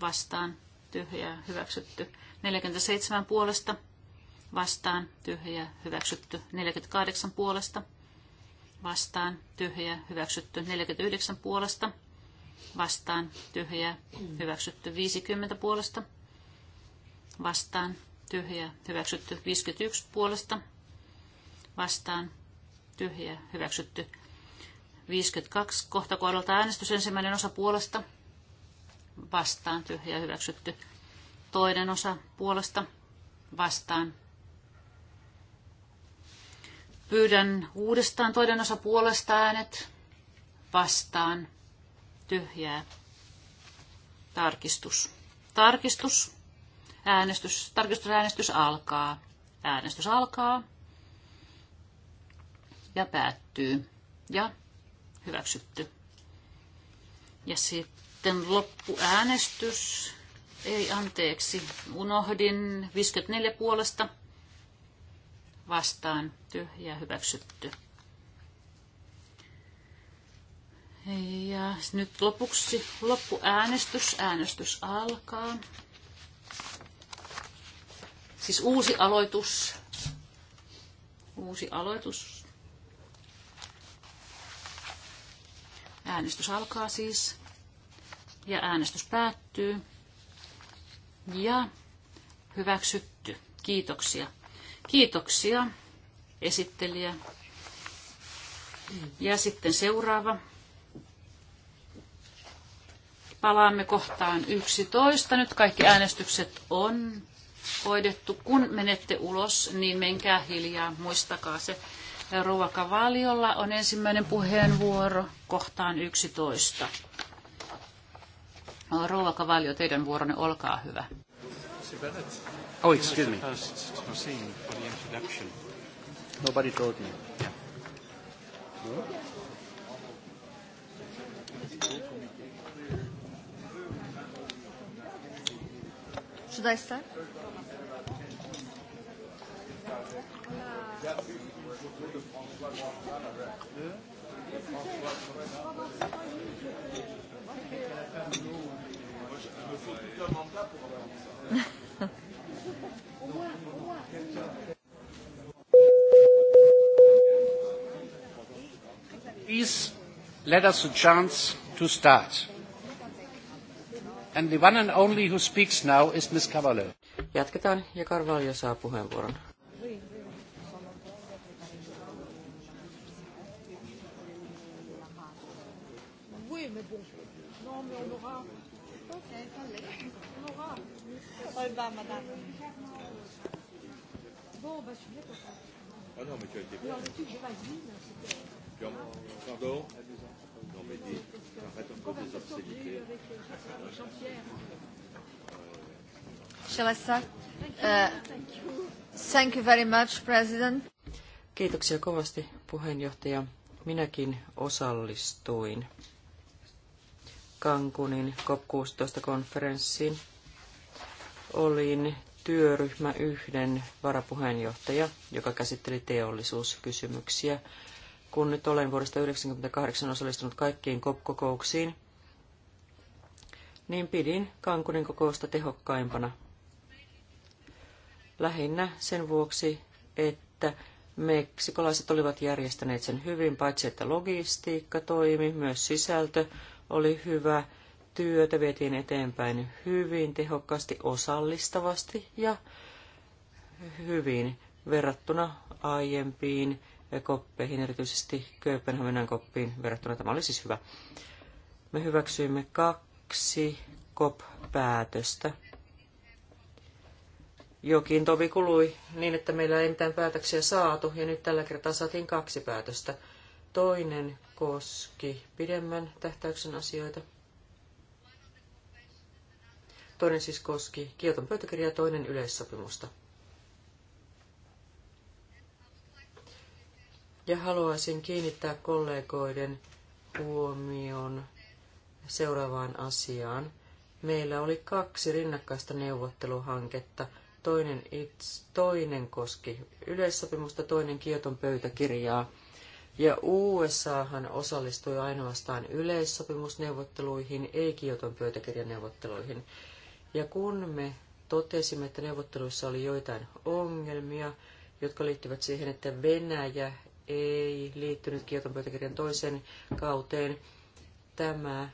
Vastaan tyhjää hyväksytty. 47 puolesta. Vastaan tyhjää hyväksytty. 48 puolesta vastaan tyhjä hyväksytty 49 puolesta, vastaan tyhjä hyväksytty 50 puolesta, vastaan tyhjä hyväksytty 51 puolesta, vastaan tyhjä hyväksytty 52 kohta kohdalta äänestys ensimmäinen osa puolesta, vastaan tyhjä hyväksytty toinen osa puolesta, vastaan Pyydän uudestaan toinen osa puolesta äänet vastaan tyhjää. Tarkistus. Tarkistus. Äänestys. Tarkistusäänestys alkaa. Äänestys alkaa. Ja päättyy. Ja hyväksytty. Ja sitten loppuäänestys. Ei anteeksi, unohdin 54 puolesta vastaan ja hyväksytty. Ja nyt lopuksi loppuäänestys. Äänestys alkaa. Siis uusi aloitus. Uusi aloitus. Äänestys alkaa siis. Ja äänestys päättyy. Ja hyväksytty. Kiitoksia. Kiitoksia esittelijä. Ja sitten seuraava. Palaamme kohtaan 11. Nyt kaikki äänestykset on hoidettu. Kun menette ulos, niin menkää hiljaa. Muistakaa se. Ruokavaliolla on ensimmäinen puheenvuoro kohtaan 11. Ruokavalio, teidän vuoronne, olkaa hyvä. Mr. Bennett. Oh, excuse me. First for the introduction. Nobody told me. Yeah. No? Should I start? Please let us a chance to start. And the one and only who speaks now is Ms. Cavallo. Jatketaan ja Carvalho saa puheenvuoron. Oui, mais bon. Non, mais on aura. allez. on aura. Au revoir, madame. Bon, bah, je Ah non, mais tu as été bien. Non, que j'ai vie, Pardon Non, mais dis, arrête des obscénités. Euh, avec Jean-Pierre. Uh, thank you very much, President. Kiitoksia kovasti, puheenjohtaja. Minäkin osallistuin Kankunin COP16-konferenssiin. Olin työryhmä yhden varapuheenjohtaja, joka käsitteli teollisuuskysymyksiä. Kun nyt olen vuodesta 1998 osallistunut kaikkiin kokouksiin, niin pidin Kankunin kokousta tehokkaimpana. Lähinnä sen vuoksi, että meksikolaiset olivat järjestäneet sen hyvin, paitsi että logistiikka toimi, myös sisältö oli hyvä – työtä vietiin eteenpäin hyvin tehokkaasti, osallistavasti ja hyvin verrattuna aiempiin koppeihin, erityisesti Kööpenhaminan koppiin verrattuna. Tämä oli siis hyvä. Me hyväksyimme kaksi COP-päätöstä. Jokin tovi kului niin, että meillä ei mitään päätöksiä saatu, ja nyt tällä kertaa saatiin kaksi päätöstä. Toinen koski pidemmän tähtäyksen asioita. Toinen siis koski Kioton pöytäkirjaa, toinen yleissopimusta. Ja haluaisin kiinnittää kollegoiden huomion seuraavaan asiaan. Meillä oli kaksi rinnakkaista neuvotteluhanketta. Toinen, its, toinen koski yleissopimusta, toinen Kioton pöytäkirjaa. Ja USAhan osallistui ainoastaan yleissopimusneuvotteluihin, ei Kioton pöytäkirjaneuvotteluihin. neuvotteluihin. Ja kun me totesimme, että neuvotteluissa oli joitain ongelmia, jotka liittyvät siihen, että Venäjä ei liittynyt Kioton pöytäkirjan toiseen kauteen, tämä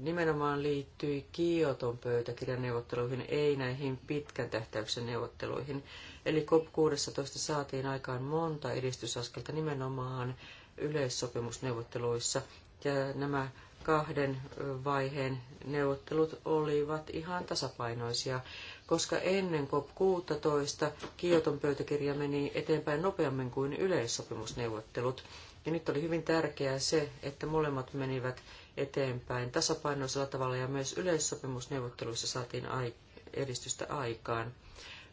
nimenomaan liittyi Kioton pöytäkirjan neuvotteluihin, ei näihin pitkän tähtäyksen neuvotteluihin. Eli COP16 saatiin aikaan monta edistysaskelta nimenomaan yleissopimusneuvotteluissa, ja nämä kahden vaiheen neuvottelut olivat ihan tasapainoisia, koska ennen COP16 Kioton pöytäkirja meni eteenpäin nopeammin kuin yleissopimusneuvottelut. Ja nyt oli hyvin tärkeää se, että molemmat menivät eteenpäin tasapainoisella tavalla ja myös yleissopimusneuvotteluissa saatiin edistystä aikaan,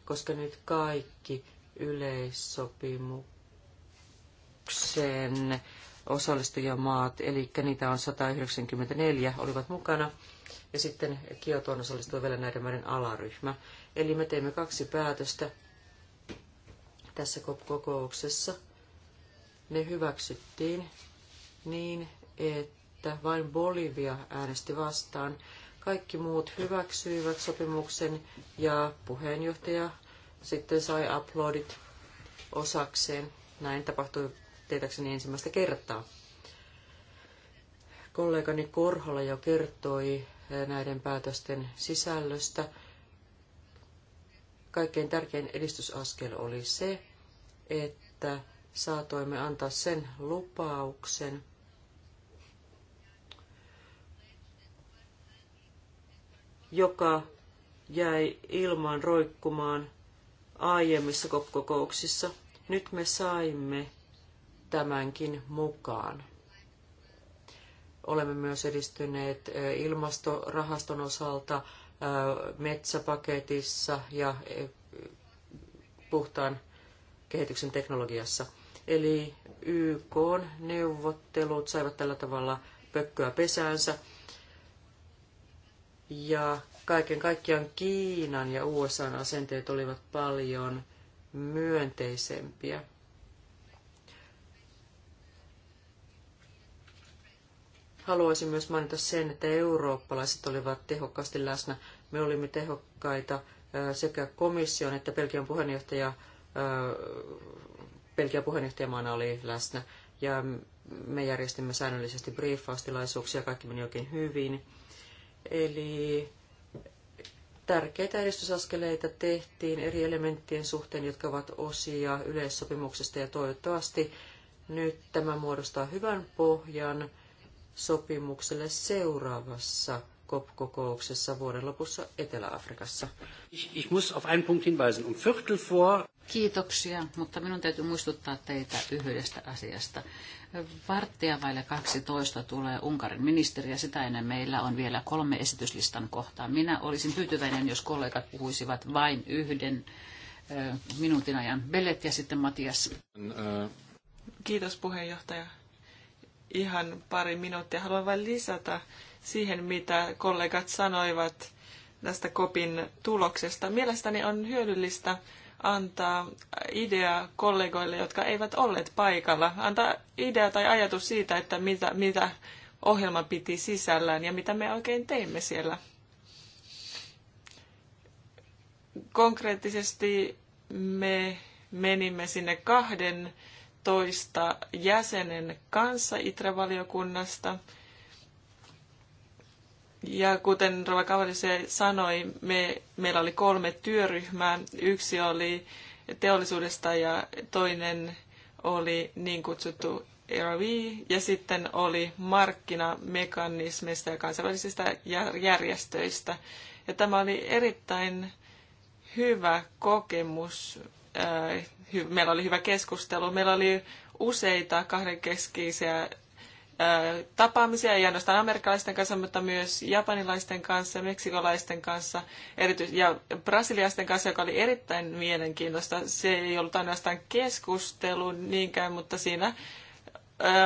koska nyt kaikki yleissopimuksen osallistujamaat, eli niitä on 194, olivat mukana. Ja sitten Kiotoon osallistui vielä näiden maiden alaryhmä. Eli me teimme kaksi päätöstä tässä kokouksessa. Ne hyväksyttiin niin, että vain Bolivia äänesti vastaan. Kaikki muut hyväksyivät sopimuksen ja puheenjohtaja sitten sai uploadit osakseen. Näin tapahtui tietääkseni ensimmäistä kertaa. Kollegani Korhola jo kertoi näiden päätösten sisällöstä. Kaikkein tärkein edistysaskel oli se, että saatoimme antaa sen lupauksen, joka jäi ilmaan roikkumaan aiemmissa kokouksissa. Nyt me saimme tämänkin mukaan. Olemme myös edistyneet ilmastorahaston osalta metsäpaketissa ja puhtaan kehityksen teknologiassa. Eli YK-neuvottelut saivat tällä tavalla pökköä pesäänsä. Ja kaiken kaikkiaan Kiinan ja USAn asenteet olivat paljon myönteisempiä Haluaisin myös mainita sen, että eurooppalaiset olivat tehokkaasti läsnä. Me olimme tehokkaita sekä komission että Belgian puheenjohtaja, Belgian puheenjohtajamaana oli läsnä. Ja me järjestimme säännöllisesti briefaustilaisuuksia, kaikki meni oikein hyvin. Eli tärkeitä edistysaskeleita tehtiin eri elementtien suhteen, jotka ovat osia yleissopimuksesta ja toivottavasti nyt tämä muodostaa hyvän pohjan sopimukselle seuraavassa COP-kokouksessa vuoden lopussa Etelä-Afrikassa. Um Kiitoksia, mutta minun täytyy muistuttaa teitä yhdestä asiasta. Varttia vaille 12 tulee Unkarin ministeri ja sitä ennen meillä on vielä kolme esityslistan kohtaa. Minä olisin tyytyväinen, jos kollegat puhuisivat vain yhden minuutin ajan. Bellet ja sitten Matias. Kiitos puheenjohtaja ihan pari minuuttia. Haluan vain lisätä siihen, mitä kollegat sanoivat tästä kopin tuloksesta. Mielestäni on hyödyllistä antaa idea kollegoille, jotka eivät olleet paikalla. Antaa idea tai ajatus siitä, että mitä, mitä ohjelma piti sisällään ja mitä me oikein teimme siellä. Konkreettisesti me menimme sinne kahden 12 jäsenen kanssa ITRE-valiokunnasta. Ja kuten Rova Kavalise sanoi, me, meillä oli kolme työryhmää. Yksi oli teollisuudesta ja toinen oli niin kutsuttu RV ja sitten oli markkinamekanismeista ja kansainvälisistä järjestöistä. Ja tämä oli erittäin hyvä kokemus äh, meillä oli hyvä keskustelu. Meillä oli useita kahdenkeskeisiä tapaamisia, ei ainoastaan amerikkalaisten kanssa, mutta myös japanilaisten kanssa, meksikolaisten kanssa erity- ja brasiliaisten kanssa, joka oli erittäin mielenkiintoista. Se ei ollut ainoastaan keskustelu niinkään, mutta siinä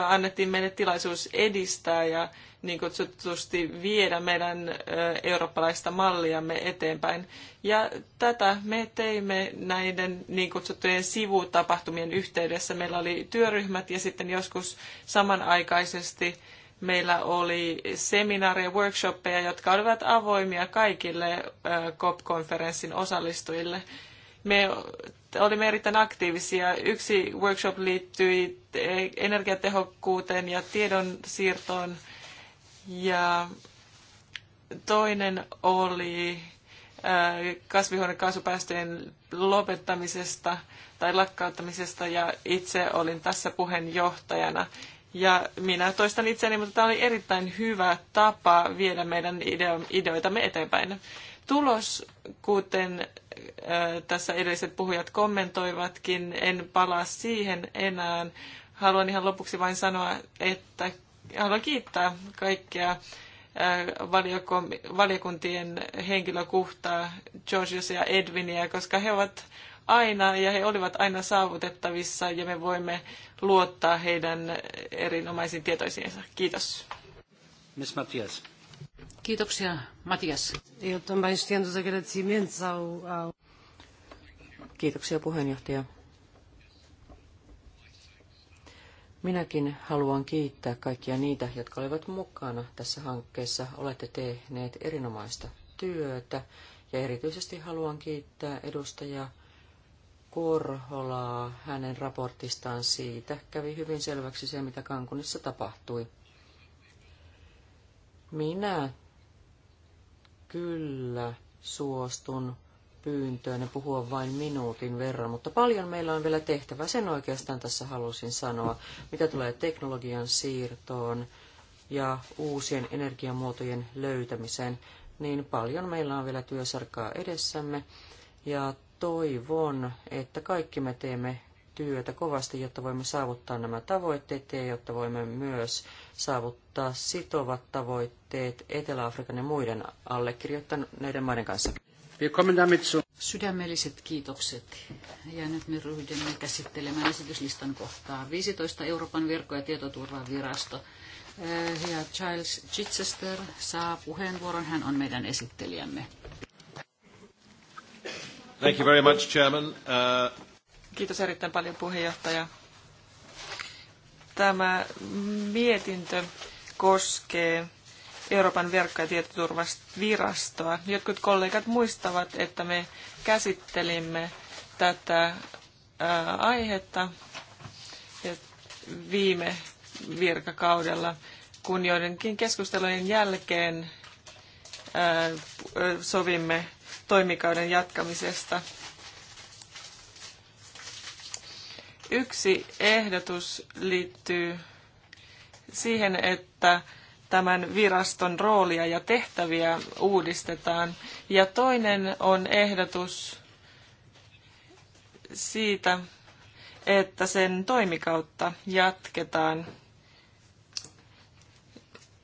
annettiin meille tilaisuus edistää ja niin kutsutusti viedä meidän eurooppalaista malliamme eteenpäin. Ja tätä me teimme näiden niin kutsuttujen sivutapahtumien yhteydessä. Meillä oli työryhmät ja sitten joskus samanaikaisesti meillä oli seminaareja, workshoppeja, jotka olivat avoimia kaikille COP-konferenssin osallistujille. Me olimme erittäin aktiivisia. Yksi workshop liittyi energiatehokkuuteen ja tiedonsiirtoon – ja toinen oli äh, kasvihuonekaasupäästöjen lopettamisesta tai lakkauttamisesta ja itse olin tässä puheenjohtajana. Ja minä toistan itseäni, mutta tämä oli erittäin hyvä tapa viedä meidän ideoitamme eteenpäin. Tulos, kuten äh, tässä edelliset puhujat kommentoivatkin, en palaa siihen enää. Haluan ihan lopuksi vain sanoa, että haluan kiittää kaikkia valiokuntien henkilökuntaa, Georgiusia ja Edwiniä, koska he ovat aina ja he olivat aina saavutettavissa ja me voimme luottaa heidän erinomaisiin tietoisiinsa. Kiitos. Miss Matias. Kiitoksia, Matias. Kiitoksia puheenjohtaja. Minäkin haluan kiittää kaikkia niitä, jotka olivat mukana tässä hankkeessa. Olette tehneet erinomaista työtä ja erityisesti haluan kiittää edustaja Korholaa hänen raportistaan siitä. Kävi hyvin selväksi se, mitä Kankunissa tapahtui. Minä kyllä suostun pyyntöönne puhua vain minuutin verran, mutta paljon meillä on vielä tehtävää. Sen oikeastaan tässä halusin sanoa, mitä tulee teknologian siirtoon ja uusien energiamuotojen löytämiseen, niin paljon meillä on vielä työsarkaa edessämme. Ja toivon, että kaikki me teemme työtä kovasti, jotta voimme saavuttaa nämä tavoitteet ja jotta voimme myös saavuttaa sitovat tavoitteet Etelä-Afrikan ja muiden allekirjoittaneiden maiden kanssa. Sydämelliset kiitokset. Ja nyt me ryhdymme käsittelemään esityslistan kohtaa 15 Euroopan verkko- ja tietoturvavirasto. Eh, ja Charles Chichester saa puheenvuoron. Hän on meidän esittelijämme. Thank you very much, Chairman. Uh... Kiitos erittäin paljon puheenjohtaja. Tämä mietintö koskee Euroopan verkko- ja tietoturvavirastoa. Jotkut kollegat muistavat, että me käsittelimme tätä ää, aihetta ja viime virkakaudella, kun joidenkin keskustelujen jälkeen ää, sovimme toimikauden jatkamisesta. Yksi ehdotus liittyy siihen, että tämän viraston roolia ja tehtäviä uudistetaan. Ja toinen on ehdotus siitä, että sen toimikautta jatketaan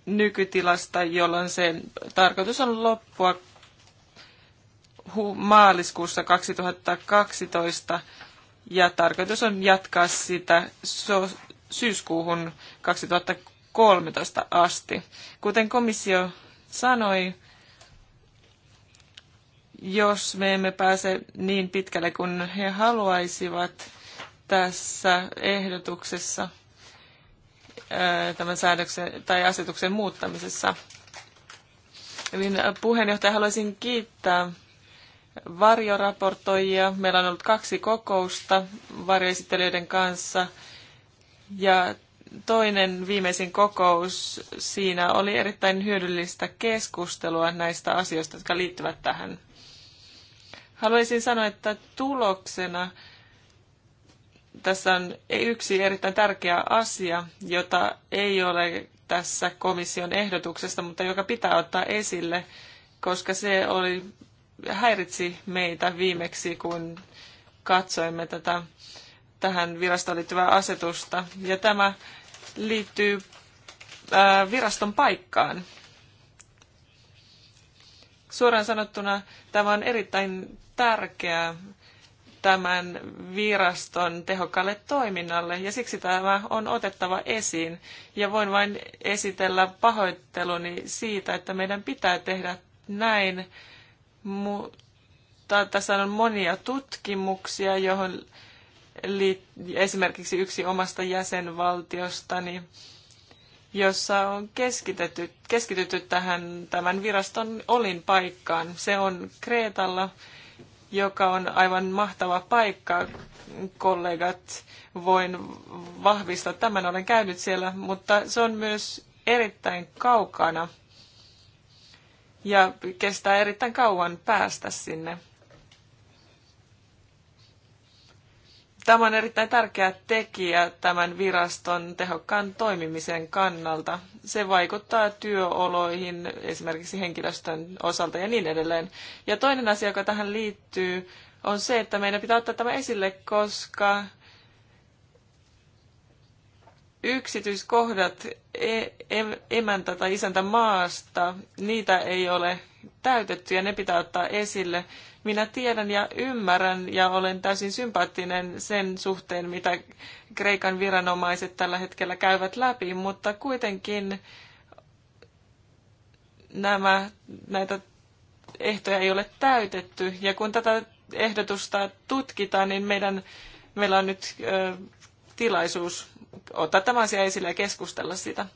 nykytilasta, jolloin sen tarkoitus on loppua maaliskuussa 2012 ja tarkoitus on jatkaa sitä syyskuuhun 2013. 2013 asti. Kuten komissio sanoi, jos me emme pääse niin pitkälle kuin he haluaisivat tässä ehdotuksessa tämän säädöksen tai asetuksen muuttamisessa. Niin puheenjohtaja, haluaisin kiittää varjoraportoijia. Meillä on ollut kaksi kokousta varjoesittelijöiden kanssa ja toinen viimeisin kokous, siinä oli erittäin hyödyllistä keskustelua näistä asioista, jotka liittyvät tähän. Haluaisin sanoa, että tuloksena tässä on yksi erittäin tärkeä asia, jota ei ole tässä komission ehdotuksesta, mutta joka pitää ottaa esille, koska se oli, häiritsi meitä viimeksi, kun katsoimme tätä tähän virastoon liittyvää asetusta. Ja tämä liittyy viraston paikkaan. Suoraan sanottuna tämä on erittäin tärkeää tämän viraston tehokkaalle toiminnalle ja siksi tämä on otettava esiin. Ja voin vain esitellä pahoitteluni siitä, että meidän pitää tehdä näin, mutta tässä on monia tutkimuksia, johon esimerkiksi yksi omasta jäsenvaltiostani, jossa on keskitetty, keskitytty tähän tämän viraston olinpaikkaan. Se on Kreetalla, joka on aivan mahtava paikka. Kollegat, voin vahvistaa tämän, olen käynyt siellä, mutta se on myös erittäin kaukana ja kestää erittäin kauan päästä sinne. Tämä on erittäin tärkeä tekijä tämän viraston tehokkaan toimimisen kannalta. Se vaikuttaa työoloihin, esimerkiksi henkilöstön osalta ja niin edelleen. Ja toinen asia, joka tähän liittyy, on se, että meidän pitää ottaa tämä esille, koska yksityiskohdat e-, emäntä tai isäntä maasta, niitä ei ole täytetty ja ne pitää ottaa esille. Minä tiedän ja ymmärrän ja olen täysin sympaattinen sen suhteen, mitä Kreikan viranomaiset tällä hetkellä käyvät läpi, mutta kuitenkin nämä, näitä ehtoja ei ole täytetty. Ja kun tätä ehdotusta tutkitaan, niin meidän, meillä on nyt ö, tilaisuus ottaa tämä asia esille ja keskustella sitä.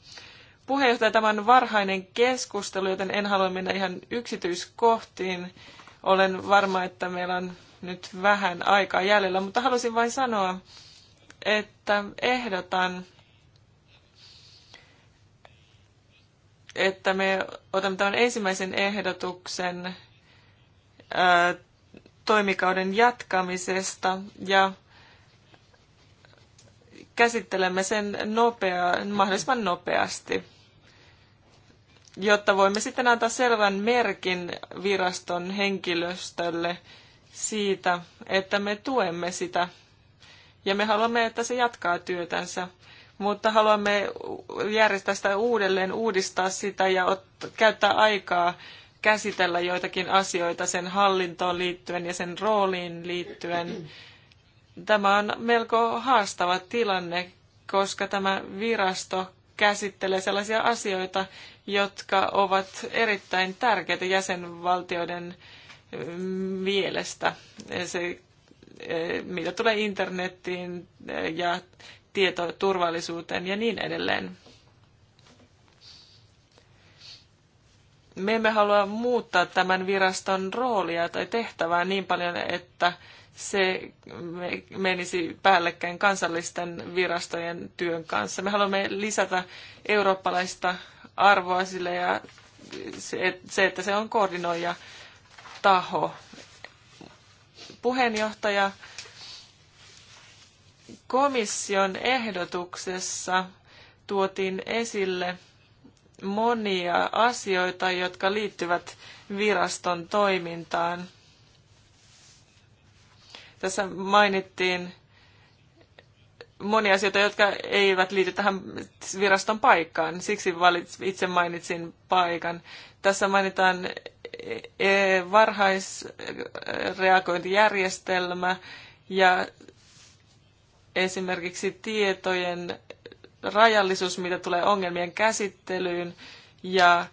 Puheenjohtaja, tämä on varhainen keskustelu, joten en halua mennä ihan yksityiskohtiin olen varma, että meillä on nyt vähän aikaa jäljellä, mutta halusin vain sanoa, että ehdotan, että me otamme tämän ensimmäisen ehdotuksen ää, toimikauden jatkamisesta ja käsittelemme sen nopea, mahdollisimman nopeasti jotta voimme sitten antaa selvän merkin viraston henkilöstölle siitä, että me tuemme sitä ja me haluamme, että se jatkaa työtänsä. Mutta haluamme järjestää sitä uudelleen, uudistaa sitä ja ot- käyttää aikaa käsitellä joitakin asioita sen hallintoon liittyen ja sen rooliin liittyen. Tämä on melko haastava tilanne, koska tämä virasto käsittelee sellaisia asioita, jotka ovat erittäin tärkeitä jäsenvaltioiden mielestä. Se, mitä tulee internettiin ja tietoturvallisuuteen ja niin edelleen. Me emme halua muuttaa tämän viraston roolia tai tehtävää niin paljon, että se menisi päällekkäin kansallisten virastojen työn kanssa. Me haluamme lisätä eurooppalaista arvoa sille ja se, että se on koordinoija taho. Puheenjohtaja komission ehdotuksessa tuotiin esille monia asioita, jotka liittyvät viraston toimintaan – tässä mainittiin monia asioita, jotka eivät liity tähän viraston paikkaan. Siksi valits, itse mainitsin paikan. Tässä mainitaan e-, varhaisreagointijärjestelmä ja esimerkiksi tietojen rajallisuus, mitä tulee ongelmien käsittelyyn ja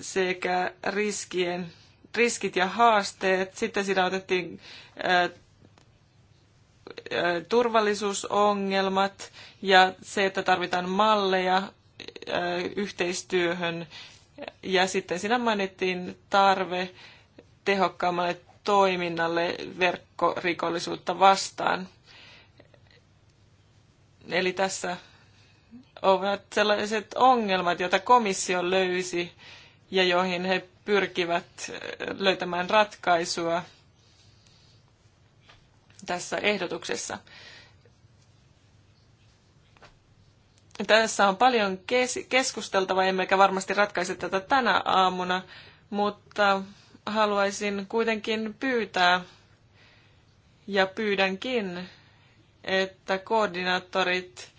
sekä riskien riskit ja haasteet. Sitten siinä otettiin turvallisuusongelmat ja se, että tarvitaan malleja yhteistyöhön. Ja sitten siinä mainittiin tarve tehokkaammalle toiminnalle verkkorikollisuutta vastaan. Eli tässä ovat sellaiset ongelmat, joita komissio löysi ja joihin he pyrkivät löytämään ratkaisua tässä ehdotuksessa. Tässä on paljon kes- keskusteltavaa, emmekä varmasti ratkaise tätä tänä aamuna, mutta haluaisin kuitenkin pyytää ja pyydänkin, että koordinaattorit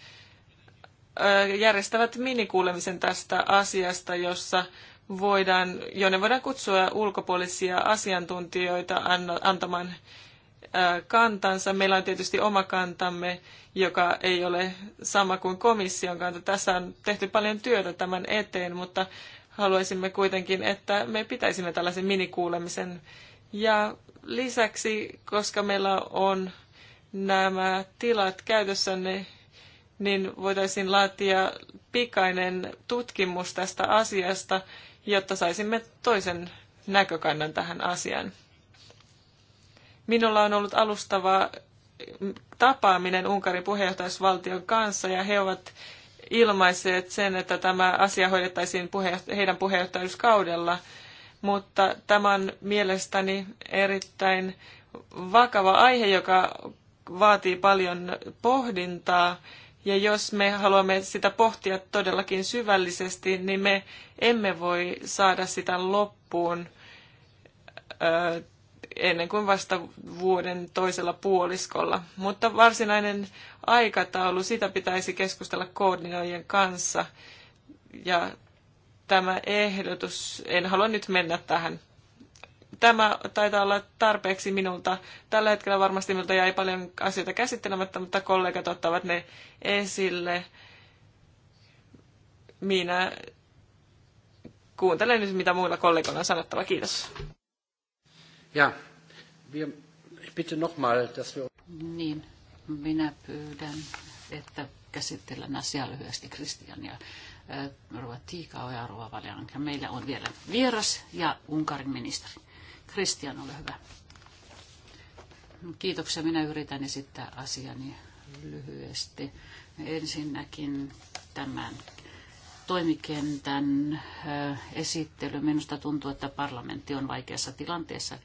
järjestävät minikuulemisen tästä asiasta, jossa voidaan, jonne voidaan kutsua ulkopuolisia asiantuntijoita antamaan kantansa. Meillä on tietysti oma kantamme, joka ei ole sama kuin komission kanta. Tässä on tehty paljon työtä tämän eteen, mutta haluaisimme kuitenkin, että me pitäisimme tällaisen minikuulemisen. Ja lisäksi, koska meillä on nämä tilat käytössänne, niin voitaisiin laatia pikainen tutkimus tästä asiasta jotta saisimme toisen näkökannan tähän asiaan. Minulla on ollut alustava mm, tapaaminen Unkarin puheenjohtajaisvaltion kanssa ja he ovat ilmaisseet sen, että tämä asia hoidettaisiin heidän puheenjohtajuuskaudella, mutta tämä on mielestäni erittäin vakava aihe, joka vaatii paljon pohdintaa ja jos me haluamme sitä pohtia todellakin syvällisesti, niin me emme voi saada sitä loppuun ennen kuin vasta vuoden toisella puoliskolla. Mutta varsinainen aikataulu, sitä pitäisi keskustella koordinoijien kanssa. Ja tämä ehdotus, en halua nyt mennä tähän Tämä taitaa olla tarpeeksi minulta. Tällä hetkellä varmasti minulta jäi paljon asioita käsittelemättä, mutta kollegat ottavat ne esille. Minä kuuntelen nyt, mitä muilla kollegoilla on sanottava. Kiitos. Ja, wir, bitte nochmal, dass wir... Niin, minä pyydän, että käsitellään asiaa lyhyesti Kristian äh, ja Rova ja Meillä on vielä vieras ja Unkarin ministeri. Kristian ole hyvä. Kiitoksia. Minä yritän esittää asiani lyhyesti. Ensinnäkin tämän toimikentän esittely. Minusta tuntuu, että parlamentti on vaikeassa tilanteessa,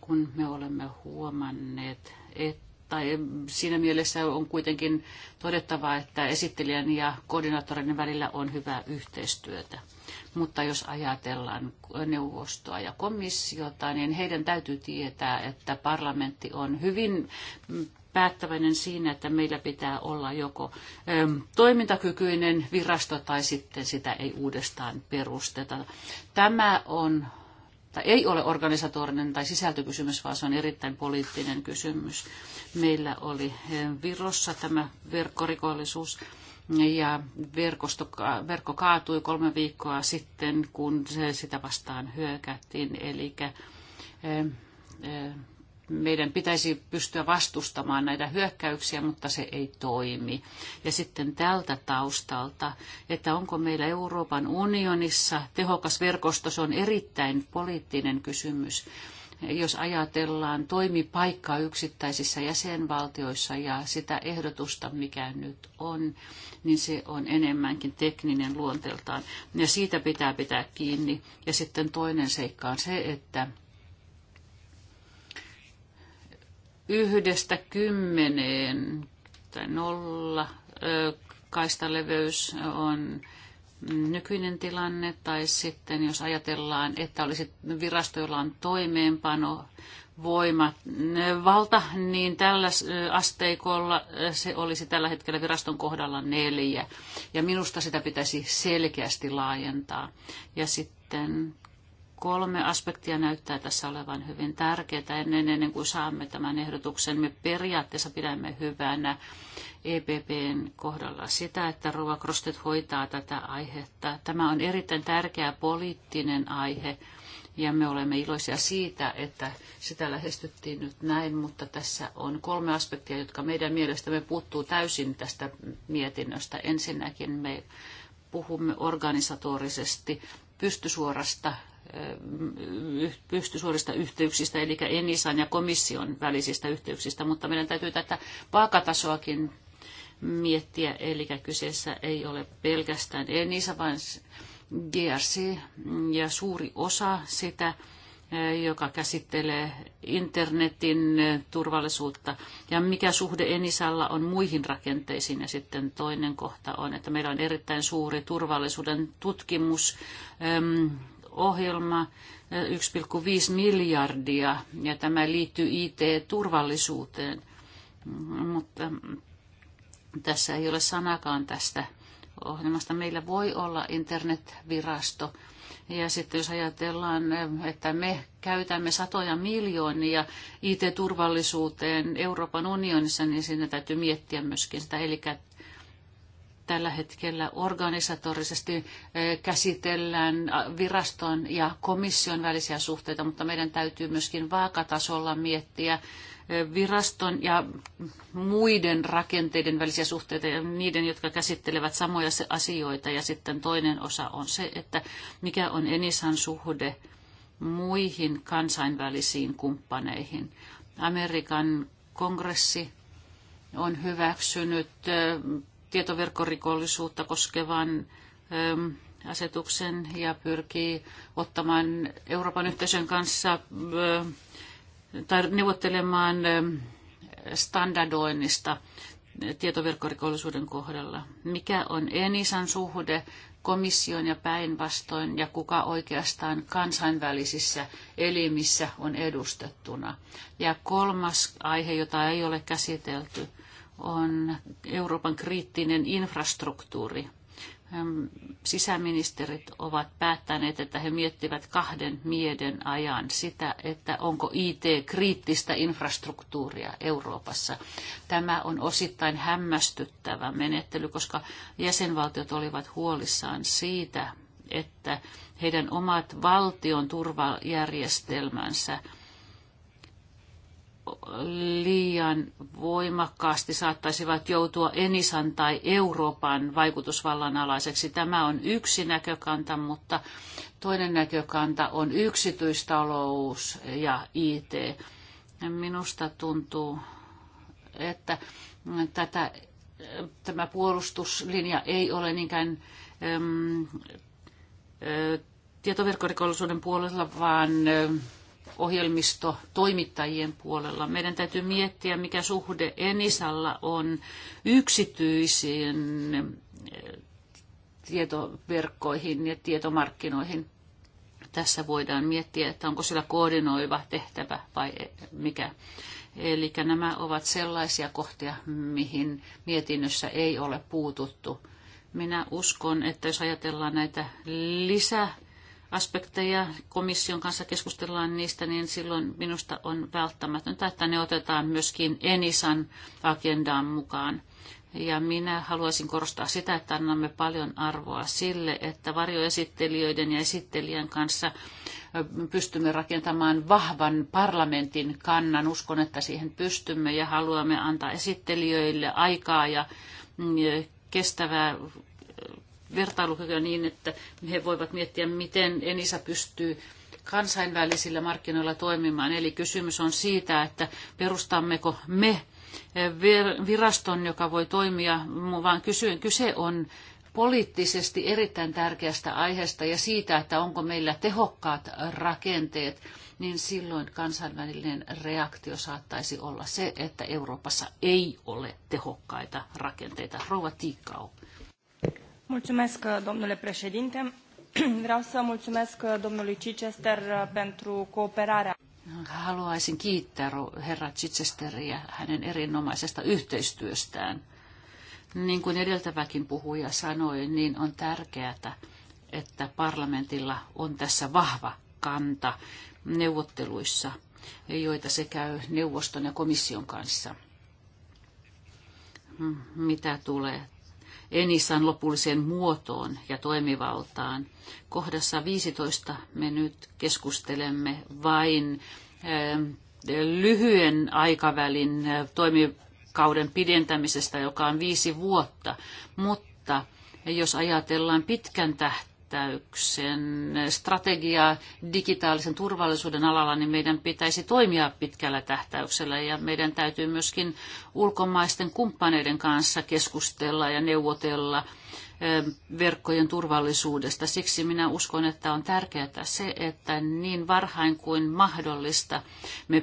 kun me olemme huomanneet, että tai siinä mielessä on kuitenkin todettava, että esittelijän ja koordinaattorin välillä on hyvää yhteistyötä mutta jos ajatellaan neuvostoa ja komissiota, niin heidän täytyy tietää, että parlamentti on hyvin päättäväinen siinä, että meillä pitää olla joko toimintakykyinen virasto tai sitten sitä ei uudestaan perusteta. Tämä on tai ei ole organisatorinen tai sisältökysymys, vaan se on erittäin poliittinen kysymys. Meillä oli Virossa tämä verkkorikollisuus ja verkosto, verkko kaatui kolme viikkoa sitten, kun se sitä vastaan hyökättiin. Eli meidän pitäisi pystyä vastustamaan näitä hyökkäyksiä, mutta se ei toimi. Ja sitten tältä taustalta, että onko meillä Euroopan unionissa tehokas verkosto, se on erittäin poliittinen kysymys jos ajatellaan toimipaikkaa yksittäisissä jäsenvaltioissa ja sitä ehdotusta, mikä nyt on, niin se on enemmänkin tekninen luonteeltaan. Ja siitä pitää pitää kiinni. Ja sitten toinen seikka on se, että yhdestä kymmeneen tai nolla kaistaleveys on nykyinen tilanne, tai sitten jos ajatellaan, että olisi on toimeenpano, voima, valta, niin tällä asteikolla se olisi tällä hetkellä viraston kohdalla neljä. Ja minusta sitä pitäisi selkeästi laajentaa. Ja sitten kolme aspektia näyttää tässä olevan hyvin tärkeää. Ennen, ennen kuin saamme tämän ehdotuksen, me periaatteessa pidämme hyvänä EPPn kohdalla sitä, että Rova Krostet hoitaa tätä aihetta. Tämä on erittäin tärkeä poliittinen aihe ja me olemme iloisia siitä, että sitä lähestyttiin nyt näin, mutta tässä on kolme aspektia, jotka meidän mielestämme puuttuu täysin tästä mietinnöstä. Ensinnäkin me puhumme organisatorisesti pystysuorasta eh, pystysuorista yhteyksistä, eli Enisan ja komission välisistä yhteyksistä, mutta meidän täytyy tätä vaakatasoakin miettiä, eli kyseessä ei ole pelkästään Enisa, vaan GRC mm, ja suuri osa sitä, eh, joka käsittelee internetin eh, turvallisuutta ja mikä suhde Enisalla on muihin rakenteisiin. Ja sitten toinen kohta on, että meillä on erittäin suuri turvallisuuden tutkimusohjelma, ehm, 1,5 eh, miljardia, ja tämä liittyy IT-turvallisuuteen. Mm, mutta tässä ei ole sanakaan tästä ohjelmasta. Meillä voi olla internetvirasto. Ja sitten jos ajatellaan, että me käytämme satoja miljoonia IT-turvallisuuteen Euroopan unionissa, niin siinä täytyy miettiä myöskin sitä. Eli tällä hetkellä organisatorisesti eh, käsitellään viraston ja komission välisiä suhteita, mutta meidän täytyy myöskin vaakatasolla miettiä viraston ja muiden rakenteiden välisiä suhteita ja niiden, jotka käsittelevät samoja asioita. Ja sitten toinen osa on se, että mikä on Enisan suhde muihin kansainvälisiin kumppaneihin. Amerikan kongressi on hyväksynyt tietoverkkorikollisuutta koskevan asetuksen ja pyrkii ottamaan Euroopan yhteisön kanssa tai neuvottelemaan ähm, standardoinnista tietoverkkorikollisuuden kohdalla. Mikä on Enisan suhde komission ja päinvastoin ja kuka oikeastaan kansainvälisissä elimissä on edustettuna. Ja kolmas aihe, jota ei ole käsitelty, on Euroopan kriittinen infrastruktuuri sisäministerit ovat päättäneet, että he miettivät kahden mieden ajan sitä, että onko IT kriittistä infrastruktuuria Euroopassa. Tämä on osittain hämmästyttävä menettely, koska jäsenvaltiot olivat huolissaan siitä, että heidän omat valtion turvajärjestelmänsä – liian voimakkaasti saattaisivat joutua Enisan tai Euroopan vaikutusvallan alaiseksi. Tämä on yksi näkökanta, mutta toinen näkökanta on yksityistalous ja IT. Minusta tuntuu, että tätä, tämä puolustuslinja ei ole niinkään äm, ä, tietoverkkorikollisuuden puolella, vaan ä, ohjelmistotoimittajien puolella. Meidän täytyy miettiä, mikä suhde Enisalla on yksityisiin eh, tietoverkkoihin ja tietomarkkinoihin. Tässä voidaan miettiä, että onko sillä koordinoiva tehtävä vai e- mikä. Eli nämä ovat sellaisia kohtia, mihin mietinnössä ei ole puututtu. Minä uskon, että jos ajatellaan näitä lisää aspekteja komission kanssa keskustellaan niistä, niin silloin minusta on välttämätöntä, että ne otetaan myöskin Enisan agendaan mukaan. Ja minä haluaisin korostaa sitä, että annamme paljon arvoa sille, että varjoesittelijöiden ja esittelijän kanssa pystymme rakentamaan vahvan parlamentin kannan. Uskon, että siihen pystymme ja haluamme antaa esittelijöille aikaa ja kestävää vertailukykyä niin, että he voivat miettiä, miten Enisa pystyy kansainvälisillä markkinoilla toimimaan. Eli kysymys on siitä, että perustammeko me eh, viraston, joka voi toimia, vaan kysyin, kyse on poliittisesti erittäin tärkeästä aiheesta ja siitä, että onko meillä tehokkaat rakenteet, niin silloin kansainvälinen reaktio saattaisi olla se, että Euroopassa ei ole tehokkaita rakenteita. Rouva Tiikkau domnule președinte. Vreau să mulțumesc domnului Chichester uh, pentru cooperarea. Haluaisin kiittää herra Chichesteriä hänen erinomaisesta yhteistyöstään. Niin kuin edeltäväkin puhuja sanoi, niin on tärkeää, että parlamentilla on tässä vahva kanta neuvotteluissa, joita se käy neuvoston ja komission kanssa. Hmm, mitä tulee Enisan lopulliseen muotoon ja toimivaltaan. Kohdassa 15 me nyt keskustelemme vain eh, lyhyen aikavälin eh, toimikauden pidentämisestä, joka on viisi vuotta, mutta jos ajatellaan pitkän tähtäimen tähtäyksen strategia digitaalisen turvallisuuden alalla, niin meidän pitäisi toimia pitkällä tähtäyksellä ja meidän täytyy myöskin ulkomaisten kumppaneiden kanssa keskustella ja neuvotella verkkojen turvallisuudesta. Siksi minä uskon, että on tärkeää se, että niin varhain kuin mahdollista me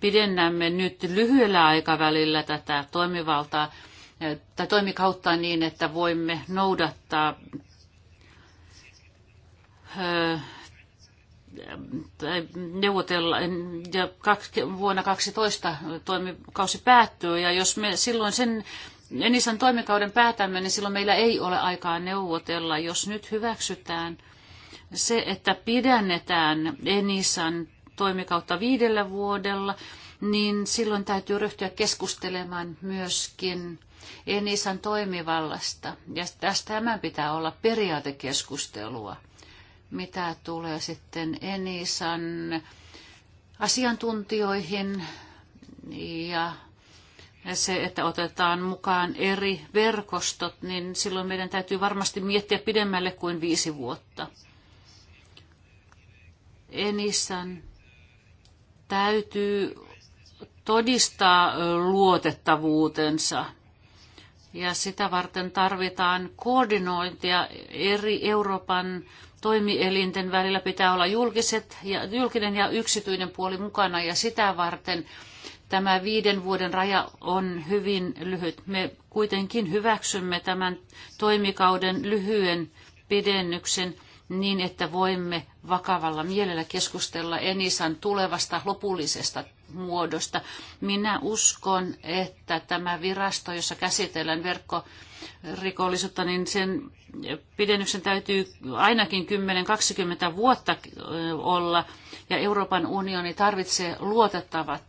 pidennämme nyt lyhyellä aikavälillä tätä toimivaltaa tai toimikautta niin, että voimme noudattaa Äh, äh, neuvotella ja vuonna 2012 toimikausi päättyy ja jos me silloin sen Enisan toimikauden päätämme, niin silloin meillä ei ole aikaa neuvotella. Jos nyt hyväksytään se, että pidennetään Enisan toimikautta viidellä vuodella, niin silloin täytyy ryhtyä keskustelemaan myöskin Enisan toimivallasta. Ja tästä tämän pitää olla periaatekeskustelua mitä tulee sitten Enisan asiantuntijoihin ja se, että otetaan mukaan eri verkostot, niin silloin meidän täytyy varmasti miettiä pidemmälle kuin viisi vuotta. Enisan täytyy todistaa luotettavuutensa. Ja sitä varten tarvitaan koordinointia eri Euroopan toimielinten välillä pitää olla julkiset ja, julkinen ja yksityinen puoli mukana ja sitä varten tämä viiden vuoden raja on hyvin lyhyt. Me kuitenkin hyväksymme tämän toimikauden lyhyen pidennyksen niin, että voimme vakavalla mielellä keskustella Enisan tulevasta lopullisesta muodosta. Minä uskon, että tämä virasto, jossa käsitellään verkkorikollisuutta, niin sen pidennyksen täytyy ainakin 10-20 vuotta olla, ja Euroopan unioni tarvitsee luotettavat,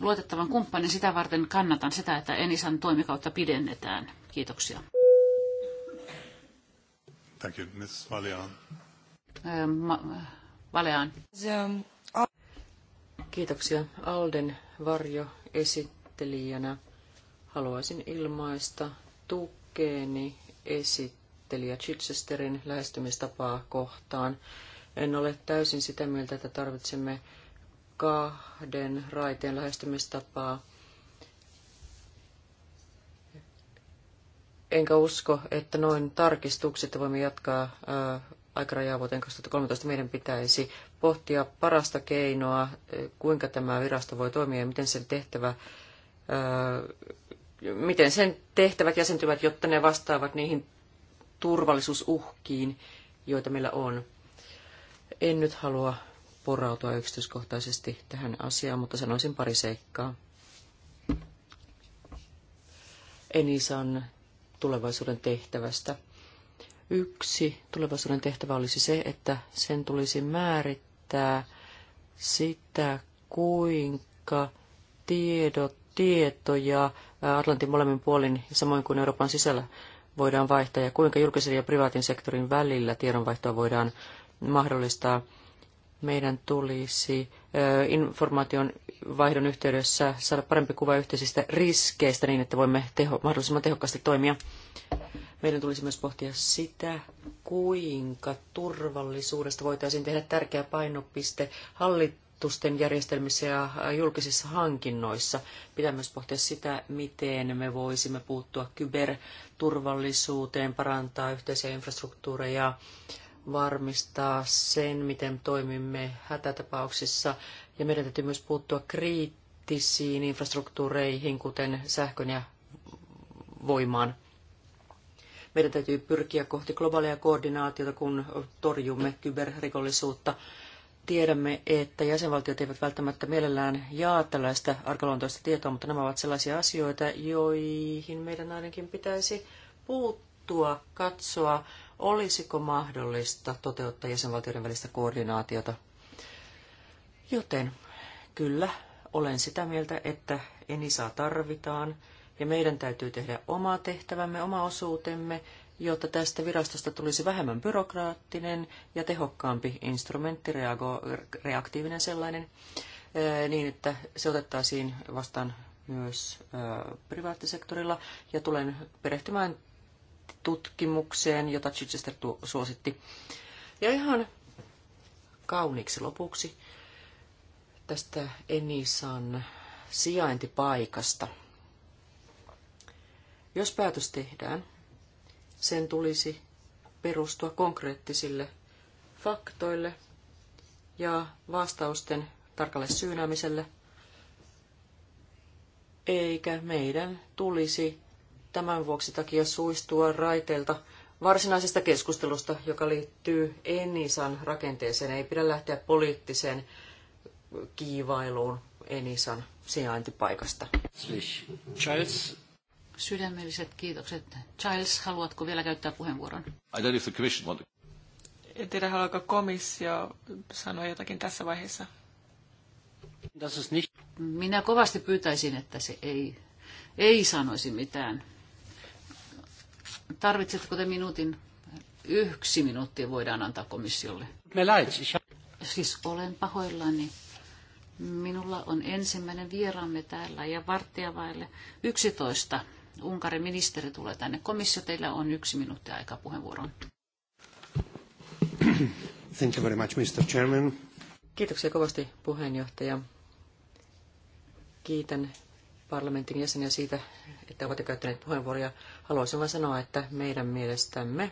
luotettavan kumppanin. Sitä varten kannatan sitä, että Enisan toimikautta pidennetään. Kiitoksia. Thank you, Ms. Valean. Valean. Kiitoksia Alden varjo esittelijänä. Haluaisin ilmaista tukeeni esittelijä Chichesterin lähestymistapaa kohtaan. En ole täysin sitä mieltä, että tarvitsemme kahden raiteen lähestymistapaa. Enkä usko, että noin tarkistukset voimme jatkaa aikarajaa vuoteen 2013. Meidän pitäisi pohtia parasta keinoa, kuinka tämä virasto voi toimia ja miten sen tehtävä miten sen tehtävät jäsentyvät, jotta ne vastaavat niihin turvallisuusuhkiin, joita meillä on. En nyt halua porautua yksityiskohtaisesti tähän asiaan, mutta sanoisin pari seikkaa. Enisan tulevaisuuden tehtävästä. Yksi tulevaisuuden tehtävä olisi se, että sen tulisi määrittää, selittää sitä, kuinka tiedot, tietoja Atlantin molemmin puolin, samoin kuin Euroopan sisällä, voidaan vaihtaa ja kuinka julkisen ja privaatin sektorin välillä tiedonvaihtoa voidaan mahdollistaa. Meidän tulisi informaation vaihdon yhteydessä saada parempi kuva yhteisistä riskeistä niin, että voimme teho, mahdollisimman tehokkaasti toimia. Meidän tulisi myös pohtia sitä, kuinka turvallisuudesta voitaisiin tehdä tärkeä painopiste hallitusten järjestelmissä ja julkisissa hankinnoissa. Pitää myös pohtia sitä, miten me voisimme puuttua kyberturvallisuuteen, parantaa yhteisiä infrastruktuureja, varmistaa sen, miten toimimme hätätapauksissa. Ja meidän täytyy myös puuttua kriittisiin infrastruktuureihin, kuten sähkön ja voimaan. Meidän täytyy pyrkiä kohti globaalia koordinaatiota, kun torjumme kyberrikollisuutta. Tiedämme, että jäsenvaltiot eivät välttämättä mielellään jaa tällaista arkaluontoista tietoa, mutta nämä ovat sellaisia asioita, joihin meidän ainakin pitäisi puuttua, katsoa, olisiko mahdollista toteuttaa jäsenvaltioiden välistä koordinaatiota. Joten kyllä, olen sitä mieltä, että Enisaa tarvitaan ja meidän täytyy tehdä oma tehtävämme, oma osuutemme, jotta tästä virastosta tulisi vähemmän byrokraattinen ja tehokkaampi instrumentti, reaktiivinen sellainen, niin että se otettaisiin vastaan myös privaattisektorilla. Ja tulen perehtymään tutkimukseen, jota Chichester suositti. Ja ihan kauniiksi lopuksi tästä Enisan sijaintipaikasta – jos päätös tehdään, sen tulisi perustua konkreettisille faktoille ja vastausten tarkalle syynäämiselle, eikä meidän tulisi tämän vuoksi takia suistua raiteilta varsinaisesta keskustelusta, joka liittyy Enisan rakenteeseen. Ei pidä lähteä poliittiseen kiivailuun Enisan sijaintipaikasta. Charles Sydämelliset kiitokset. Charles, haluatko vielä käyttää puheenvuoron? I don't if the commission want to... En tiedä, haluaako komissio sanoa jotakin tässä vaiheessa. Minä kovasti pyytäisin, että se ei, ei sanoisi mitään. Tarvitsetko te minuutin? Yksi minuutti voidaan antaa komissiolle. Siis olen pahoillani. Minulla on ensimmäinen vieraamme täällä ja vaille 11 Unkarin ministeri tulee tänne komissio. Teillä on yksi minuutti aikaa puheenvuoroon. Thank you very much, Mr. Chairman. Kiitoksia kovasti puheenjohtaja. Kiitän parlamentin jäseniä siitä, että ovat käyttäneet puheenvuoroja. Haluaisin vain sanoa, että meidän mielestämme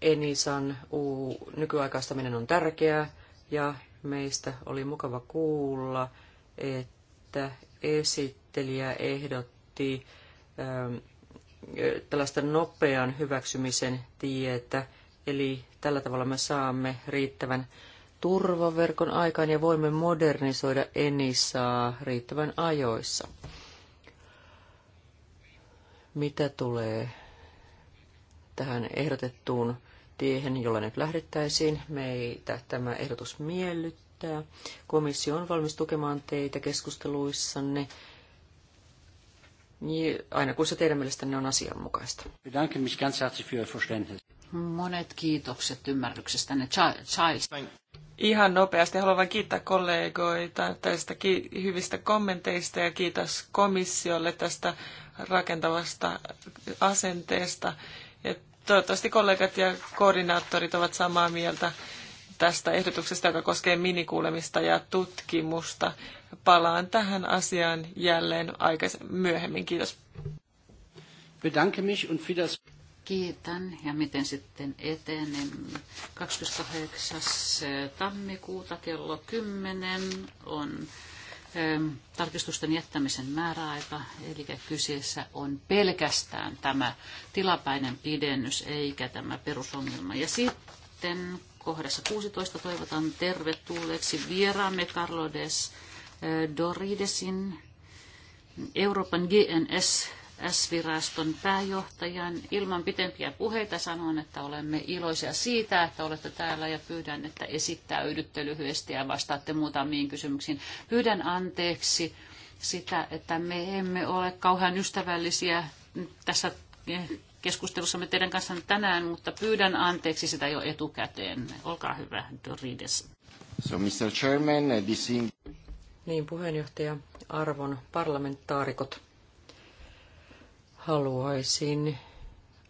Enisan uu, nykyaikaistaminen on tärkeää ja meistä oli mukava kuulla, että esit esittelijä ehdotti ähm, tällaista nopean hyväksymisen tietä, eli tällä tavalla me saamme riittävän turvaverkon aikaan ja voimme modernisoida Enisaa riittävän ajoissa. Mitä tulee tähän ehdotettuun tiehen, jolla nyt lähdettäisiin, meitä tämä ehdotus miellyttää. Komissio on valmis tukemaan teitä keskusteluissanne niin aina kun se teidän mielestänne on asianmukaista. Monet kiitokset ymmärryksestänne, Charles. Ihan nopeasti haluan vain kiittää kollegoita tästä hyvistä kommenteista ja kiitos komissiolle tästä rakentavasta asenteesta. Ja toivottavasti kollegat ja koordinaattorit ovat samaa mieltä tästä ehdotuksesta, joka koskee minikuulemista ja tutkimusta. Palaan tähän asiaan jälleen aikais- myöhemmin. Kiitos. Kiitän. Ja miten sitten etenen. 28. Eh, tammikuuta kello 10 on eh, tarkistusten jättämisen määräaika, eli kyseessä on pelkästään tämä tilapäinen pidennys eikä tämä perusongelma. Ja sitten kohdassa 16 toivotan tervetulleeksi vieraamme Carlodes eh, Doridesin, Euroopan GNS viraston pääjohtajan. Ilman pitempiä puheita sanon, että olemme iloisia siitä, että olette täällä ja pyydän, että esittäydytte lyhyesti ja vastaatte muutamiin kysymyksiin. Pyydän anteeksi sitä, että me emme ole kauhean ystävällisiä tässä keskustelussamme teidän kanssanne tänään, mutta pyydän anteeksi sitä jo etukäteen. Olkaa hyvä, Dorides. So, Mr. Chairman, uh, this Niin, puheenjohtaja, arvon parlamentaarikot. Haluaisin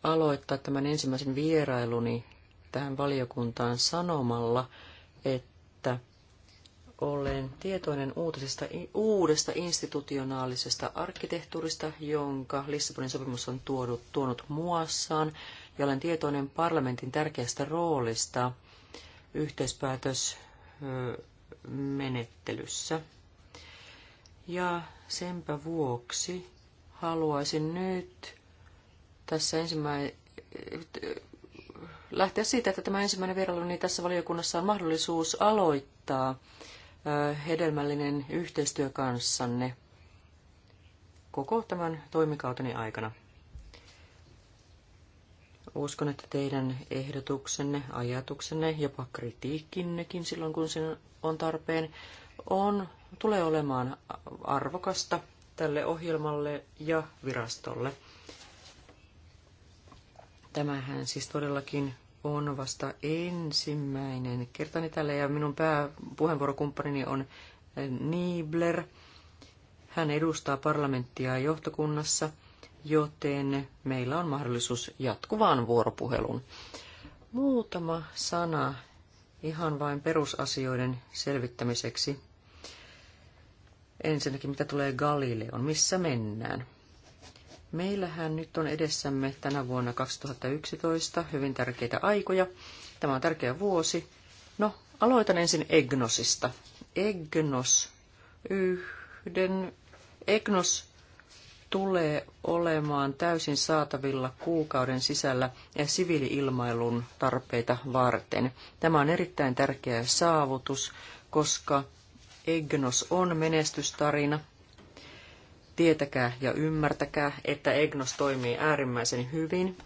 aloittaa tämän ensimmäisen vierailuni tähän valiokuntaan sanomalla, että olen tietoinen uutisesta, uudesta institutionaalisesta arkkitehtuurista, jonka Lissabonin sopimus on tuonut, tuonut muassaan, ja olen tietoinen parlamentin tärkeästä roolista yhteispäätösmenettelyssä. Ja senpä vuoksi haluaisin nyt tässä ensimmäinen lähteä siitä, että tämä ensimmäinen vierailu niin tässä valiokunnassa on mahdollisuus aloittaa hedelmällinen yhteistyö kanssanne koko tämän toimikauteni aikana. Uskon, että teidän ehdotuksenne, ajatuksenne, jopa kritiikkinnekin silloin, kun sen on tarpeen, on, tulee olemaan arvokasta tälle ohjelmalle ja virastolle. Tämähän siis todellakin on vasta ensimmäinen kertani tälle ja minun pääpuheenvuorokumppanini on eh, Niebler. Hän edustaa parlamenttia johtokunnassa, joten meillä on mahdollisuus jatkuvaan vuoropuheluun. Muutama sana ihan vain perusasioiden selvittämiseksi. Ensinnäkin mitä tulee Galileon, missä mennään? Meillähän nyt on edessämme tänä vuonna 2011 hyvin tärkeitä aikoja. Tämä on tärkeä vuosi. No, aloitan ensin Egnosista. Egnos, yhden, Egnos tulee olemaan täysin saatavilla kuukauden sisällä ja siviiliilmailun tarpeita varten. Tämä on erittäin tärkeä saavutus, koska Egnos on menestystarina – Tietäkää ja ymmärtäkää, että EGNOS toimii äärimmäisen hyvin.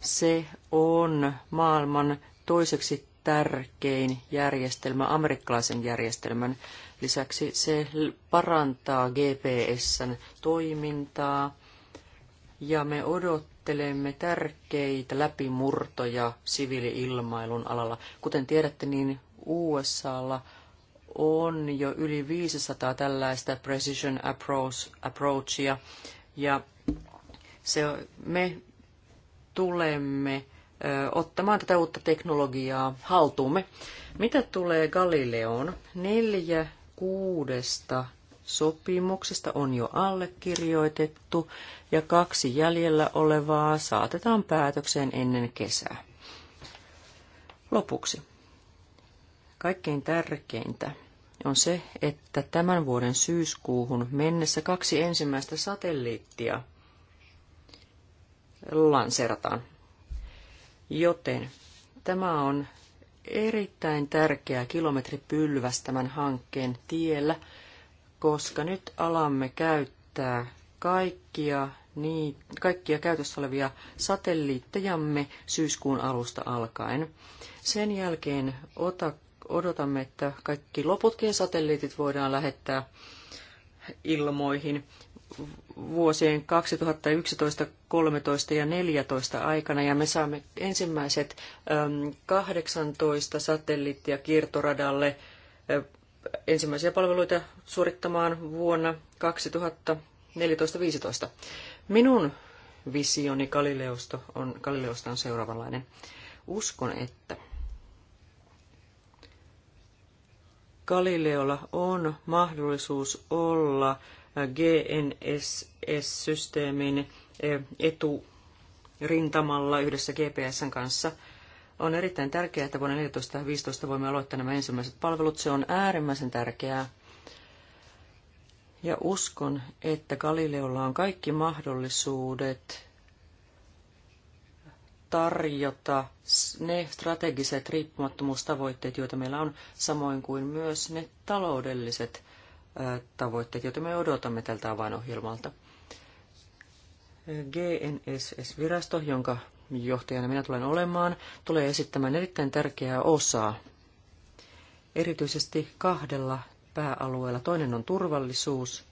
Se on maailman toiseksi tärkein järjestelmä amerikkalaisen järjestelmän lisäksi. Se parantaa GPSn toimintaa ja me odottelemme tärkeitä läpimurtoja siviiliilmailun alalla. Kuten tiedätte, niin USAlla on jo yli 500 tällaista precision approach, approachia, ja se, me tulemme ö, ottamaan tätä uutta teknologiaa haltuumme. Mitä tulee Galileoon? Neljä kuudesta sopimuksesta on jo allekirjoitettu ja kaksi jäljellä olevaa saatetaan päätökseen ennen kesää. Lopuksi. Kaikkein tärkeintä on se, että tämän vuoden syyskuuhun mennessä kaksi ensimmäistä satelliittia lanserataan. Joten tämä on erittäin tärkeä kilometripylväs tämän hankkeen tiellä, koska nyt alamme käyttää kaikkia, niin, kaikkia käytössä olevia satelliittejamme syyskuun alusta alkaen. Sen jälkeen ota odotamme, että kaikki loputkin satelliitit voidaan lähettää ilmoihin vuosien 2011, 13 ja 14 aikana ja me saamme ensimmäiset 18 satelliittia kiertoradalle ensimmäisiä palveluita suorittamaan vuonna 2014 2015 Minun visioni Galileosta on, Galileosta on seuraavanlainen. Uskon, että Galileolla on mahdollisuus olla GNSS-systeemin eh, eturintamalla yhdessä GPSn kanssa. On erittäin tärkeää, että vuonna 2014-2015 voimme aloittaa nämä ensimmäiset palvelut. Se on äärimmäisen tärkeää. Ja uskon, että Galileolla on kaikki mahdollisuudet tarjota ne strategiset riippumattomuustavoitteet, joita meillä on, samoin kuin myös ne taloudelliset tavoitteet, joita me odotamme tältä avainohjelmalta. GNSS-virasto, jonka johtajana minä tulen olemaan, tulee esittämään erittäin tärkeää osaa, erityisesti kahdella pääalueella. Toinen on turvallisuus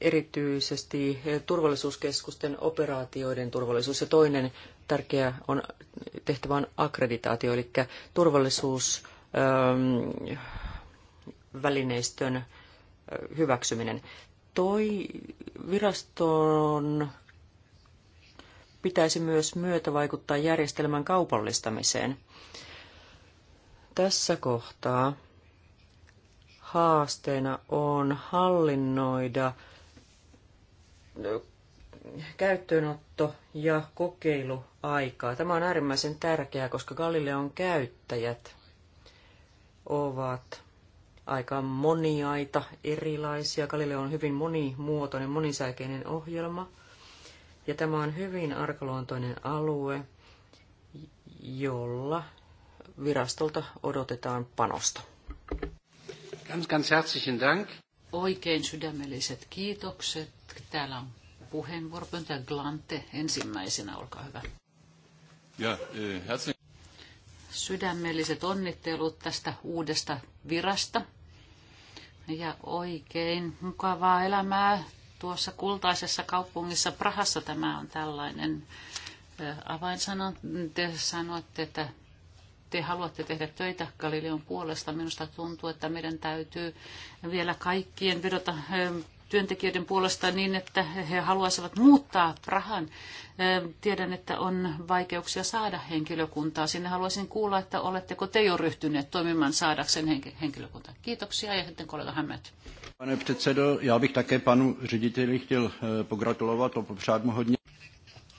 erityisesti turvallisuuskeskusten operaatioiden turvallisuus. Ja toinen tärkeä on, tehtävä on akkreditaatio, eli turvallisuusvälineistön ähm, äh, hyväksyminen. Toi viraston pitäisi myös myötävaikuttaa järjestelmän kaupallistamiseen. Tässä kohtaa haasteena on hallinnoida käyttöönotto- ja kokeiluaikaa. Tämä on äärimmäisen tärkeää, koska Galileon käyttäjät ovat aika moniaita, erilaisia. Galileo on hyvin monimuotoinen, monisäikeinen ohjelma. Ja tämä on hyvin arkaluontoinen alue, jolla virastolta odotetaan panosta. Ganz, ganz herzlichen Dank. Oikein sydämelliset kiitokset Täällä on puheenvuoropöntöä Glante ensimmäisenä, olkaa hyvä. Ja, eh, herzlichen sydämelliset onnittelut tästä uudesta virasta. Ja oikein mukavaa elämää tuossa kultaisessa kaupungissa Prahassa. Tämä on tällainen eh, avainsana. Te sanoitte, että te haluatte tehdä töitä Galileon puolesta. Minusta tuntuu, että meidän täytyy vielä kaikkien vedota eh, työntekijöiden puolesta niin, että he haluaisivat muuttaa Prahan. Tiedän, että on vaikeuksia saada henkilökuntaa. Sinne haluaisin kuulla, että oletteko te jo ryhtyneet toimimaan saadakseen henkilökuntaa. Kiitoksia ja sitten kollega hämät. Pane předsedo, já bych také panu řediteli chtěl e, pogratulovat a popřát mu hodně.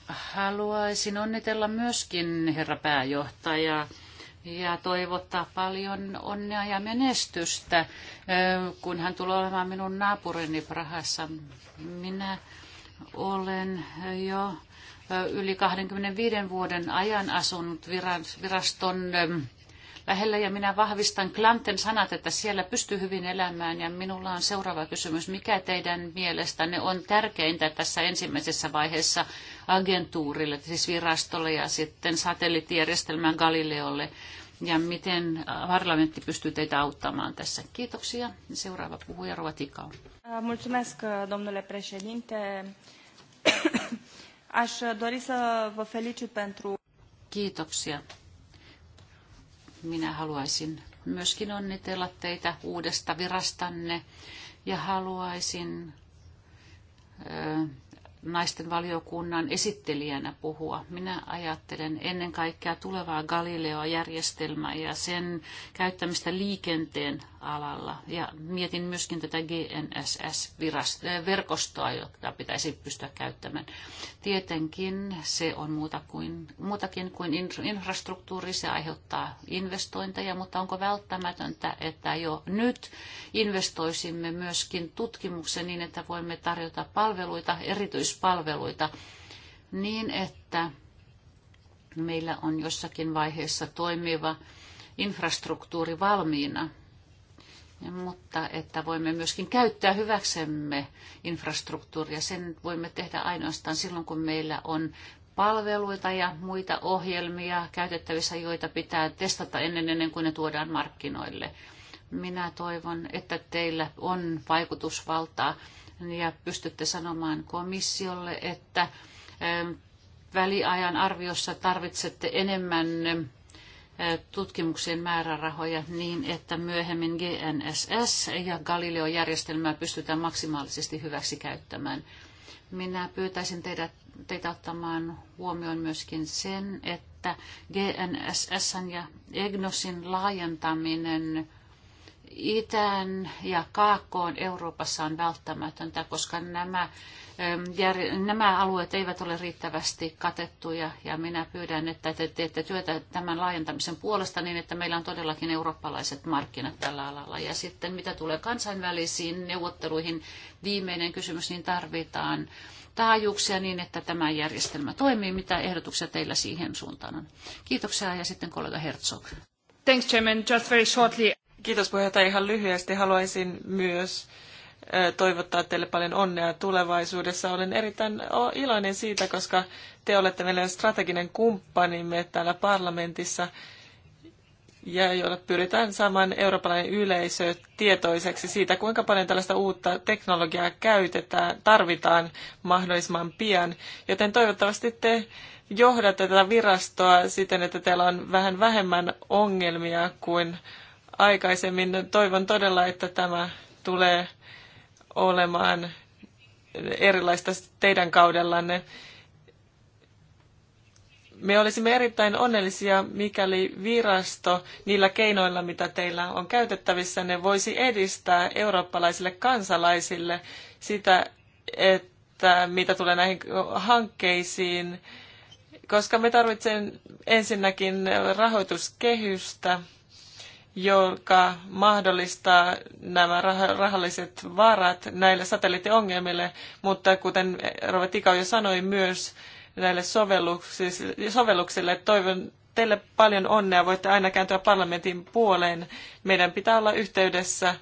Haluaisin onnitella myöskin herra pääjohtaja ja toivottaa paljon onnea ja menestystä, kun hän tulee olemaan minun naapurini Prahassa. Minä olen jo yli 25 vuoden ajan asunut viraston lähellä ja minä vahvistan Klanten sanat, että siellä pystyy hyvin elämään ja minulla on seuraava kysymys. Mikä teidän mielestänne on tärkeintä tässä ensimmäisessä vaiheessa agentuurille, siis virastolle ja sitten satelliittijärjestelmään Galileolle? ja miten parlamentti pystyy teitä auttamaan tässä. Kiitoksia. Seuraava puhuja Ruotikao. Mulțumesc, domnule președinte. Aș dori să vă felicit pentru... Kiitoksia. Minä haluaisin myöskin onnitella teitä uudesta virastanne ja haluaisin naisten valiokunnan esittelijänä puhua. Minä ajattelen ennen kaikkea tulevaa Galileo-järjestelmää ja sen käyttämistä liikenteen alalla. Ja mietin myöskin tätä GNSS-verkostoa, jota pitäisi pystyä käyttämään. Tietenkin se on muuta kuin, muutakin kuin infrastruktuuri, se aiheuttaa investointeja, mutta onko välttämätöntä, että jo nyt investoisimme myöskin tutkimukseen niin, että voimme tarjota palveluita, erityispalveluita, niin että meillä on jossakin vaiheessa toimiva infrastruktuuri valmiina mutta että voimme myöskin käyttää hyväksemme infrastruktuuria. Sen voimme tehdä ainoastaan silloin, kun meillä on palveluita ja muita ohjelmia käytettävissä, joita pitää testata ennen, ennen kuin ne tuodaan markkinoille. Minä toivon, että teillä on vaikutusvaltaa ja pystytte sanomaan komissiolle, että ähm, väliajan arviossa tarvitsette enemmän ähm, tutkimuksien määrärahoja niin, että myöhemmin GNSS ja Galileo-järjestelmää pystytään maksimaalisesti hyväksi käyttämään. Minä pyytäisin teidät, teitä ottamaan huomioon myöskin sen, että GNSS ja EGNOSin laajentaminen Itään ja Kaakkoon Euroopassa on välttämätöntä, koska nämä nämä alueet eivät ole riittävästi katettuja ja minä pyydän, että te teette työtä tämän laajentamisen puolesta niin, että meillä on todellakin eurooppalaiset markkinat tällä alalla. Ja sitten mitä tulee kansainvälisiin neuvotteluihin, viimeinen kysymys, niin tarvitaan taajuuksia niin, että tämä järjestelmä toimii. Mitä ehdotuksia teillä siihen suuntaan on? Kiitoksia ja sitten kollega Herzog. Thanks, Chairman. Just very shortly. Kiitos puheenjohtaja. Ihan lyhyesti haluaisin myös toivottaa teille paljon onnea tulevaisuudessa. Olen erittäin iloinen siitä, koska te olette meidän strateginen kumppanimme täällä parlamentissa ja jolla pyritään saamaan eurooppalainen yleisö tietoiseksi siitä, kuinka paljon tällaista uutta teknologiaa käytetään, tarvitaan mahdollisimman pian. Joten toivottavasti te johdatte tätä virastoa siten, että teillä on vähän vähemmän ongelmia kuin aikaisemmin. Toivon todella, että tämä tulee olemaan erilaista teidän kaudellanne. Me olisimme erittäin onnellisia, mikäli virasto niillä keinoilla, mitä teillä on käytettävissä, ne voisi edistää eurooppalaisille kansalaisille sitä, että mitä tulee näihin hankkeisiin, koska me tarvitsemme ensinnäkin rahoituskehystä – joka mahdollistaa nämä rahalliset vaarat näille satelliittiongelmille, mutta kuten Robert Tikau jo sanoi, myös näille sovelluksille. sovelluksille. Toivon teille paljon onnea. Voitte aina kääntyä parlamentin puoleen. Meidän pitää olla yhteydessä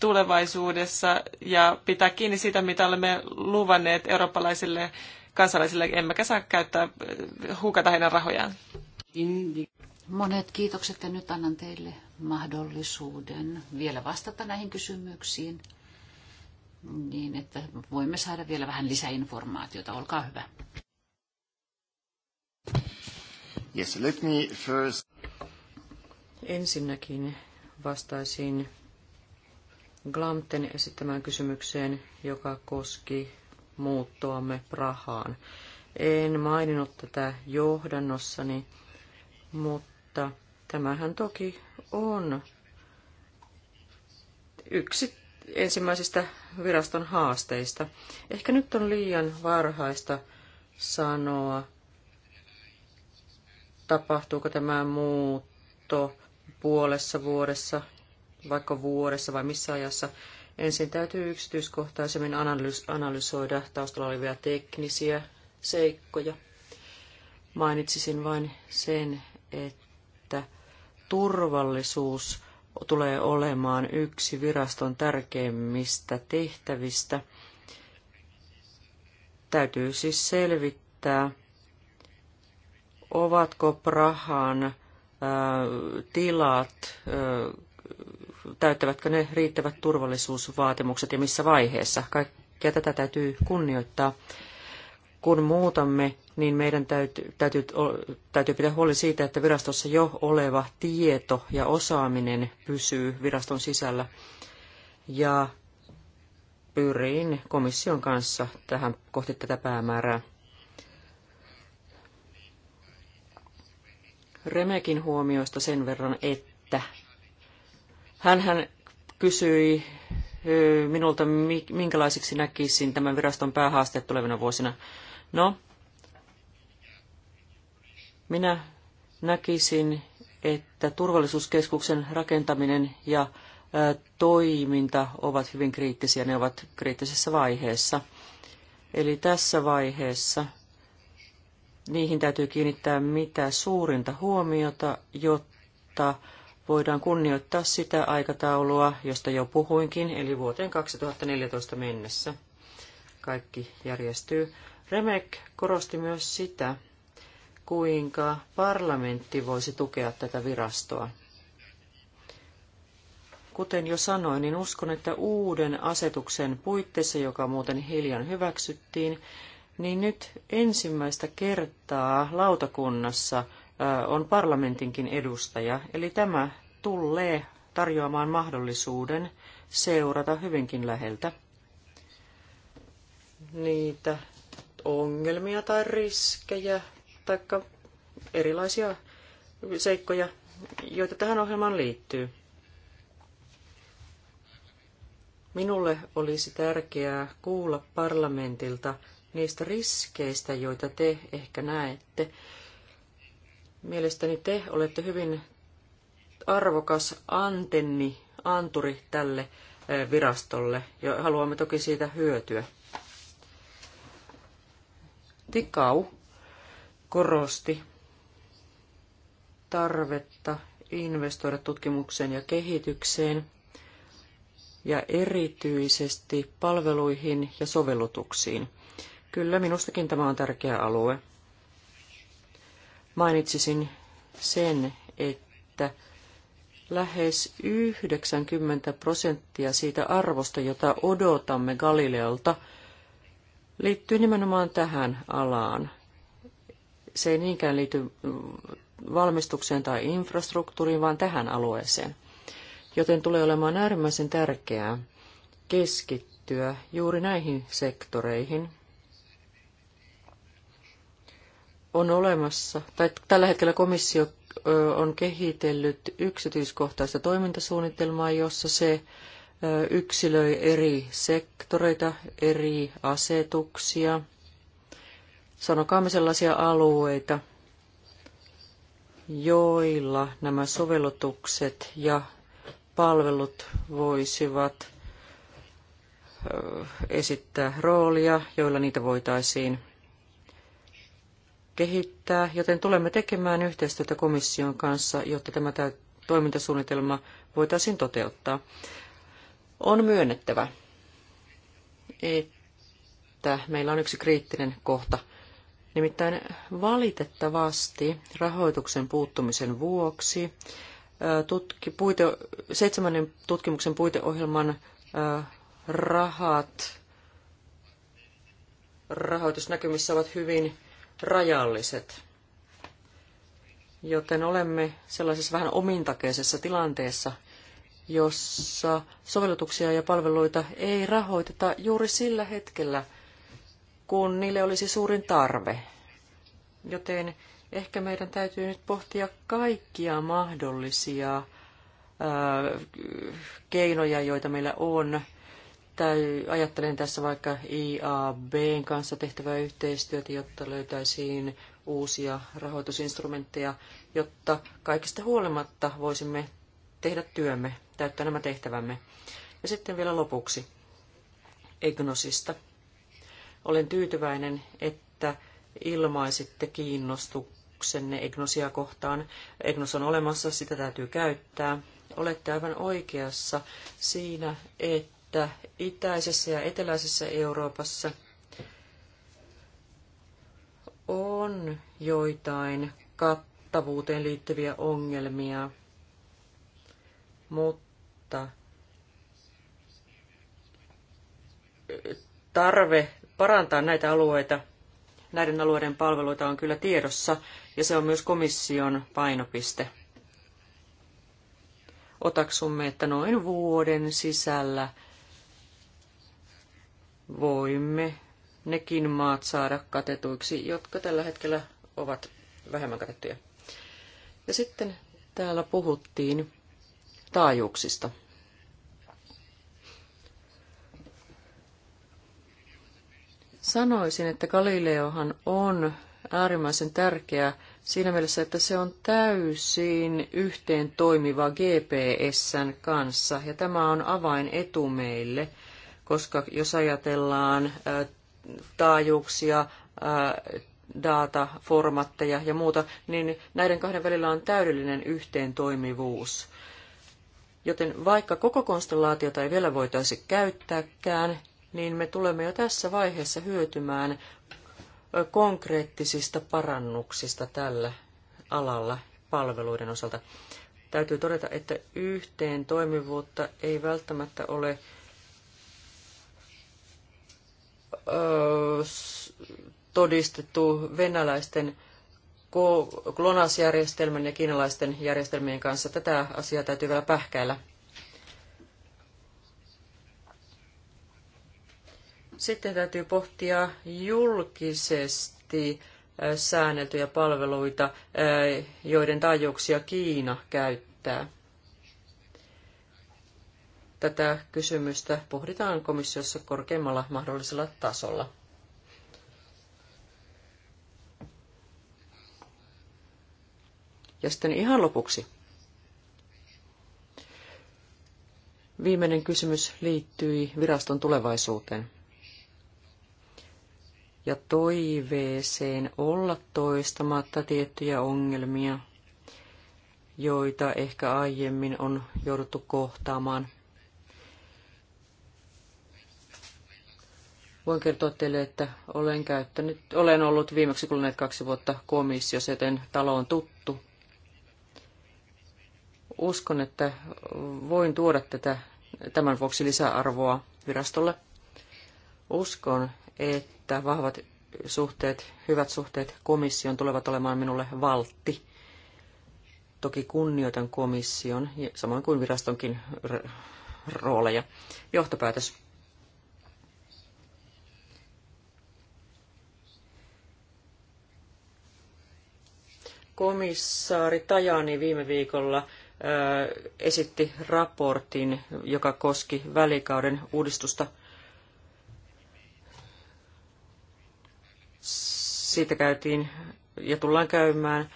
tulevaisuudessa ja pitää kiinni siitä, mitä olemme luvanneet eurooppalaisille kansalaisille, emmekä saa käyttää, hukata eh, heidän rahojaan. Monet kiitokset ja nyt annan teille mahdollisuuden vielä vastata näihin kysymyksiin, niin että voimme saada vielä vähän lisäinformaatiota. Olkaa hyvä. Yes, let me first... Ensinnäkin vastaisin Glamten esittämään kysymykseen, joka koski muuttoamme Prahaan. En maininnut tätä johdannossani, mutta tämähän toki on yksi ensimmäisistä viraston haasteista. Ehkä nyt on liian varhaista sanoa, tapahtuuko tämä muutto puolessa vuodessa, vaikka vuodessa vai missä ajassa. Ensin täytyy yksityiskohtaisemmin analysoida taustalla olevia teknisiä seikkoja. Mainitsisin vain sen, että turvallisuus tulee olemaan yksi viraston tärkeimmistä tehtävistä. Täytyy siis selvittää, ovatko Prahan äh, tilat, täyttävätkö ne riittävät turvallisuusvaatimukset ja missä vaiheessa. Kaikkea tätä täytyy kunnioittaa kun muutamme, niin meidän täytyy, täytyy, täytyy pitää huoli siitä, että virastossa jo oleva tieto ja osaaminen pysyy viraston sisällä. Ja pyrin komission kanssa tähän kohti tätä päämäärää. Remekin huomioista sen verran, että hän kysyi minulta, minkälaisiksi näkisin tämän viraston päähaasteet tulevina vuosina. No, minä näkisin, että turvallisuuskeskuksen rakentaminen ja toiminta ovat hyvin kriittisiä, ne ovat kriittisessä vaiheessa. Eli tässä vaiheessa niihin täytyy kiinnittää mitä suurinta huomiota, jotta voidaan kunnioittaa sitä aikataulua, josta jo puhuinkin, eli vuoteen 2014 mennessä kaikki järjestyy. Remek korosti myös sitä, kuinka parlamentti voisi tukea tätä virastoa. Kuten jo sanoin, niin uskon, että uuden asetuksen puitteissa, joka muuten hiljan hyväksyttiin, niin nyt ensimmäistä kertaa lautakunnassa on parlamentinkin edustaja, eli tämä tulee tarjoamaan mahdollisuuden seurata hyvinkin läheltä niitä ongelmia tai riskejä tai erilaisia seikkoja, joita tähän ohjelmaan liittyy. Minulle olisi tärkeää kuulla parlamentilta niistä riskeistä, joita te ehkä näette. Mielestäni te olette hyvin arvokas antenni, anturi tälle eh, virastolle, ja haluamme toki siitä hyötyä. Tikau korosti tarvetta investoida tutkimukseen ja kehitykseen ja erityisesti palveluihin ja sovellutuksiin. Kyllä, minustakin tämä on tärkeä alue. Mainitsisin sen, että lähes 90 prosenttia siitä arvosta, jota odotamme Galileolta, liittyy nimenomaan tähän alaan. Se ei niinkään liity valmistukseen tai infrastruktuuriin, vaan tähän alueeseen. Joten tulee olemaan äärimmäisen tärkeää keskittyä juuri näihin sektoreihin. On olemassa, tai tällä hetkellä komissio on kehitellyt yksityiskohtaista toimintasuunnitelmaa, jossa se yksilöi eri sektoreita, eri asetuksia. Sanokaamme sellaisia alueita, joilla nämä sovellutukset ja palvelut voisivat esittää roolia, joilla niitä voitaisiin kehittää, joten tulemme tekemään yhteistyötä komission kanssa, jotta tämä toimintasuunnitelma voitaisiin toteuttaa. On myönnettävä, että meillä on yksi kriittinen kohta. Nimittäin valitettavasti rahoituksen puuttumisen vuoksi tutki, puite, seitsemännen tutkimuksen puiteohjelman rahat rahoitusnäkymissä ovat hyvin rajalliset. Joten olemme sellaisessa vähän omintakeisessa tilanteessa – jossa sovellutuksia ja palveluita ei rahoiteta juuri sillä hetkellä, kun niille olisi suurin tarve. Joten ehkä meidän täytyy nyt pohtia kaikkia mahdollisia keinoja, joita meillä on. Tai ajattelen tässä vaikka IABn kanssa tehtävää yhteistyötä, jotta löytäisiin uusia rahoitusinstrumentteja, jotta kaikista huolimatta voisimme tehdä työmme täyttää nämä tehtävämme. Ja sitten vielä lopuksi Egnosista. Olen tyytyväinen, että ilmaisitte kiinnostuksenne Egnosia kohtaan. Egnos on olemassa, sitä täytyy käyttää. Olette aivan oikeassa siinä, että itäisessä ja eteläisessä Euroopassa on joitain kattavuuteen liittyviä ongelmia, mutta tarve parantaa näitä alueita, näiden alueiden palveluita on kyllä tiedossa, ja se on myös komission painopiste. Otaksumme, että noin vuoden sisällä voimme nekin maat saada katetuiksi, jotka tällä hetkellä ovat vähemmän katettuja. Ja sitten täällä puhuttiin taajuuksista – Sanoisin, että Galileohan on äärimmäisen tärkeä siinä mielessä, että se on täysin yhteen toimiva GPSn kanssa, ja tämä on avain etu meille, koska jos ajatellaan taajuuksia, dataformatteja ja muuta, niin näiden kahden välillä on täydellinen yhteen toimivuus, Joten vaikka koko konstellaatiota ei vielä voitaisi käyttääkään, niin me tulemme jo tässä vaiheessa hyötymään konkreettisista parannuksista tällä alalla palveluiden osalta. Täytyy todeta, että yhteen toimivuutta ei välttämättä ole todistettu venäläisten klonasjärjestelmän ja kiinalaisten järjestelmien kanssa. Tätä asiaa täytyy vielä pähkäillä. Sitten täytyy pohtia julkisesti säänneltyjä palveluita, joiden taajuuksia Kiina käyttää. Tätä kysymystä pohditaan komissiossa korkeimmalla mahdollisella tasolla. Ja sitten ihan lopuksi. Viimeinen kysymys liittyi viraston tulevaisuuteen ja toiveeseen olla toistamatta tiettyjä ongelmia, joita ehkä aiemmin on jouduttu kohtaamaan. Voin kertoa teille, että olen, käyttänyt, olen ollut viimeksi kuluneet kaksi vuotta komissiossa, joten talo on tuttu. Uskon, että voin tuoda tätä, tämän vuoksi lisäarvoa virastolle. Uskon, että vahvat suhteet, hyvät suhteet komission tulevat olemaan minulle valtti. Toki kunnioitan komission, samoin kuin virastonkin rooleja. Johtopäätös. Komissaari Tajani viime viikolla esitti raportin, joka koski välikauden uudistusta – Siitä käytiin ja tullaan käymään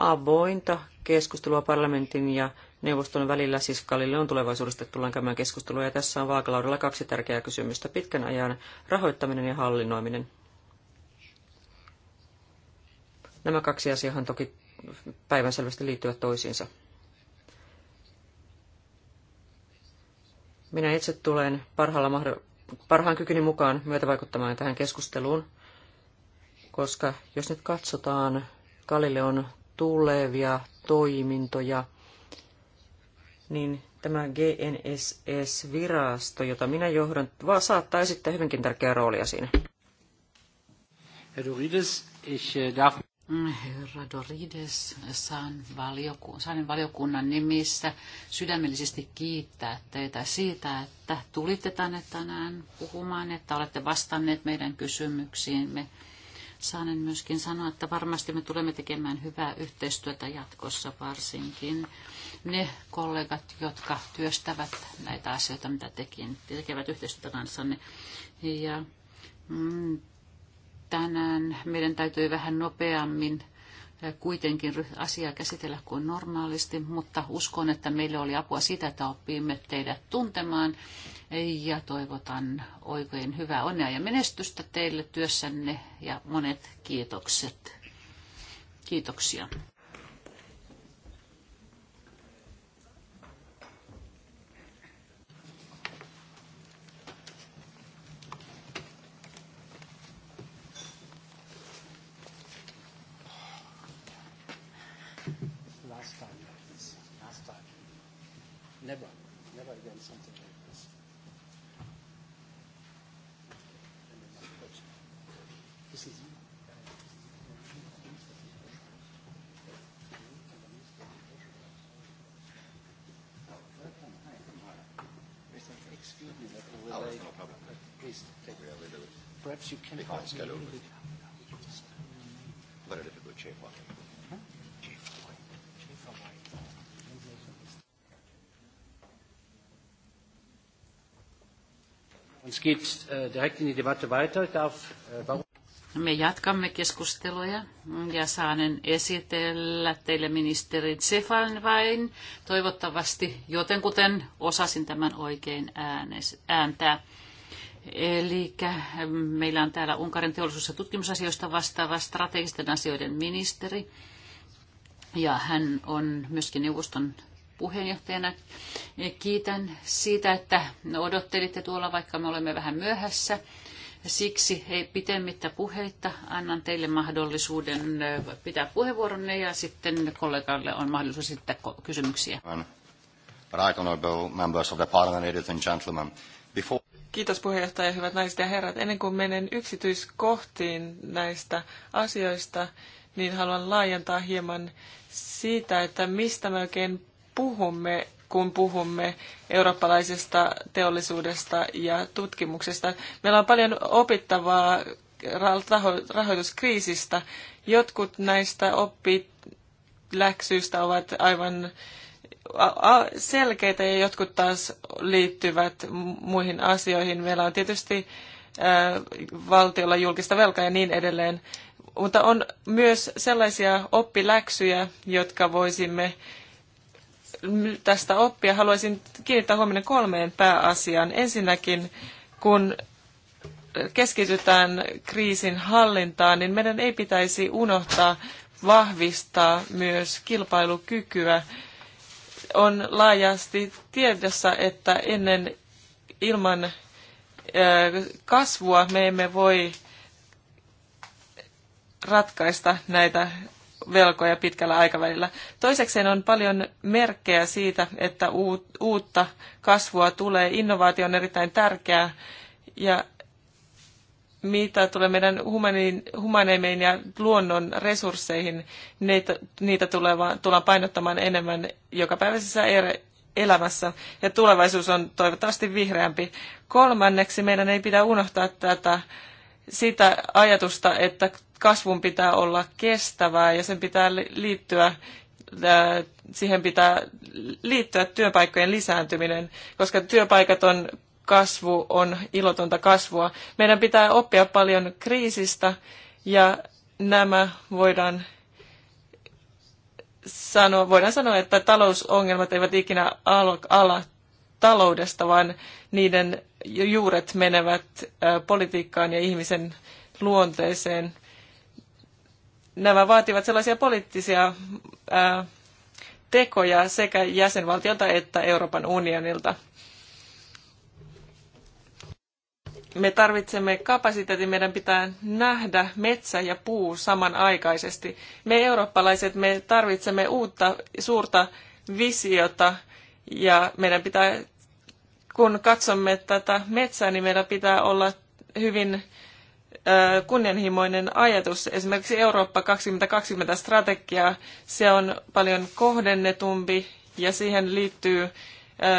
avointa keskustelua parlamentin ja neuvoston välillä, siis Galileon tulevaisuudesta tullaan käymään keskustelua, ja tässä on vaakalaudella kaksi tärkeää kysymystä, pitkän ajan rahoittaminen ja hallinnoiminen. Nämä kaksi asiaa toki päivänselvästi liittyvät toisiinsa. Minä itse tulen parhaalla mahdoll- parhaan kykyni mukaan myötävaikuttamaan tähän keskusteluun koska jos nyt katsotaan Galileon tulevia toimintoja, niin tämä GNSS-virasto, jota minä johdan, vaan saattaa esittää hyvinkin tärkeää roolia siinä. Herra Dorides, äh, mm, Herra Dorides, saan, valioku- saan valiokunnan nimissä sydämellisesti kiittää teitä siitä, että tulitte tänne tänään puhumaan, että olette vastanneet meidän kysymyksiimme saanen myöskin sanoa, että varmasti me tulemme tekemään hyvää yhteistyötä jatkossa varsinkin ne kollegat, jotka työstävät näitä asioita, mitä tekin, tekevät yhteistyötä kanssanne. Ja mm, tänään meidän täytyy vähän nopeammin kuitenkin asiaa käsitellä kuin normaalisti, mutta uskon, että meille oli apua sitä että oppimme teidät tuntemaan ja toivotan oikein hyvää onnea ja menestystä teille työssänne ja monet kiitokset. Kiitoksia. amerikanska lugnet. Vad är det för Me jatkamme keskusteluja ja saanen esitellä teille ministeri Tsefan vain. Toivottavasti jotenkuten osasin tämän oikein äänes, ääntää. Eli meillä on täällä Unkarin teollisuus- ja tutkimusasioista vastaava strategisten asioiden ministeri. Ja hän on myöskin neuvoston puheenjohtajana. Kiitän siitä, että odottelitte tuolla, vaikka me olemme vähän myöhässä. Siksi ei pitemmittä puheita. annan teille mahdollisuuden pitää puheenvuoronne ja sitten kollegalle on mahdollisuus esittää kysymyksiä. Right members of the parliament, ladies and gentlemen. Kiitos puheenjohtaja, hyvät naiset ja herrat. Ennen kuin menen yksityiskohtiin näistä asioista, niin haluan laajentaa hieman siitä, että mistä me oikein puhumme, kun puhumme eurooppalaisesta teollisuudesta ja tutkimuksesta. Meillä on paljon opittavaa rahoituskriisistä. Jotkut näistä oppiläksyistä ovat aivan selkeitä ja jotkut taas liittyvät muihin asioihin. Meillä on tietysti valtiolla julkista velkaa ja niin edelleen. Mutta on myös sellaisia oppiläksyjä, jotka voisimme tästä oppia. Haluaisin kiinnittää huomioon kolmeen pääasiaan. Ensinnäkin, kun keskitytään kriisin hallintaan, niin meidän ei pitäisi unohtaa vahvistaa myös kilpailukykyä on laajasti tiedossa, että ennen ilman kasvua me emme voi ratkaista näitä velkoja pitkällä aikavälillä. Toisekseen on paljon merkkejä siitä, että uutta kasvua tulee. Innovaatio on erittäin tärkeää ja mitä tulee meidän humaneimeen ja luonnon resursseihin, niitä, niitä tulee vaan, tullaan painottamaan enemmän jokapäiväisessä er-, elämässä. Ja tulevaisuus on toivottavasti vihreämpi. Kolmanneksi meidän ei pidä unohtaa tätä sitä ajatusta, että kasvun pitää olla kestävää ja sen pitää liittyä siihen pitää liittyä työpaikkojen lisääntyminen, koska työpaikat on kasvu on ilotonta kasvua. Meidän pitää oppia paljon kriisistä ja nämä voidaan sanoa, voidaan sanoa, että talousongelmat eivät ikinä ala taloudesta, vaan niiden juuret menevät politiikkaan ja ihmisen luonteeseen. Nämä vaativat sellaisia poliittisia tekoja sekä jäsenvaltiolta että Euroopan unionilta. me tarvitsemme kapasiteetin, meidän pitää nähdä metsä ja puu samanaikaisesti. Me eurooppalaiset, me tarvitsemme uutta suurta visiota ja meidän pitää, kun katsomme tätä metsää, niin meidän pitää olla hyvin kunnianhimoinen ajatus. Esimerkiksi Eurooppa 2020 strategia, se on paljon kohdennetumpi ja siihen liittyy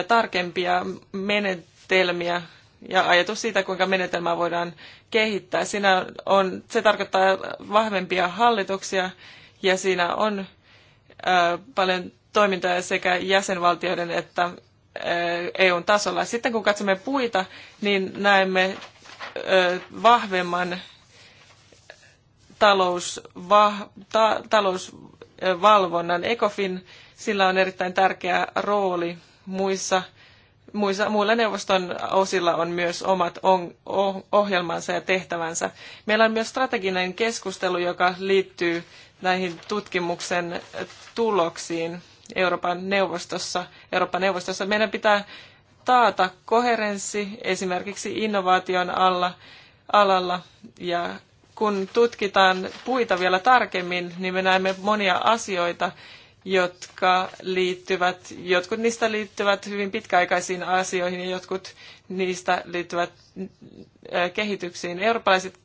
tarkempia menetelmiä ja ajatus siitä, kuinka menetelmää voidaan kehittää. Siinä on, se tarkoittaa vahvempia hallituksia ja siinä on ää, paljon toimintoja sekä jäsenvaltioiden että ää, EUn tasolla. Sitten kun katsomme puita, niin näemme ää, vahvemman talous, va, ta, talousvalvonnan. ECOFIN, sillä on erittäin tärkeä rooli muissa muissa, muilla neuvoston osilla on myös omat on, oh- ohjelmansa ja tehtävänsä. Meillä on myös strateginen keskustelu, joka liittyy näihin tutkimuksen eh, tuloksiin Euroopan neuvostossa. Euroopan neuvostossa meidän pitää taata koherenssi esimerkiksi innovaation alla, alalla ja kun tutkitaan puita vielä tarkemmin, niin me näemme monia asioita, jotka liittyvät, jotkut niistä liittyvät hyvin pitkäaikaisiin asioihin ja jotkut niistä liittyvät kehityksiin. Eurooppalaiset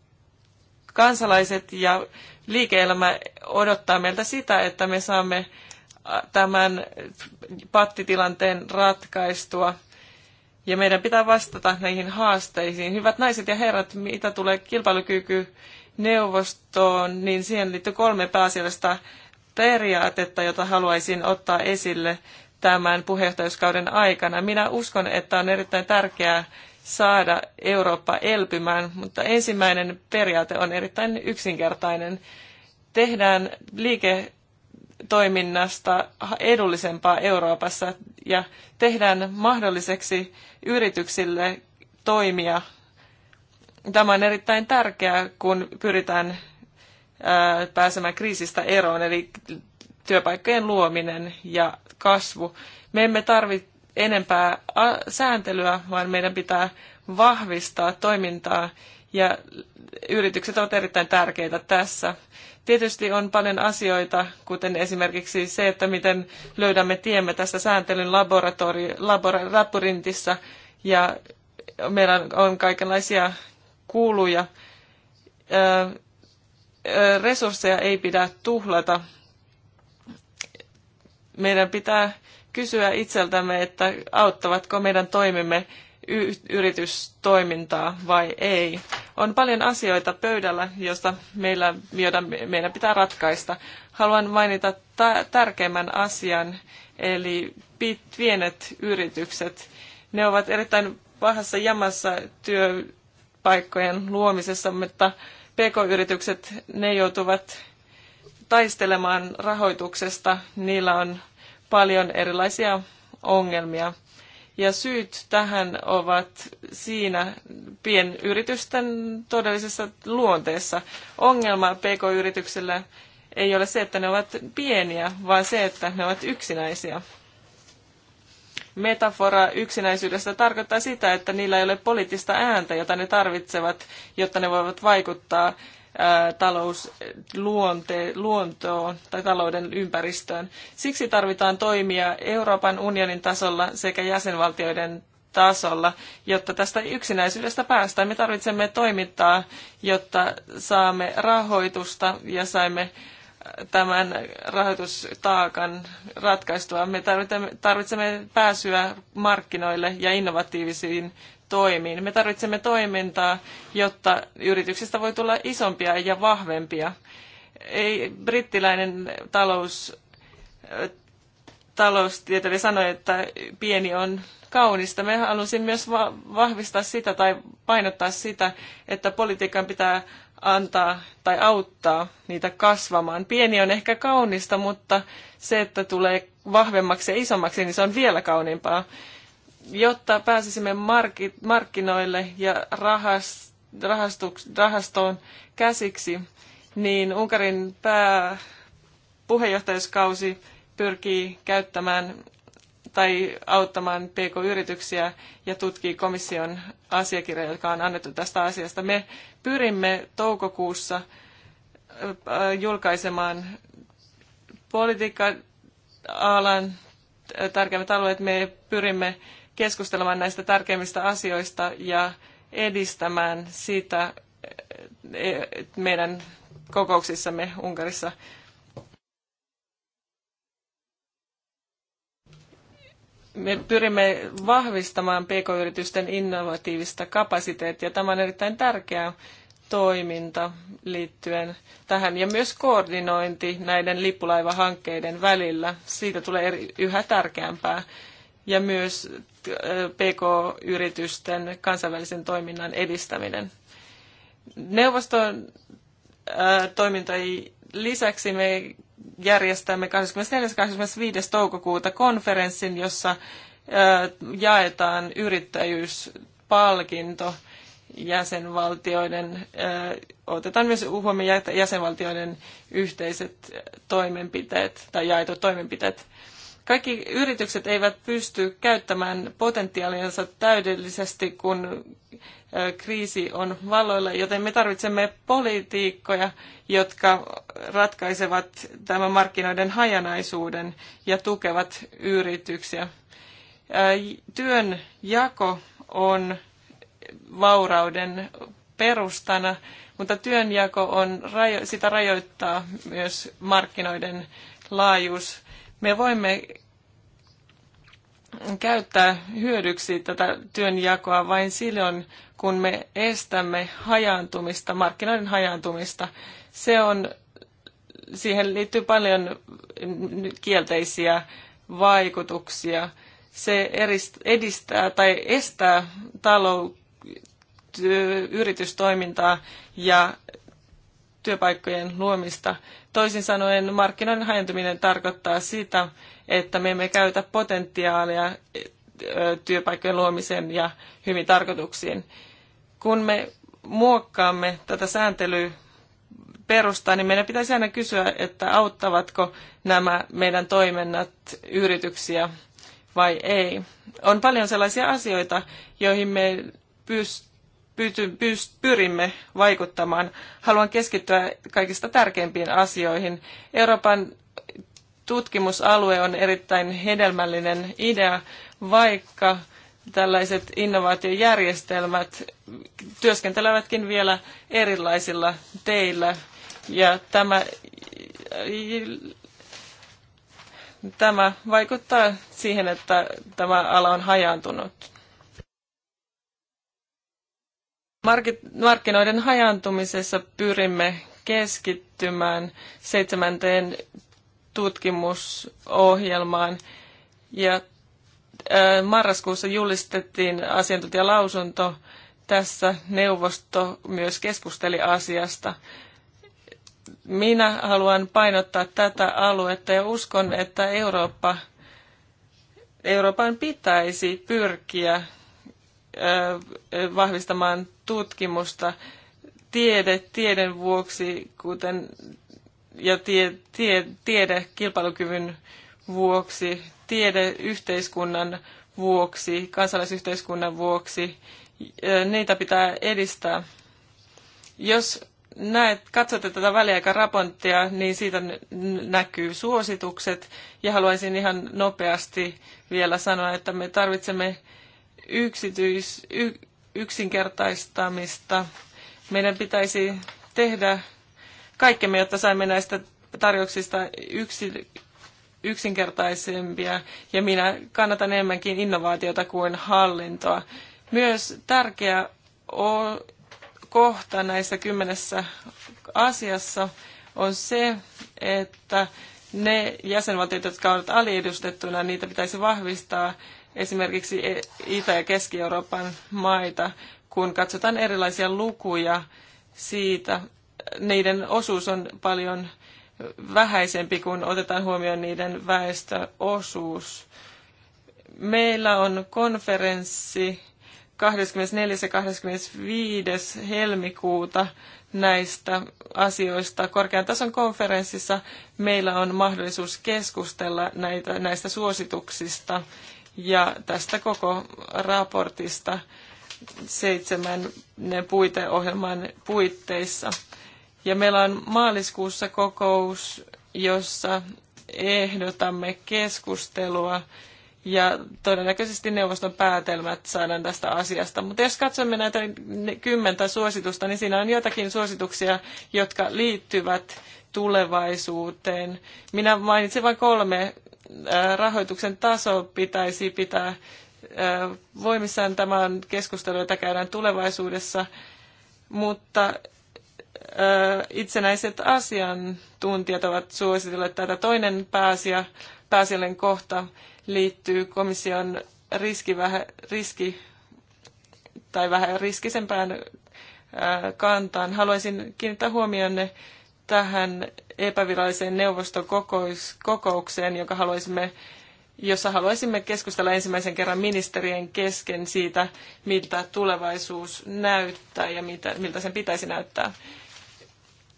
kansalaiset ja liike-elämä odottaa meiltä sitä, että me saamme tämän pattitilanteen ratkaistua. Ja meidän pitää vastata näihin haasteisiin. Hyvät naiset ja herrat, mitä tulee kilpailukyky neuvostoon, niin siihen liittyy kolme pääasiallista periaatetta, jota haluaisin ottaa esille tämän puheenjohtajuuskauden aikana. Minä uskon, että on erittäin tärkeää saada Eurooppa elpymään, mutta ensimmäinen periaate on erittäin yksinkertainen. Tehdään liiketoiminnasta edullisempaa Euroopassa ja tehdään mahdolliseksi yrityksille toimia. Tämä on erittäin tärkeää, kun pyritään pääsemään kriisistä eroon, eli työpaikkojen luominen ja kasvu. Me emme tarvitse enempää sääntelyä, vaan meidän pitää vahvistaa toimintaa ja yritykset ovat erittäin tärkeitä tässä. Tietysti on paljon asioita, kuten esimerkiksi se, että miten löydämme tiemme tässä sääntelyn laboratori, laboratorintissä ja meillä on kaikenlaisia kuuluja resursseja ei pidä tuhlata. Meidän pitää kysyä itseltämme, että auttavatko meidän toimimme yritystoimintaa vai ei. On paljon asioita pöydällä, joista meillä, joita meidän pitää ratkaista. Haluan mainita tärkeimmän asian, eli pienet yritykset. Ne ovat erittäin pahassa jamassa työpaikkojen luomisessa, mutta PK-yritykset, ne joutuvat taistelemaan rahoituksesta. Niillä on paljon erilaisia ongelmia. Ja syyt tähän ovat siinä pienyritysten todellisessa luonteessa. Ongelma PK-yrityksillä ei ole se, että ne ovat pieniä, vaan se, että ne ovat yksinäisiä. Metafora yksinäisyydestä tarkoittaa sitä, että niillä ei ole poliittista ääntä, jota ne tarvitsevat, jotta ne voivat vaikuttaa talousluontoon tai talouden ympäristöön. Siksi tarvitaan toimia Euroopan unionin tasolla sekä jäsenvaltioiden tasolla, jotta tästä yksinäisyydestä päästään. Me tarvitsemme toimintaa, jotta saamme rahoitusta ja saimme tämän rahoitustaakan ratkaistua. Me tarvitsemme pääsyä markkinoille ja innovatiivisiin toimiin. Me tarvitsemme toimintaa, jotta yrityksistä voi tulla isompia ja vahvempia. Ei brittiläinen talous, taloustieteilijä sanoi, että pieni on kaunista. Me halusin myös vahvistaa sitä tai painottaa sitä, että politiikan pitää antaa tai auttaa niitä kasvamaan. Pieni on ehkä kaunista, mutta se, että tulee vahvemmaksi ja isommaksi, niin se on vielä kauniimpaa. Jotta pääsisimme markkinoille ja rahastoon käsiksi, niin Unkarin pää puheenjohtajuuskausi pyrkii käyttämään tai auttamaan PK-yrityksiä ja tutkii komission asiakirjoja, jotka on annettu tästä asiasta. Me pyrimme toukokuussa äh, julkaisemaan politiikka-alan tärkeimmät alueet. Me pyrimme keskustelemaan näistä tärkeimmistä asioista ja edistämään sitä äh, meidän kokouksissamme Unkarissa me pyrimme vahvistamaan pk-yritysten innovatiivista kapasiteettia. Tämä on erittäin tärkeää toiminta liittyen tähän ja myös koordinointi näiden lippulaivahankkeiden välillä. Siitä tulee eri, yhä tärkeämpää ja myös PK-yritysten kansainvälisen toiminnan edistäminen. Neuvoston toiminta ei Lisäksi me järjestämme 24.–25. toukokuuta konferenssin, jossa jaetaan yrittäjyyspalkinto jäsenvaltioiden, otetaan myös huomioon jäsenvaltioiden yhteiset toimenpiteet tai jaetut toimenpiteet. Kaikki yritykset eivät pysty käyttämään potentiaaliansa täydellisesti, kun kriisi on valloilla, joten me tarvitsemme politiikkoja, jotka ratkaisevat tämän markkinoiden hajanaisuuden ja tukevat yrityksiä. Työn jako on vaurauden perustana, mutta työnjakoa on, sitä rajoittaa myös markkinoiden laajuus. Me voimme käyttää hyödyksi tätä työnjakoa vain silloin, kun me estämme hajaantumista, markkinoiden hajaantumista. Se on, siihen liittyy paljon kielteisiä vaikutuksia. Se edistää tai estää talou, yritystoimintaa ja työpaikkojen luomista. Toisin sanoen markkinoiden hajantuminen tarkoittaa sitä, että me emme käytä potentiaalia työpaikkojen luomiseen ja hyvin tarkoituksiin. Kun me muokkaamme tätä sääntelyä, perustaa, niin meidän pitäisi aina kysyä, että auttavatko nämä meidän toiminnat yrityksiä vai ei. On paljon sellaisia asioita, joihin me pyst- pyrimme vaikuttamaan. Haluan keskittyä kaikista tärkeimpiin asioihin. Euroopan tutkimusalue on erittäin hedelmällinen idea, vaikka tällaiset innovaatiojärjestelmät työskentelevätkin vielä erilaisilla teillä. Ja tämä, tämä vaikuttaa siihen, että tämä ala on hajaantunut. Markkinoiden hajaantumisessa pyrimme keskittymään seitsemänteen tutkimusohjelmaan. Ja marraskuussa julistettiin asiantuntijalausunto. Tässä neuvosto myös keskusteli asiasta. Minä haluan painottaa tätä aluetta ja uskon, että Eurooppa, Euroopan pitäisi pyrkiä vahvistamaan tutkimusta tiede tieden vuoksi, kuten ja tie, tie, tiede kilpailukyvyn vuoksi, tiede yhteiskunnan vuoksi, kansalaisyhteiskunnan vuoksi, niitä pitää edistää. Jos näet, katsotte tätä väliaikaraporttia, niin siitä näkyy suositukset. Ja haluaisin ihan nopeasti vielä sanoa, että me tarvitsemme yksityis, y, yksinkertaistamista. Meidän pitäisi tehdä kaikkemme, jotta saimme näistä tarjouksista yksi, yksinkertaisempia ja minä kannatan enemmänkin innovaatiota kuin hallintoa. Myös tärkeä kohta näissä kymmenessä asiassa on se, että ne jäsenvaltiot, jotka ovat aliedustettuna, niitä pitäisi vahvistaa esimerkiksi e-, Itä- ja Keski-Euroopan maita, kun katsotaan erilaisia lukuja siitä, niiden osuus on paljon vähäisempi, kun otetaan huomioon niiden väestöosuus. Meillä on konferenssi 24. ja 25. helmikuuta näistä asioista. Korkean tason konferenssissa meillä on mahdollisuus keskustella näitä, näistä suosituksista ja tästä koko raportista seitsemän puiteohjelman puitteissa. Ja meillä on maaliskuussa kokous, jossa ehdotamme keskustelua ja todennäköisesti neuvoston päätelmät saadaan tästä asiasta. Mutta jos katsomme näitä kymmentä suositusta, niin siinä on jotakin suosituksia, jotka liittyvät tulevaisuuteen. Minä mainitsin vain kolme. Rahoituksen taso pitäisi pitää voimissaan. Tämä on keskustelu, jota käydään tulevaisuudessa. Mutta itsenäiset asiantuntijat ovat suositelleet tätä. Toinen pääasia, pääasiallinen kohta liittyy komission riski, vähä, riski tai vähän riskisempään kantaan. Haluaisin kiinnittää huomionne tähän epäviralliseen neuvostokokoukseen, joka haluaisimme jossa haluaisimme keskustella ensimmäisen kerran ministerien kesken siitä, miltä tulevaisuus näyttää ja mitä, miltä sen pitäisi näyttää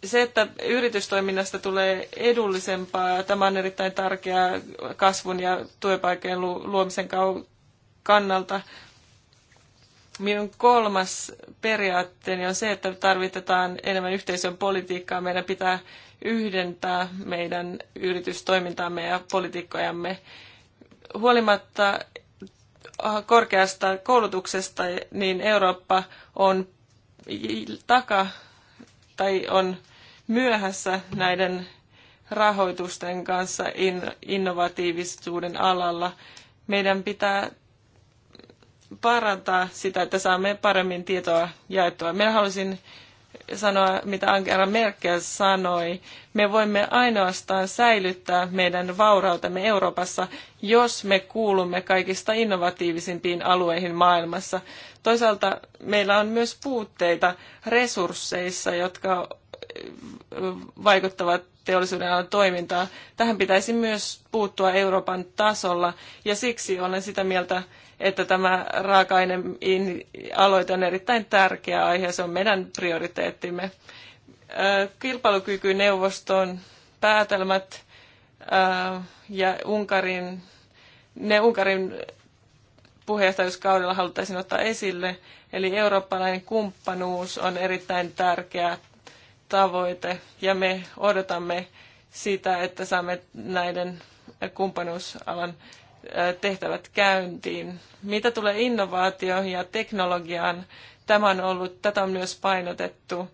se, että yritystoiminnasta tulee edullisempaa, tämä on erittäin tärkeää kasvun ja työpaikkojen luomisen kannalta. Minun kolmas periaatteeni on se, että tarvitetaan enemmän yhteisön politiikkaa. Meidän pitää yhdentää meidän yritystoimintaamme ja politiikkojamme. Huolimatta korkeasta koulutuksesta, niin Eurooppa on taka tai on myöhässä näiden rahoitusten kanssa innovatiivisuuden alalla. Meidän pitää parantaa sitä, että saamme paremmin tietoa jaettua. Minä haluaisin sanoa, mitä Angela Merkel sanoi. Me voimme ainoastaan säilyttää meidän vaurautemme Euroopassa, jos me kuulumme kaikista innovatiivisimpiin alueihin maailmassa. Toisaalta meillä on myös puutteita resursseissa, jotka vaikuttavat teollisuuden alan Tähän pitäisi myös puuttua Euroopan tasolla ja siksi olen sitä mieltä, että tämä raaka-ainealoite on erittäin tärkeä aihe. Se on meidän prioriteettimme. Kilpailukykyneuvoston päätelmät ja Unkarin, ne Unkarin puheenjohtajuuskaudella haluttaisiin ottaa esille. Eli eurooppalainen kumppanuus on erittäin tärkeä tavoite ja me odotamme sitä, että saamme näiden kumppanuusalan tehtävät käyntiin. Mitä tulee innovaatioihin ja teknologiaan, tämä on ollut, tätä on myös painotettu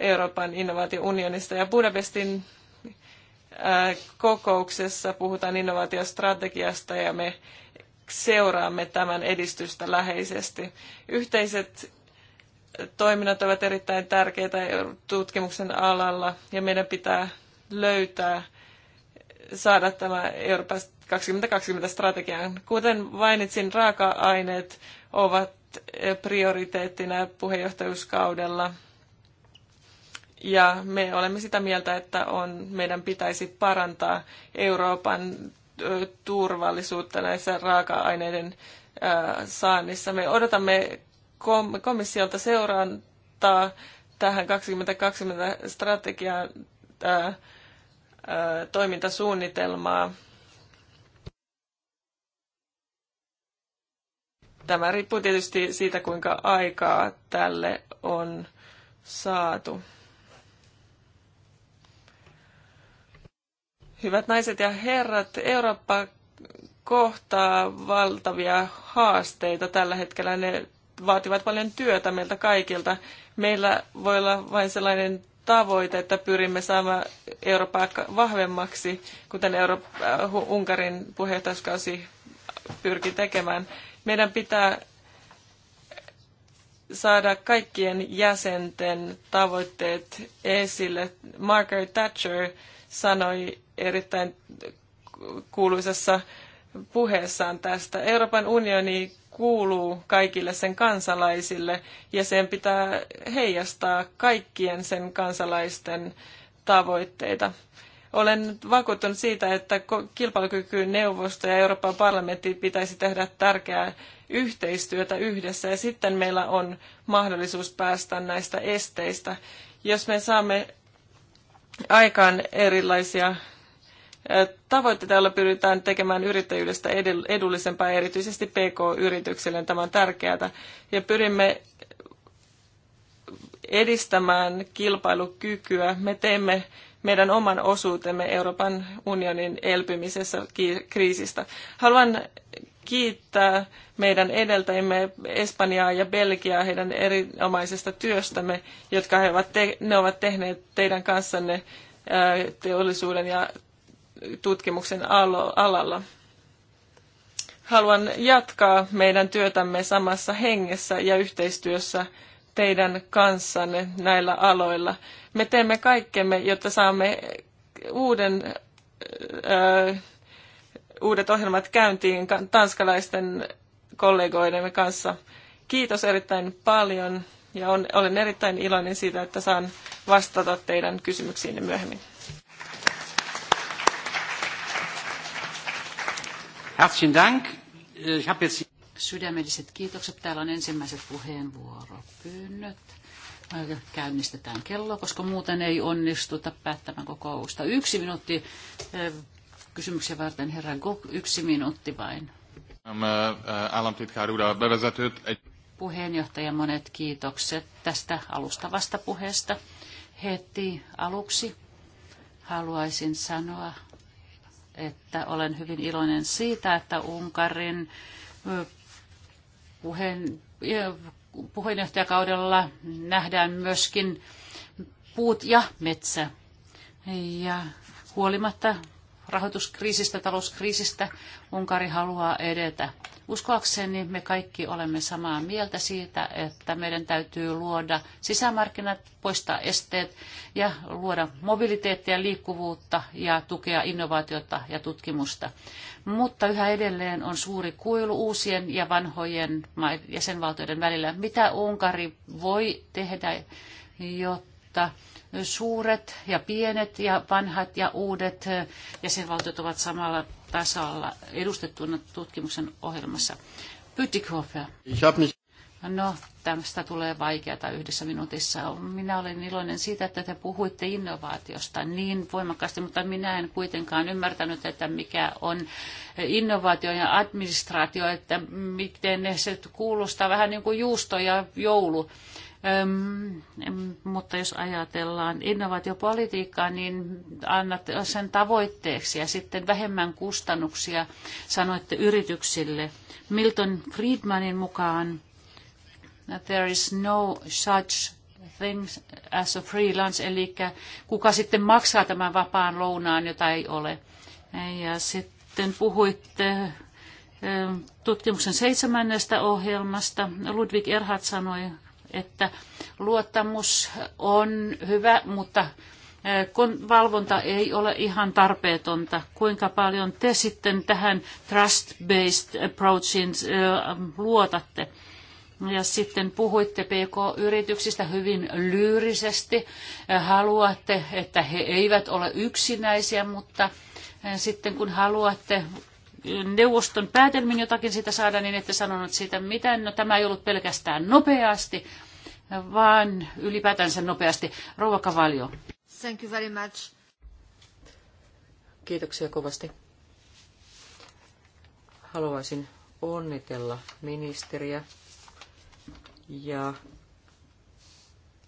Euroopan innovaatiounionista ja Budapestin kokouksessa puhutaan innovaatiostrategiasta ja me seuraamme tämän edistystä läheisesti. Yhteiset toiminnat ovat erittäin tärkeitä tutkimuksen alalla ja meidän pitää löytää saada tämä Euroopan 2020 strategian Kuten mainitsin, raaka-aineet ovat prioriteettina puheenjohtajuuskaudella. Ja me olemme sitä mieltä, että on, meidän pitäisi parantaa Euroopan turvallisuutta näissä raaka-aineiden saannissa. Me odotamme komissiolta seurantaa tähän 2020 strategiaan toimintasuunnitelmaa. Tämä riippuu tietysti siitä, kuinka aikaa tälle on saatu. Hyvät naiset ja herrat, Eurooppa kohtaa valtavia haasteita tällä hetkellä. Ne vaativat paljon työtä meiltä kaikilta. Meillä voi olla vain sellainen tavoite, että pyrimme saamaan Euroopan vahvemmaksi, kuten Euro- äh, Unkarin puheenjohtajuuskausi pyrki tekemään. Meidän pitää saada kaikkien jäsenten tavoitteet esille. Margaret Thatcher sanoi erittäin kuuluisassa puheessaan tästä. Euroopan unioni kuuluu kaikille sen kansalaisille ja sen pitää heijastaa kaikkien sen kansalaisten tavoitteita. Olen vakuuttunut siitä, että kilpailukykyneuvosto ja Euroopan parlamentti pitäisi tehdä tärkeää yhteistyötä yhdessä ja sitten meillä on mahdollisuus päästä näistä esteistä. Jos me saamme aikaan erilaisia tavoitteita, joilla pyritään tekemään yrittäjyydestä edullisempaa, erityisesti PK-yrityksille. Tämä on tärkeää. Ja pyrimme edistämään kilpailukykyä. Me teemme meidän oman osuutemme Euroopan unionin elpymisessä kriisistä. Haluan kiittää meidän edeltäjimme Espanjaa ja Belgiaa heidän erinomaisesta työstämme, jotka he ovat te- ne ovat tehneet teidän kanssanne teollisuuden ja tutkimuksen alalla. Haluan jatkaa meidän työtämme samassa hengessä ja yhteistyössä teidän kanssanne näillä aloilla. Me teemme kaikkemme, jotta saamme uuden, ö, uudet ohjelmat käyntiin tanskalaisten kollegoidemme kanssa. Kiitos erittäin paljon ja on, olen erittäin iloinen siitä, että saan vastata teidän kysymyksiinne myöhemmin. Herzlichen Dank. Ich habe jetzt... Sydämelliset kiitokset. Täällä on ensimmäiset puheenvuoropyynnöt. Äh, käynnistetään kello, koska muuten ei onnistuta päättämään kokousta. Yksi minuutti äh, kysymyksiä varten, herra Gok, yksi minuutti vain. Puheenjohtaja, monet kiitokset tästä alustavasta puheesta. Heti aluksi haluaisin sanoa, että olen hyvin iloinen siitä, että Unkarin puheen, puheenjohtajakaudella nähdään myöskin puut ja metsä. Ja huolimatta rahoituskriisistä, talouskriisistä Unkari haluaa edetä. Uskoakseni me kaikki olemme samaa mieltä siitä, että meidän täytyy luoda sisämarkkinat, poistaa esteet ja luoda mobiliteettia ja liikkuvuutta ja tukea innovaatiota ja tutkimusta. Mutta yhä edelleen on suuri kuilu uusien ja vanhojen jäsenvaltioiden välillä. Mitä Unkari voi tehdä, jotta suuret ja pienet ja vanhat ja uudet jäsenvaltiot ovat samalla tasalla edustettuna tutkimuksen ohjelmassa. Pytikhofer. No, tästä tulee vaikeata yhdessä minuutissa. Minä olen iloinen siitä, että te puhuitte innovaatiosta niin voimakkaasti, mutta minä en kuitenkaan ymmärtänyt, että mikä on innovaatio ja administraatio, että miten se kuulostaa vähän niin kuin juusto ja joulu. Öm, mutta jos ajatellaan innovaatiopolitiikkaa, niin annatte sen tavoitteeksi ja sitten vähemmän kustannuksia sanoitte yrityksille. Milton Friedmanin mukaan there is no such thing as a freelance, eli kuka sitten maksaa tämän vapaan lounaan, jota ei ole. Ja sitten puhuitte tutkimuksen seitsemännestä ohjelmasta. Ludwig Erhard sanoi että luottamus on hyvä, mutta kun valvonta ei ole ihan tarpeetonta. Kuinka paljon te sitten tähän trust-based approachin luotatte? Ja sitten puhuitte PK-yrityksistä hyvin lyyrisesti. Haluatte, että he eivät ole yksinäisiä, mutta sitten kun haluatte neuvoston päätelmin jotakin sitä saada, niin ette sanonut siitä mitään. No tämä ei ollut pelkästään nopeasti, vaan ylipäätänsä nopeasti. Rouva Kavalio. Thank you very much. Kiitoksia kovasti. Haluaisin onnitella ministeriä ja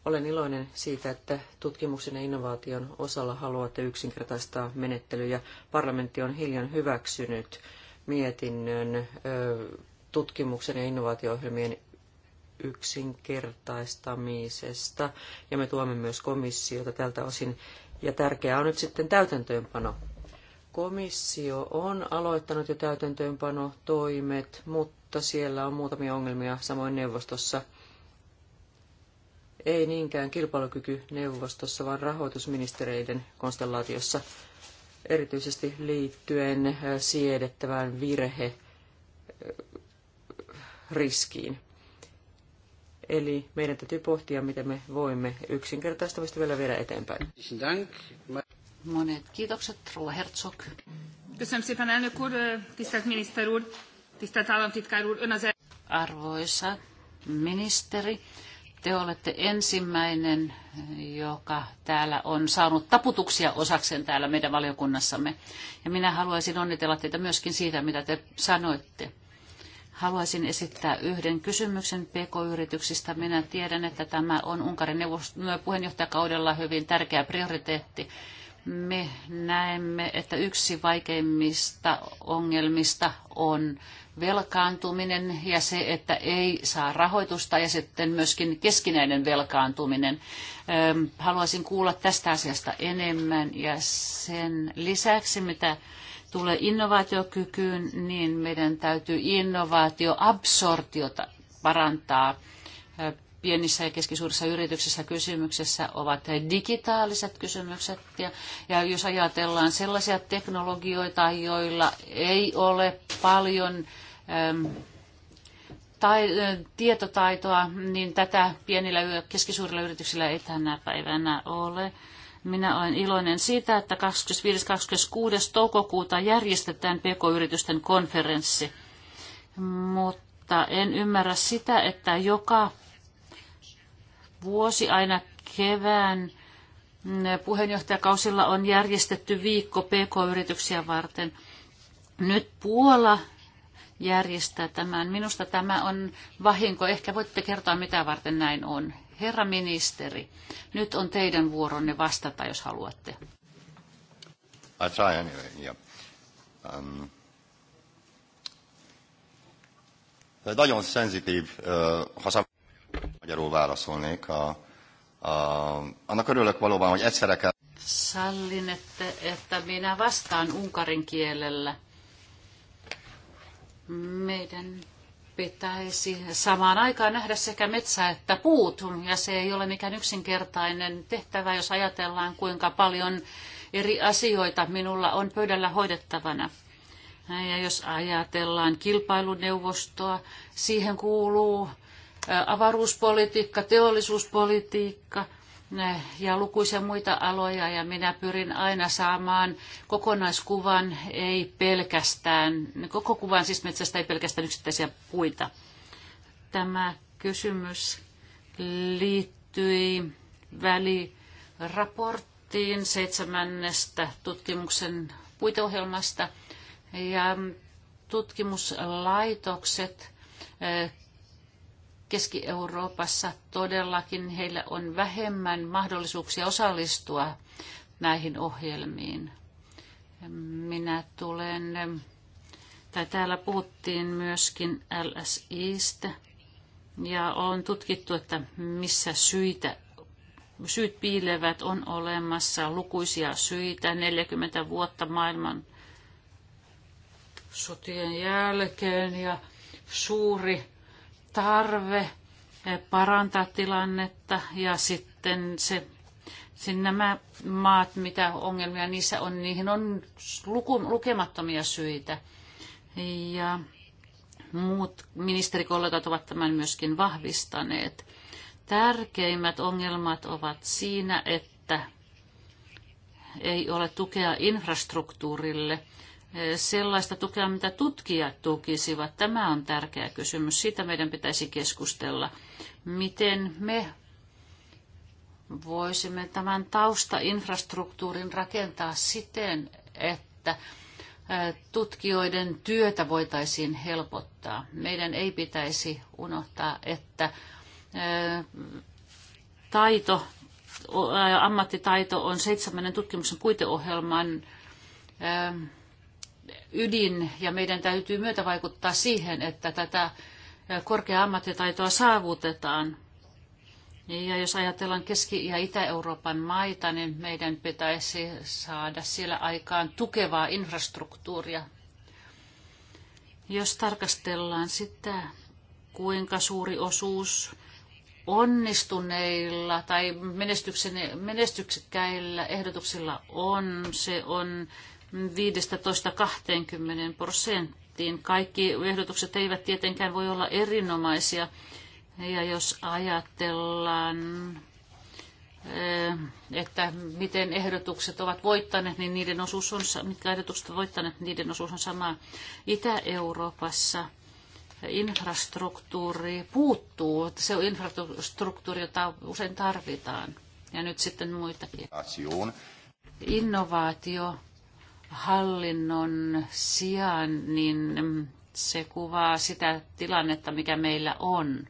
olen iloinen siitä, että tutkimuksen ja innovaation osalla haluatte yksinkertaistaa menettelyjä. Parlamentti on hiljan hyväksynyt mietinnön tutkimuksen ja innovaatio-ohjelmien yksinkertaistamisesta, ja me tuomme myös komissiota tältä osin. Ja tärkeää on nyt sitten täytäntöönpano. Komissio on aloittanut jo täytäntöönpanotoimet, mutta siellä on muutamia ongelmia samoin neuvostossa – ei niinkään kilpailukykyneuvostossa, vaan rahoitusministereiden konstellaatiossa, erityisesti liittyen äh, siedettävään virhe äh, riskiin. Eli meidän täytyy pohtia, miten me voimme yksinkertaistamista vielä viedä eteenpäin. Monet kiitokset, Rova Herzog. Arvoisa ministeri, te olette ensimmäinen, joka täällä on saanut taputuksia osakseen täällä meidän valiokunnassamme. Ja minä haluaisin onnitella teitä myöskin siitä, mitä te sanoitte. Haluaisin esittää yhden kysymyksen PK-yrityksistä. Minä tiedän, että tämä on Unkarin neuvost- puheenjohtajakaudella hyvin tärkeä prioriteetti me näemme, että yksi vaikeimmista ongelmista on velkaantuminen ja se, että ei saa rahoitusta ja sitten myöskin keskinäinen velkaantuminen. Haluaisin kuulla tästä asiasta enemmän ja sen lisäksi, mitä tulee innovaatiokykyyn, niin meidän täytyy innovaatioabsortiota parantaa pienissä ja keskisuurissa yrityksissä kysymyksessä ovat digitaaliset kysymykset. Ja, ja jos ajatellaan sellaisia teknologioita, joilla ei ole paljon äm, tai, ä, tietotaitoa, niin tätä pienillä ja keskisuurilla yrityksillä ei tänä päivänä ole. Minä olen iloinen siitä, että 25-26. toukokuuta järjestetään PK-yritysten konferenssi, mutta en ymmärrä sitä, että joka vuosi aina kevään puheenjohtajakausilla on järjestetty viikko PK-yrityksiä varten. Nyt Puola järjestää tämän. Minusta tämä on vahinko. Ehkä voitte kertoa, mitä varten näin on. Herra ministeri, nyt on teidän vuoronne vastata, jos haluatte. I try anyway, yeah. um, on sensitive. uh, Magyarul válaszolnék. A, a, annak örülök valóban, hogy egyszerre kell... Sallin, että, että minä vastaan unkarin kielellä. Meidän pitäisi samaan aikaan nähdä sekä metsä että puut, ja se ei ole mikään yksinkertainen tehtävä, jos ajatellaan, kuinka paljon eri asioita minulla on pöydällä hoidettavana. Ja jos ajatellaan kilpailuneuvostoa, siihen kuuluu avaruuspolitiikka, teollisuuspolitiikka ja lukuisia muita aloja ja minä pyrin aina saamaan kokonaiskuvan, ei pelkästään, koko kuvan siis metsästä ei pelkästään yksittäisiä puita. Tämä kysymys liittyi väliraporttiin seitsemännestä tutkimuksen puiteohjelmasta ja tutkimuslaitokset Keski-Euroopassa todellakin heillä on vähemmän mahdollisuuksia osallistua näihin ohjelmiin. Minä tulen, tai täällä puhuttiin myöskin LSIstä, ja on tutkittu, että missä syitä syyt piilevät, on olemassa lukuisia syitä. 40 vuotta maailman sotien jälkeen ja suuri tarve parantaa tilannetta ja sitten se, se nämä maat, mitä ongelmia niissä on, niihin on luku, lukemattomia syitä. Ja muut ministerikollegat ovat tämän myöskin vahvistaneet. Tärkeimmät ongelmat ovat siinä, että ei ole tukea infrastruktuurille – sellaista tukea, mitä tutkijat tukisivat? Tämä on tärkeä kysymys. Siitä meidän pitäisi keskustella. Miten me voisimme tämän taustainfrastruktuurin rakentaa siten, että tutkijoiden työtä voitaisiin helpottaa. Meidän ei pitäisi unohtaa, että taito, ammattitaito on seitsemännen tutkimuksen puiteohjelman ydin ja meidän täytyy myötävaikuttaa siihen, että tätä korkea ammattitaitoa saavutetaan. Ja jos ajatellaan Keski- ja Itä-Euroopan maita, niin meidän pitäisi saada siellä aikaan tukevaa infrastruktuuria. Jos tarkastellaan sitä, kuinka suuri osuus onnistuneilla tai menestyksekkäillä ehdotuksilla on, se on 15-20 prosenttiin. Kaikki ehdotukset eivät tietenkään voi olla erinomaisia. Ja jos ajatellaan, eh, että miten ehdotukset ovat voittaneet, niin niiden osuus on, mitkä ehdotukset ovat voittaneet, niin niiden osuus on sama. Itä-Euroopassa infrastruktuuri puuttuu, se on infrastruktuuri, jota usein tarvitaan. Ja nyt sitten muitakin. Innovaatio hallinnon sijaan, niin se kuvaa sitä tilannetta, mikä meillä on.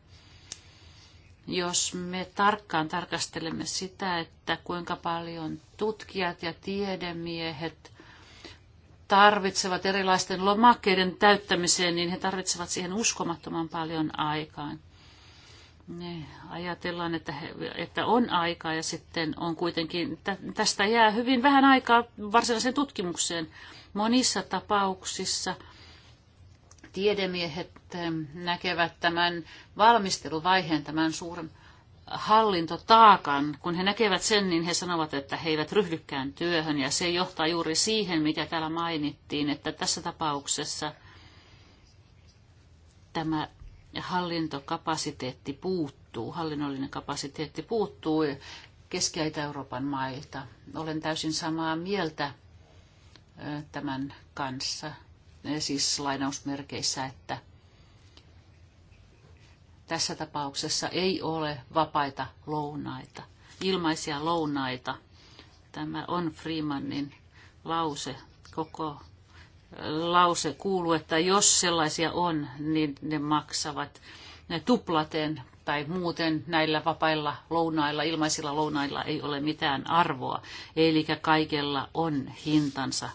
Jos me tarkkaan tarkastelemme sitä, että kuinka paljon tutkijat ja tiedemiehet tarvitsevat erilaisten lomakkeiden täyttämiseen, niin he tarvitsevat siihen uskomattoman paljon aikaan. Ne, ajatellaan, että, he, että on aikaa ja sitten on kuitenkin, tästä jää hyvin vähän aikaa varsinaiseen tutkimukseen. Monissa tapauksissa tiedemiehet ähm, näkevät tämän valmisteluvaiheen, tämän suuren hallintotaakan. Kun he näkevät sen, niin he sanovat, että he eivät ryhdykään työhön ja se johtaa juuri siihen, mikä täällä mainittiin, että tässä tapauksessa tämä hallintokapasiteetti puuttuu, hallinnollinen kapasiteetti puuttuu Keski- ja Itä-Euroopan mailta. Olen täysin samaa mieltä tämän kanssa, siis lainausmerkeissä, että tässä tapauksessa ei ole vapaita lounaita, ilmaisia lounaita. Tämä on Freemanin lause koko lause kuuluu, että jos sellaisia on, niin ne maksavat ne tuplaten tai muuten näillä vapailla lounailla, ilmaisilla lounailla ei ole mitään arvoa. Eli kaikella on hintansa.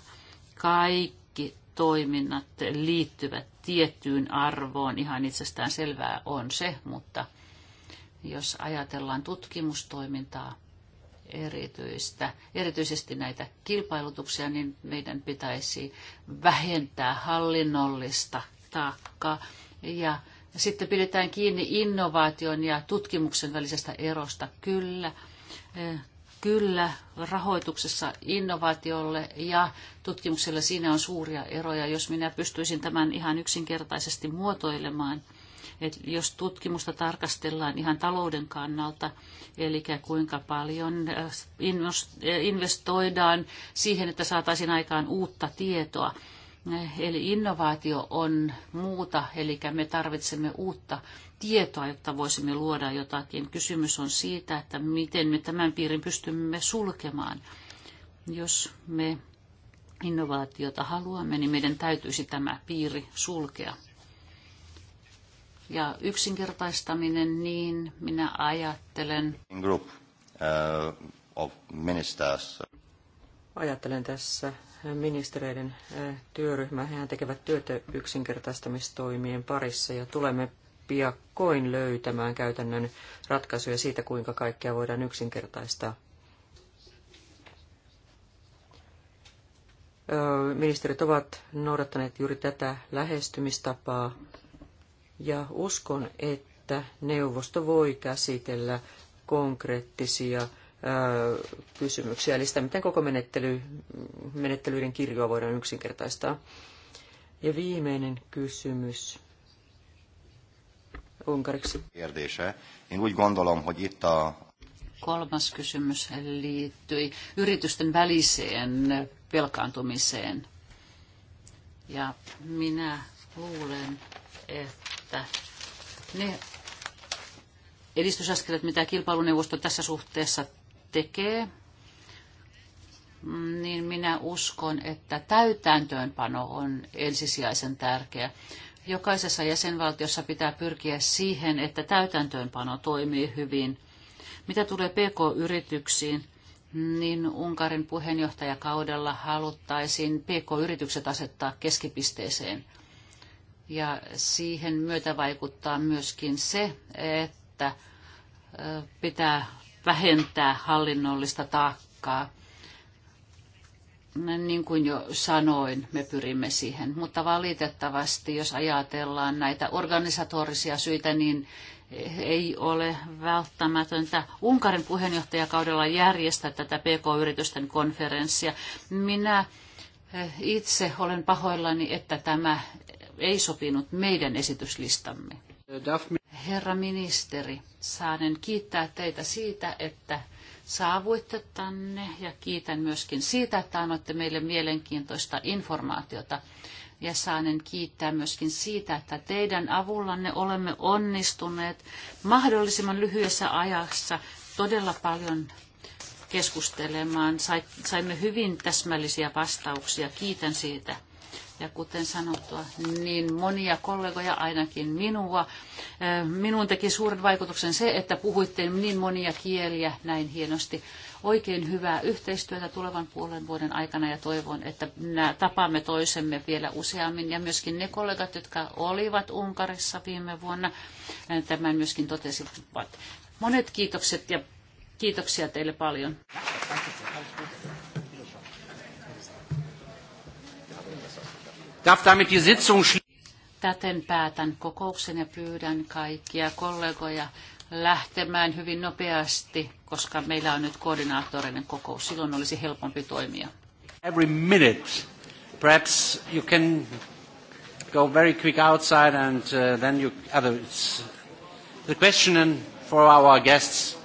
Kaikki toiminnat liittyvät tiettyyn arvoon. Ihan itsestään selvää on se, mutta jos ajatellaan tutkimustoimintaa, erityistä, erityisesti näitä kilpailutuksia, niin meidän pitäisi vähentää hallinnollista taakkaa ja sitten pidetään kiinni innovaation ja tutkimuksen välisestä erosta. Kyllä, eh, kyllä rahoituksessa innovaatiolle ja tutkimukselle siinä on suuria eroja. Jos minä pystyisin tämän ihan yksinkertaisesti muotoilemaan, että jos tutkimusta tarkastellaan ihan talouden kannalta, eli kuinka paljon äh, äh, investoidaan siihen, että saataisiin aikaan uutta tietoa, äh, Eli innovaatio on muuta, eli me tarvitsemme uutta tietoa, jotta voisimme luoda jotakin. Kysymys on siitä, että miten me tämän piirin pystymme sulkemaan. Jos me innovaatiota haluamme, niin meidän täytyisi tämä piiri sulkea ja yksinkertaistaminen, niin minä ajattelen... Group, uh, of ministers. Ajattelen tässä ministereiden uh, työryhmää. Hehän tekevät työtä yksinkertaistamistoimien parissa ja tulemme piakkoin löytämään käytännön ratkaisuja siitä, kuinka kaikkea voidaan yksinkertaistaa. Uh, ministerit ovat noudattaneet juuri tätä lähestymistapaa ja uskon, että neuvosto voi käsitellä konkreettisia kysymyksiä, eli sitä, miten koko menettely, menettelyiden kirjoa voidaan yksinkertaistaa. Ja viimeinen kysymys unkariksi. Kérdése. úgy gondolom, hogy itt a... Kolmas kysymys liittyi yritysten väliseen velkaantumiseen. Ja minä luulen, että että ne edistysaskeleet, mitä kilpailuneuvosto tässä suhteessa tekee, niin minä uskon, että täytäntöönpano on ensisijaisen tärkeä. Jokaisessa jäsenvaltiossa pitää pyrkiä siihen, että täytäntöönpano toimii hyvin. Mitä tulee PK-yrityksiin, niin Unkarin puheenjohtajakaudella haluttaisiin PK-yritykset asettaa keskipisteeseen. Ja siihen myötä vaikuttaa myöskin se, että pitää vähentää hallinnollista taakkaa. Niin kuin jo sanoin, me pyrimme siihen. Mutta valitettavasti, jos ajatellaan näitä organisatorisia syitä, niin ei ole välttämätöntä Unkarin puheenjohtajakaudella järjestää tätä PK-yritysten konferenssia. Minä itse olen pahoillani, että tämä ei sopinut meidän esityslistamme. Herra ministeri, saanen kiittää teitä siitä, että saavuitte tänne ja kiitän myöskin siitä, että annoitte meille mielenkiintoista informaatiota. Ja saanen kiittää myöskin siitä, että teidän avullanne olemme onnistuneet mahdollisimman lyhyessä ajassa todella paljon keskustelemaan. Saimme hyvin täsmällisiä vastauksia. Kiitän siitä. Ja kuten sanottua, niin monia kollegoja, ainakin minua, eh, minun teki suuren vaikutuksen se, että puhuitte niin monia kieliä näin hienosti. Oikein hyvää yhteistyötä tulevan puolen vuoden aikana ja toivon, että tapaamme toisemme vielä useammin. Ja myöskin ne kollegat, jotka olivat Unkarissa viime vuonna, eh, tämän myöskin totesivat. Monet kiitokset ja kiitoksia teille paljon. darf damit die Sitzung Täten päätän kokouksen ja pyydän kaikkia kollegoja lähtemään hyvin nopeasti, koska meillä on nyt koordinaattoreiden kokous. Silloin olisi helpompi toimia. Every minute, perhaps you can go very quick outside and uh, then you... Other, uh, the question for our guests